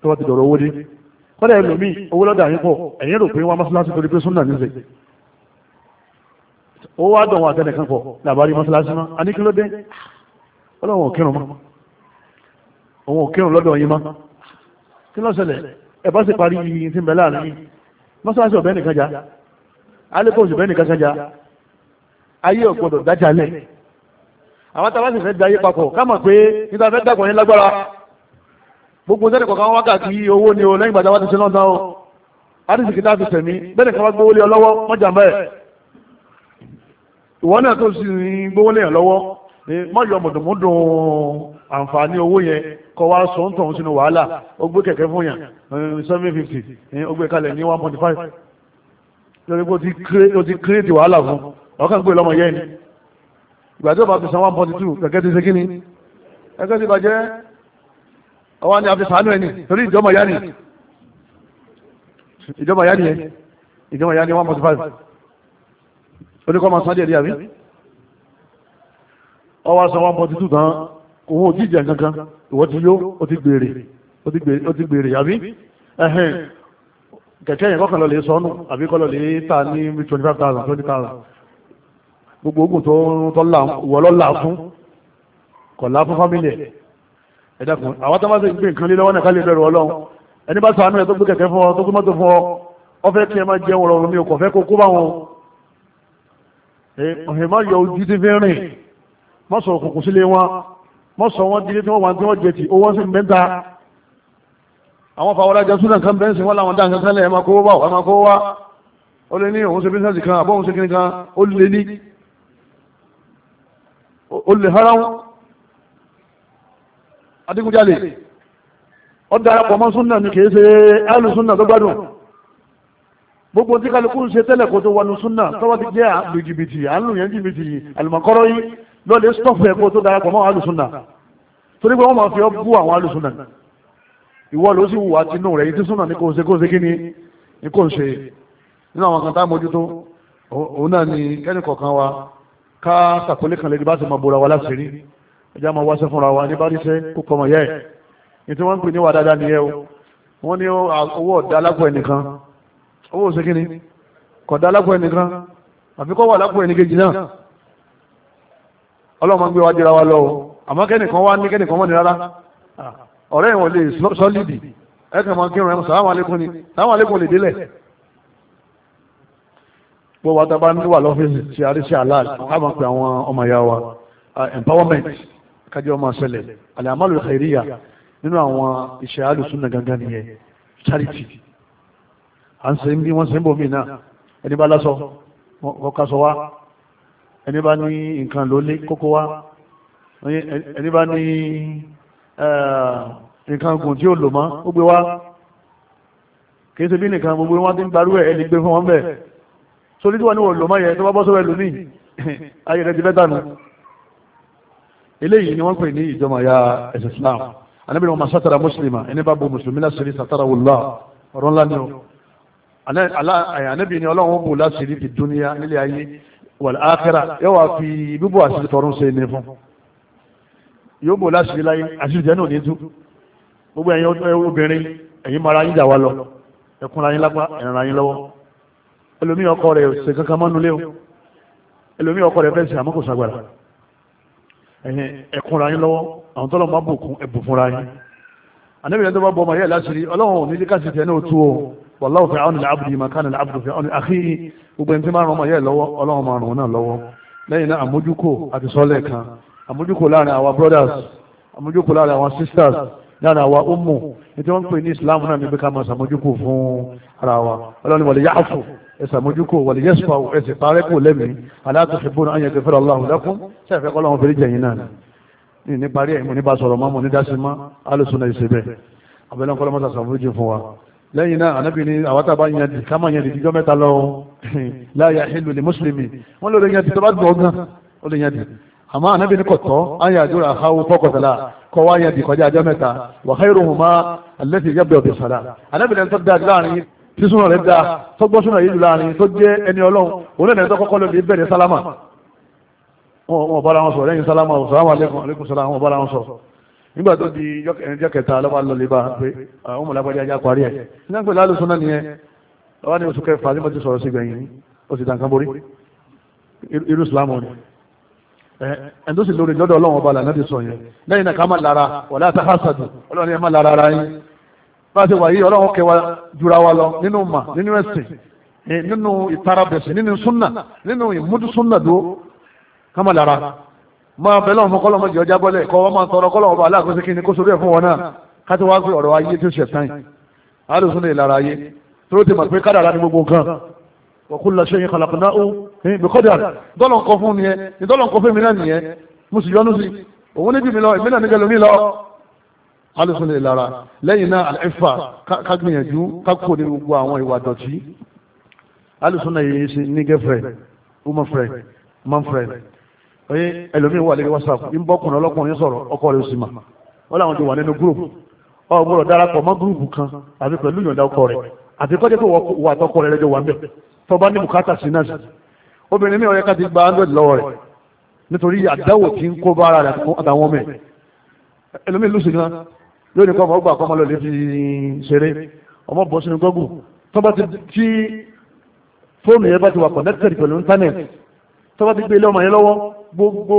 tó bá ti dọ̀rọ̀ owó dé kọ́lẹ̀ ẹlòmí owó lọ́dà yín pọ̀ ẹ̀yìn rò pé wọ́n mọ́sálásí torí pé súnà níṣẹ́ ó wá dọ̀wọ́ àtẹnìkan pọ̀ làbárí mọ́sálásí mọ́ a ní kí ló dé ọlọ́run òkèrùn mọ́ òun òkèrùn lọ́dọ̀ yín mọ́ kí ló ṣẹlẹ̀ ẹ bá sì parí yìí tí ń bẹ láàrin yìí mọ́sálásí ọ̀bẹ nìkan já alẹ́kọ̀ọ́ òṣùbẹ́ gbogbo sẹ́ni kọ̀ọ̀kan wákàtí owó ni o lẹ́yìn gbàdáwà ti ṣe náà tán o àdìsí kìtà ti tẹ̀mí bẹ́ẹ̀ kan wá gbówó lé ọ lọ́wọ́ mọ́jà bẹ́ẹ̀ ìwọ náà tó sì ń gbówó lé yàn lọ́wọ́ mọ́jọ mọ̀dùnmọ́dùn àǹfààní owó yẹn kọ wá sọ ń tọ̀hún sínú wàhálà ó gbé kẹ̀kẹ́ fún yàn eh, seven fifty eh, ó gbé kalẹ̀ ní one point five lórí pé o ti kírètì wàhálà fún ọkàn gbé lọ́mọ yẹn ni ìgbà tí ó bá fi san one point two kẹ̀kẹ́ ti ṣe kí ni kẹ̀kẹ́ ti bàjẹ́ ọwọ́ ni a fi sàánú ẹni torí ìjọba ìyá ni ìjọba ìyá ni ẹ ìjọba ìyá ni one forty five oníkọ́ máa sáré ẹ̀rí àbí ọwọ́ aṣọ one forty two tán òun ò tí jẹ kankan ìwọ ti yó ó ti gbèrè ó ti gbèrè àbí ẹ̀hìn kẹ̀kẹ́ yẹn kọ́kànlọ́ lè sọnù àbí kọ́lọ́ lè ta ní twenty five thousand twenty thousand gbogbo ogun tó ń tọ́lá ìwọ lọ́la fún kọ̀lá fún fámìlì ẹ̀ ẹ̀dàkùn àwọn tó bá sì gbé nǹkan lé lọ́wọ́ nìkan lè bẹ̀rù ọlọ́run ẹni bá sàánú ẹ̀ tó gbé kẹ̀kẹ́ fún ọ tó gbé mọ́tò fún ọ ọ fẹ́ kí ẹ máa jẹun rọrùn mi kò fẹ́ kó kó bá wọn ọ̀hìn má yọ ojú tí fi ń rìn má sọ òkùnkùn sílé wọn má sọ wọn dílé tí wọ́n wà tí wọ́n jẹ ti owó sì mẹ́ta àwọn fàwọ́dájà súnà kan bẹ́ẹ̀ sí wọn láwọn dáhùn kan lẹ́yìn máa máa kó wá ó adigunjalè ó darapọ̀ mọ́ súnà ní kìí ṣe áàlù súnà tó gbádùn gbogbo tí kálukú ń ṣe tẹ́lẹ̀ kó tó wọnú súnà tọ́wọ́ ti jẹ́ àlù jìbìtì àlù yẹn jìbìtì àlùmọ̀kọ́rọ́ yìí lọ́ọ̀lẹ́ stọ́ọ̀fù ẹ̀ kó tó darapọ̀ mọ́ àlù súnà torí pé wọ́n máa fi ọ́ bú àwọn àlù súnà ìwọ ló sì wùwà tinú rẹ̀ yìí tí súnà ní kò ṣe kó ṣe kí ni ní kò ń ṣe nínú àwọn kan tá mójútó òun náà ni kẹ́nìkọ̀ọ̀kan wa ká sàkólé kan lè ẹjá máa wáṣẹ́ fúnra wa ní báríṣẹ́ kó kọmọ yẹ́ ẹ̀ ní tí wọ́n ń pè ní wà dáadáa ni ẹ o wọ́n ní owó ọ̀dá lápò ẹnìkan owó òsè kí ni kọ̀dá lápò ẹnìkan àfi kọ́ wà lápò ẹnìkejì náà ọlọ́mọ gbé wa dira wa lọ o àmọ́ kẹ́nìkan wá ní kẹ́nìkan mọ́ ni rárá ọ̀rẹ́ ìwọ̀n lè sọ́lìdì ẹ kàn máa kírun ẹ̀ sàlámù alékún ni sàlámù alékún lè délẹ̀ gbogbo àtàbá ní wà lọ́fíìsì ti àríṣẹ́ àlá àmọ́ pé àwọn ọmọ ìyá wa ah, empowerment kájọ́ máa ṣẹlẹ̀ al-a'malu al-khairiyya nínú àwọn iṣẹ́ alùsùnà gangan nìyẹn charity à ń ṣe ń bí wọ́n ṣe ń bò mí náà ẹni bá lásọ kọ́ka sọ wá ẹni bá ní nǹkan lólé kókó wá ẹni bá ní eh, nǹkan gùn tí ó lò mọ́ ó gbé wá kìí ṣe bí nìkan gbogbo wọn ti ń gbarú ẹ̀ ẹni gbé fún wọn bẹ́ẹ̀ sórí tí wọn ní wọn lò mọ́ yẹn tó bá bọ́ sọ́wọ́ ẹlòmíì ayẹyẹ ti bẹ́ẹ̀ dànù eléyìí ni wọ́n pè ní ìjọba ya ẹ̀sìn islam anabi ni wọn masatara muslima ẹni bá bo mùsùlùmí lásìrí satara wùlá ọ̀rọ̀ ńlá ni o anabi ni ọlọ́run bò lásìrí fi dúníyà nílé ayé wal akhirah yóò wá fi bíbò àṣírí tọrún ṣe ní fún yóò bò lásìrí láyé àṣírí jẹ́ náà ní tú gbogbo ẹ̀yin obìnrin ẹ̀yin mara yín jà wá lọ ẹkùnra yín lápá ẹ̀rànra yín lọ́wọ́ ẹlòmí ọkọ rẹ̀ ṣe kankan mọ́nulé o ẹlòmí ọkọ rẹ̀ fẹ́ ṣe àmọ́kòsàgbàrà ẹ̀kúnra yín lọ́wọ́ àwọn tọ́lọ̀ máa bùkún ẹ̀bù fúnra yín anábìyẹ tó bá bọ ọmọ yẹ láṣìírí ọlọ́run ò ní díkà sí tẹ̀ náà tú o wàláwù fẹ́ àwọn ìlàbùdì yìí màkánà ìlàbùdì fẹ́ àwọn àkíyí gbogbo ẹni tí máa ràn ọmọ yẹ lọ́wọ́ ọlọ́run máa ràn wọn náà lọ́wọ́ lẹ́yìn náà àmójúkò àti sọ́lẹ̀ kan àmójúkò láàrin àwa brothers àmójúkò láàrin àwa sisters láàrin àwa umu ní tí wọ́n ń pè ní Islam náà ní bí ká máa ṣàmójúkò fún ara wa ọlọ́run wọlé yáàfù ẹ̀sàmójúkò wàlìyẹ́sùpá ẹ̀sì parẹ́ kò lẹ́mí aláàtúnṣepọ̀ náà yẹn fẹ́rẹ̀ aláhùn lẹ́kún sẹ́fẹ́ kọ́ lọ́wọ́ fèrè jẹ̀yìn náà ní ní parí ẹ̀mọ́ ní bá sọ̀rọ̀ mọ́ mọ́ ní dásí mọ́ alùsùnà ìṣẹ́bẹ̀ abẹ́lẹ́ kọ́ lọ́mọ́sà sàmójú fún wa lẹ́yìn náà anábì ní àwátà bá yẹn kámà yẹn dìjọ́ mẹ́ta lọ láyà ìlú ní mùsùlùmí wọ́n lè yẹn tó bá dùn ọgán ó lè yẹn dì àmọ́ anábì ní kọ̀tọ́ ayé àdúrà àháwó fọ́kọ̀tàlá kọ́ wá yẹn dì mẹ́ta wàhálà ìròhùn má alẹ́ ti yẹ anábì ní ẹni tó dáa láàrin tí súnà rẹ̀ dáa tó gbọ́ súnà yìí jù láàrin tó jẹ́ ẹni ọlọ́run òun náà tó kọ́kọ́ lóbi bẹ̀rẹ̀ sálámà wọn bára wọn sọ lẹ́yìn sálámà sàlámà alẹ́kùn sàlámà wọn bára wọn sọ nígbà tó di ẹnjẹ́ kẹta ah, lọ́wọ́ lọ́lẹ́ bá ni ẹn tó sì lórí lọ́dọ̀ ọlọ́run ọba lànà ti sọ yẹn lẹ́yìn náà ká má lára wọ̀lá àtàkásàdù ọlọ́run yẹn má lára ara yín bá a ṣe wà yìí ọlọ́run kẹwàá jura wa lọ nínú mà nínú ẹ̀sìn eh, nínú ìtarabẹ̀sìn nínú súnà nínú ìmúdú súnà dúró kámàlára máa bẹ lọ́wọ́ fún kọ́lọ́mọ jẹ́ ọjà bọ́lẹ̀ kọ́ wọ́n máa tọrọ kọ́lọ́mọ aláàkóso kí ni kó sórí ẹ̀ fún wọn náà káti wá pé ọ̀rọ̀ ayé tó ṣẹ̀ tán alùsùn lè lára ayé tó ti mọ̀ pé kádàrá ní gbogbo nǹkan wa kullu shay'in khalaqnahu eh, bi qadar dọ́lọ̀ nǹkan fún mi yẹn ìdọ́lọ̀ nǹkan fún mi náà nìyẹn mo sì yọnu sí òun níbi mi lọ ìmínà nígbà lómi lọ alùsùnlẹ̀ ìlara lẹ́yìn náà àlẹ́fà kágbìyànjú kákò ní gbogbo àwọn ìwà dọ̀tí alùsùnlẹ̀ yìí ṣe ní girlfriend woman friend man friend oye ẹlòmíín wà lórí whatsapp ń bọ́ kùnà ọlọ́kùnrin sọ̀rọ̀ ọkọ rẹ̀ sì mà wọ́n làwọn ti wà nínú gúrùpù ọ̀ gbọ́dọ̀ darapọ̀ mọ́ gúrùpù kan àti pẹ̀lú ìyọ̀ǹda ọkọ rẹ̀ àti kọ́jẹ́ tó wà tọkọ rẹ̀ lẹ́jọ́ wà ń bẹ̀ tó bá ní bùkátà sí náà obìnrin ní ọ̀rẹ́ ká ti gba hundred lọ́wọ́ rẹ̀ nítorí àdáwò tí ń kó bára rẹ̀ àtàwọn ọmọ ẹ̀ ẹlòmíín lùsì gan lónìí kọ́ ọmọ ọgbà kọ́ ọmọ lọ lè fi ṣeré ọmọ bọ́ sínú gọ́gù tó ti tí fóònù yẹn bá ti wà connected pẹ̀lú internet tó bá ti gbé ilé ọmọ yẹn lọ́wọ́ gbogbo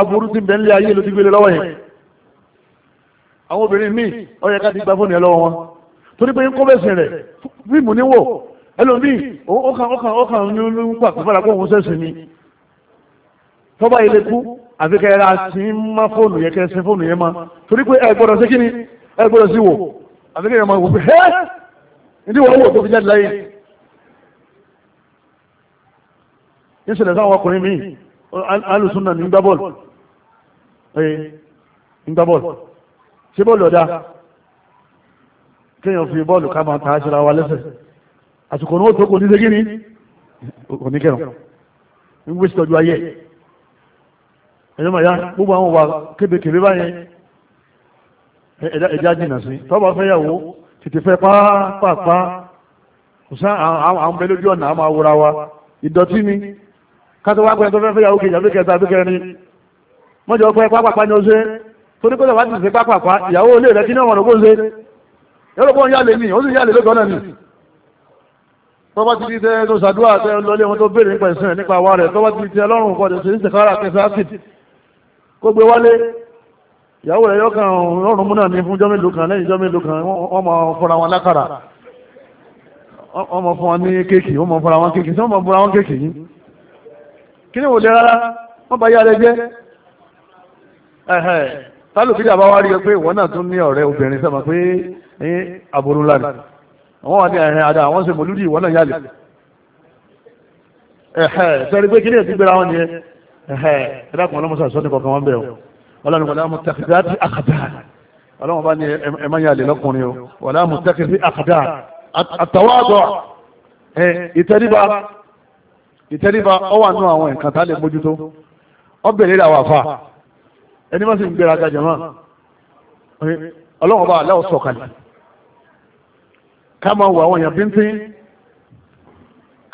aburú ti bẹ̀ẹ́lẹ̀ ayé ló ti gbé ilé lọ́wọ́ yẹn àwọn obìnrin míì ó yẹ ká ti gba fóònù yẹn lọ́wọ́ wọn torí pé ń kọ́ bẹ̀sẹ̀ rẹ̀ fíìmù ní wò ẹlòmíì ọkàn ọkàn ọkàn ní pàkó fara kó òun sẹ́sìn ni tó ilé kú àfi kẹ́ ra sí mọ́ fóònù yẹn kẹ́ sí fóònù yẹn mọ́ torí pé ẹ gbọ́dọ̀ sí kíni ẹ gbọ́dọ̀ sí wò àfi kẹ́ yẹn mọ́ wò pé ẹ́ ndí wọ́n wò tó fi jáde láyé ní ṣẹlẹ̀ sáwọn ọkùnrin mi alùsùn náà ní gbá bọ́ọ̀lù ẹ̀ ń gbá bọ́ọ̀lù ṣé bọ́ọ̀lù ọ̀dà kéèyàn fi bọ́ọ̀lù ká máa ta aṣọra wa lẹ́sẹ̀ àsìkò náà tó kò ní ṣe kíni kò ní kẹrùn ń gbé sí tọ́jú ayé ẹ̀yọ́ màá yá gbogbo àwọn wà kébèkébé báyẹn ẹ̀dá jìnà sí tọ́ba fẹ́yàwó tètè fẹ́ pàápàá kò sá àwọn ọmọ ẹlójú ọ̀nà àmọ́ awúra wa ìdọ̀tí ni kátó wá pẹ́ tó fẹ́ fẹ́yàwó kejì àbí kẹta àbí kẹrin mọ́jọ pẹ́ pápápá ni ó ṣe torí pé wàá ti ṣe pápápá ìyàwó olè rẹ kí ní ọmọdé ni ó sì yálè ni tọ́ba ti di tẹ́ tó ṣàdúrà tẹ́ lọlé wọn tó béèrè nípa ìsìn nípa wa rẹ̀ tọ́ba ti di tẹ́ lọ́rùn kọ́ gbogbo wale wálé ìyàwó rẹ̀ yọ́kàn rọrùn múnà ní fún jọ́mẹ́lò kan lẹ́yìn kan wọ́n mọ̀ wọn lákàrà wọ́n mọ̀ fún wọn ní kéèkì wọ́n mọ̀ fúnra wọn kéèkì tí wọ́n mọ̀ fúnra wọn kéèkì yìí kí ni wò rárá wọ́n bá jẹ́ rí pé ìwọ náà tún ní ọ̀rẹ́ obìnrin sọ́mọ pé ní àbúrú ni wà ní àwọn ẹ̀dàkùn ọlọ́mọsà sọ́ni kọ̀ọ̀kan wọn bẹ̀rẹ̀ ọlọ́run wọlé àmú tẹ́kìdá ti àkàdá ọlọ́run bá ní ẹ̀mọ́ yà lè lọ́kùnrin o wọlé àmú tẹ́kìdá àkàdá àtàwádọ̀ ìtẹríba ìtẹríba ọ wà nù àwọn nǹkan tá a lè mójútó ọ bẹ̀rẹ̀ rẹ̀ àwọn àfa ẹni má sì ń gbéra ga jẹ̀mọ́ ọlọ́run bá aláwọ̀ sọ̀kalẹ̀ ká máa wọ àwọn èèyàn bíntín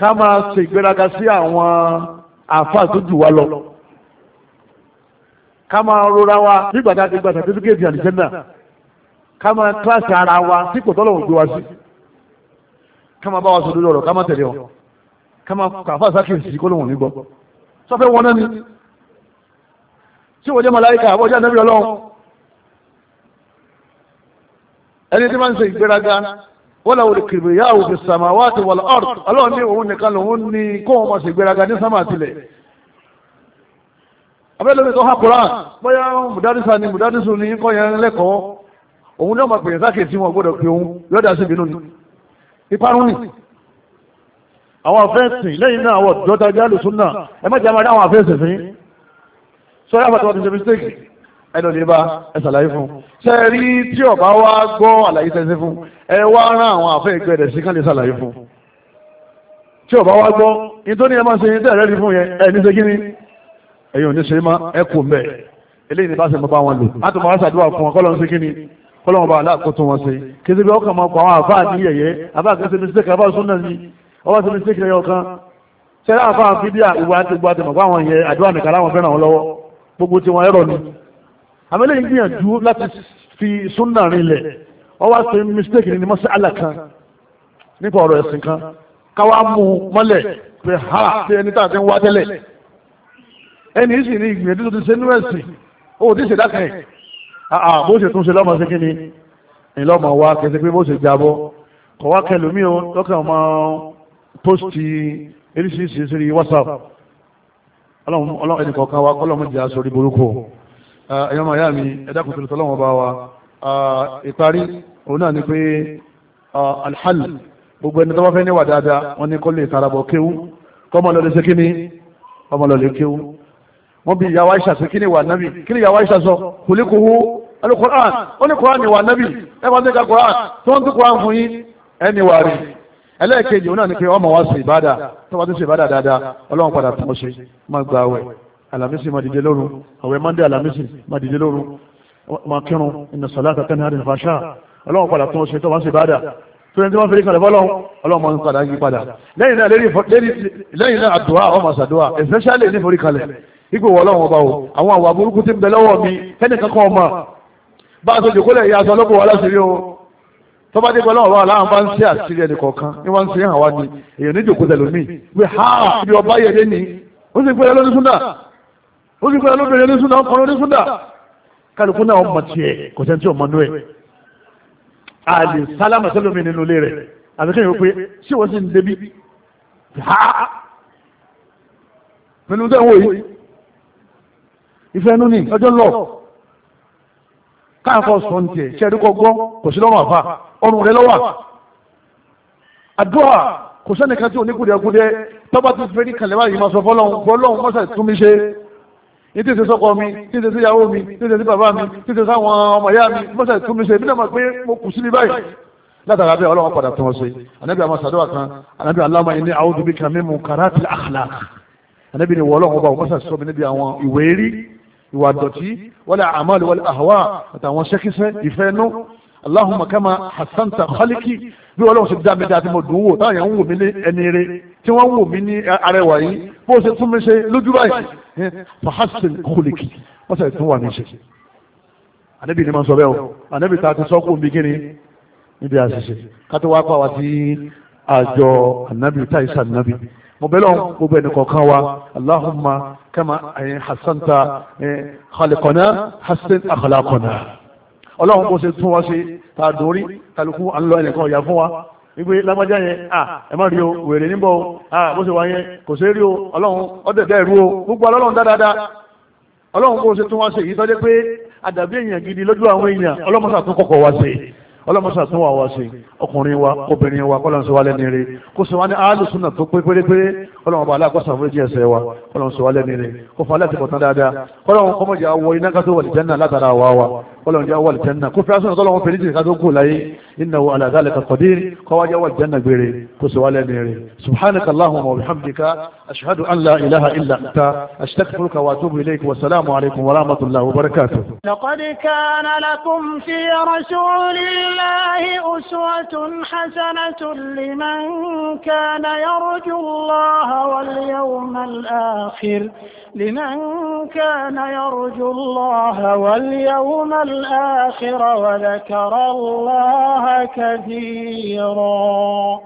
ká máa ṣègbéraga sí àwọn àfáà tó jù wá lọ ká máa rora wa nígbà tá a ti gba sàtífíkẹ́tì àlìjẹ́nà ká máa kíláàsì ara wa sípò tọ́lọ́run gbé wa sí ká máa bá wa sọdọ́ ọ̀rọ̀ ká máa tẹ̀lé wọn ká máa kàfà sákèsì kó lóun nígbọ́ sọfẹ́ wọn náà ni tí wọ́n jẹ́ màláìka àbọ̀já nàbí ọlọ́run ẹni tí máa ń ṣe ìgbéraga wọ́láwọ́ lè kìrìbì yá òfin sàmáwáàtì wà lọ́ọ̀rù ọlọ́run ní òun nìkan lòun ní kó wọn sì gbéraga ní sámà tilẹ̀. abẹ́lẹ́ mi tó ha koran bóyá mùdádìsá ni mùdádìsù ni kọ́ yẹn lẹ́kọ̀ọ́ òun náà máa pè é sákè tí wọn gbọ́dọ̀ pé òun yọ̀dà sí ìbínú ni. ìparun ni àwọn afẹ́sìn lẹ́yìn náà àwọn dọ́tajà lùsùn náà ẹ má jẹ́ àwọn afẹ́sìn fún yín sọ ẹnu lè bá ẹ ṣàlàyé fún un ṣe é rí tí ọba wa gbọ́ àlàyé tẹ́sí fún ẹ wá rán àwọn àfẹ́ ìgbẹ́ rẹ̀ sí kán lè ṣàlàyé fún un tí ọba wa gbọ́ nítorí ẹ máa ṣe tẹ́ ẹ̀rẹ́ rí fún yẹn ẹ ní ṣe kí ni ẹ̀yin ò ní ṣe má ẹ kò mẹ́ eléyìí ni bá ṣe mọ́ bá wọn lò láti máa ṣàdúrà fún wọn kọ́lọ́n ṣe kí ni kọ́lọ́n bá aláàkótó wọn ṣe kí síbi ọkàn máa kọ àwọn àfáà ní àmẹ́lẹ́ yìí gbìyànjú láti fi súnà rinlẹ̀ wọ́n wá ṣe mistake ni mọ́sí alákan nípa ọ̀rọ̀ ẹ̀sìn kan káwá mú mọ́lẹ̀ pé ha ṣe ẹni tá a ti ń wá tẹ́lẹ̀ ẹni yìí sì ní ìgbìyànjú tó ti ṣe nínú ẹ̀sìn ó ti ṣe dákẹ́ àà bó ṣe tún ṣe lọ́mọ sí kíni ni lọ́mọ wa kẹsí pé bó ṣe jábọ́ kọ̀ wá kẹlòmí o lọ́kàn máa pósìtì eríṣiríṣi sí WhatsApp ọlọ́run ẹnì kọ̀ọ̀kan wa kọ́lọ́mù jẹ́ aṣọ orí burúkú ẹ̀yọ́ màá yá mi ẹ̀dákùn tòlótọ́ lọ́wọ́ bá wa ìparí òun náà ni pé alhal gbogbo ẹni tó bá fẹ́ níwà dáadáa wọ́n ní kó lè tarabọ̀ kéwú kọ́mọ lọ́lẹ̀ ṣe kí ni ọmọ lọ́lẹ̀ kéwú wọ́n bí ìyàwó àìsà sí kí ni ìwà nábì kí ni ìyàwó àìsà sọ kò lè kówó alukoran ó ní koran ìwà nábì ẹ bá ń tẹ́ka koran tó ń tún koran fún yín ẹni wà rí ẹlẹ́ẹ̀kejì òun náà ni pé ọmọ wa ṣe ìbádà tó bá tún ṣe ìbádà dáadáa ọlọ́run padà tún ọ alamisi ma dìde lóru àwẹ̀ mande alamisi ma dìde lóru ma kírun inna salata tanha anil fahsha ọlọ́run padà tún ṣe tó wá sí ìbádà tó ní tí wọ́n fẹ́rí kalẹ̀ fọ́lọ́run ọlọ́run máa ń padà yí padà lẹ́yìn náà lẹ́yìn náà àdúrà ọmọ àṣàdúrà especially ni forí kalẹ̀ ipò wọ ọlọ́run ọba o àwọn àwà burúkú ti ń bẹ lọ́wọ́ mi kẹ́ni kankan ọmọ bá a ṣe jòkólẹ̀ ìyá aṣọ ọlọ́bù wa láṣìírí o tó bá dé pẹ́ lọ́wọ́ wa láwọn bá ń ṣe àṣírí ẹnì kọ̀ọ̀kan ní wọ́n ń ṣe hàn wá ni èèyàn ní jòkó tẹ̀lómi wí ha ibi ọba yẹlé ni ó sì gbé lọ́dún súnà ó sì kọ́ra lóbìnrin ní súnà ọkùnrin ní súnà kálukú náà ọmọ tiẹ̀ kò sẹ́ni tí ọmọ nú ẹ̀ àlè sálámà sẹ́lómi nínú ilé rẹ̀ àti kéèyàn pé ṣé wọ́n sì ń débi ha pẹ̀lú tẹ́wọ̀n yìí ìfẹ́ nú ni ọjọ́ lọ káàkọ́ sọ ní tiẹ̀ ṣe ẹ̀dúkọ gbọ́ kò sí lọ́rùn àfa ọrùn rẹ lọ́wà àdúrà kò sẹ́nìkan tí oníkùdẹ́kùdẹ́ tọ́ba tó fẹ́ ní kàlẹ́wà yìí máa sọ fọ́lọ́hún fọ́lọ́hún mọ́sà ní tí ń ṣe sọ́kọ mi tí ń ṣe síyàwó mi tí ń ṣe sí bàbá mi tí ń ṣe sáwọn ọmọ ìyá mi mọ́sẹ̀ tún mi ṣe bí náà mọ̀ pé mo kù sí ní báyìí látara bẹ́ẹ̀ ọlọ́wọ́ padà tún wọn ṣe ànábì àwọn sàdọ́wà kan ànábì aláma yìí ní a'udhu bika min munkaratil akhlaq ànábì ni wọ́ọ́lọ́wọ́ bá mọ́sẹ̀ sọ mi níbi àwọn ìwé rí ìwà dọ̀tí wala a'mal wal ahwa àtàwọn ṣẹ́kíṣẹ́ ìfẹ́ nú Allahumma kama hasanta khaliki bí ọlọ́run ṣe dá mi dá tí mo dùn wò táwọn èèyàn ń wò mí ní ẹni rẹ tí wọ́n ń wò mí ní arẹwà yìí bó ṣe tún mi ṣe lójú báyìí fahasin kólíkì wọ́n ṣe tún wà mí ṣe. ànábì ni mo sọ bẹ́ẹ̀ o ànábì ta ti sọ́kù mi kíni níbi àṣìṣe kátó wá pa wá sí àjọ ànábì táìsà ànábì mo bẹ́ẹ̀ lọ́n gbogbo ẹni kọ̀ọ̀kan wa Allahumma kama hasanta khalikona hasin akhlaqona ọlọ́run kò ṣe tún wá ṣe tàdùn kálukú à ẹnìkan ọ̀yà fún wa wípé lágbájá yẹn à ẹ má rí o wèrè níbọ o à bó ṣe wà yẹn kò ṣe rí o ọlọ́run ọ̀dẹ̀dẹ̀ ẹ̀rú o gbogbo ọlọ́run dáadáa ọlọ́run kò ṣe tún wá ṣe èyí tọ́jú pé àdàbí èèyàn gidi lójú àwọn èèyàn ọlọ́mọṣà tún kọ̀kọ̀ wá ṣe ọlọ́mọṣà tún wà wá sí ọkùnrin wa obìnrin wa kọ́lọ́n sọ wá lẹ́ni rẹ̀ kó sọ wá ní alùsùnà tó pé pérépéré ọlọ́mọ bàálà kó sàmúlò jí ẹsẹ̀ wa kọ́lọ́n sọ wá lẹ́ni rẹ̀ kó fà láti bọ̀tán dáadáa kọ́lọ́n kọ́mọ jà wọ iná kátó wà lìjẹ́nà látara wa wa kọ́lọ́n jà wà lìjẹ́nà kó fẹ́ sọ̀rọ̀ tọ́lọ́wọ́ fèrè jìnnà kátó kù láyé innahu ala dhalika qadir kọ́wájà wà lìjẹ́nà gbére kó sọ wá lẹ́ni rẹ̀ subhanaka allahumma wa bihamdika أشهد أن لا إله إلا أنت أستغفرك وأتوب إليك والسلام عليكم ورحمة الله وبركاته لقد كان لكم في رسول الله أسوة حسنة لمن كان يرجو الله واليوم الآخر لمن كان يرجو الله واليوم الآخر وذكر الله كثيرا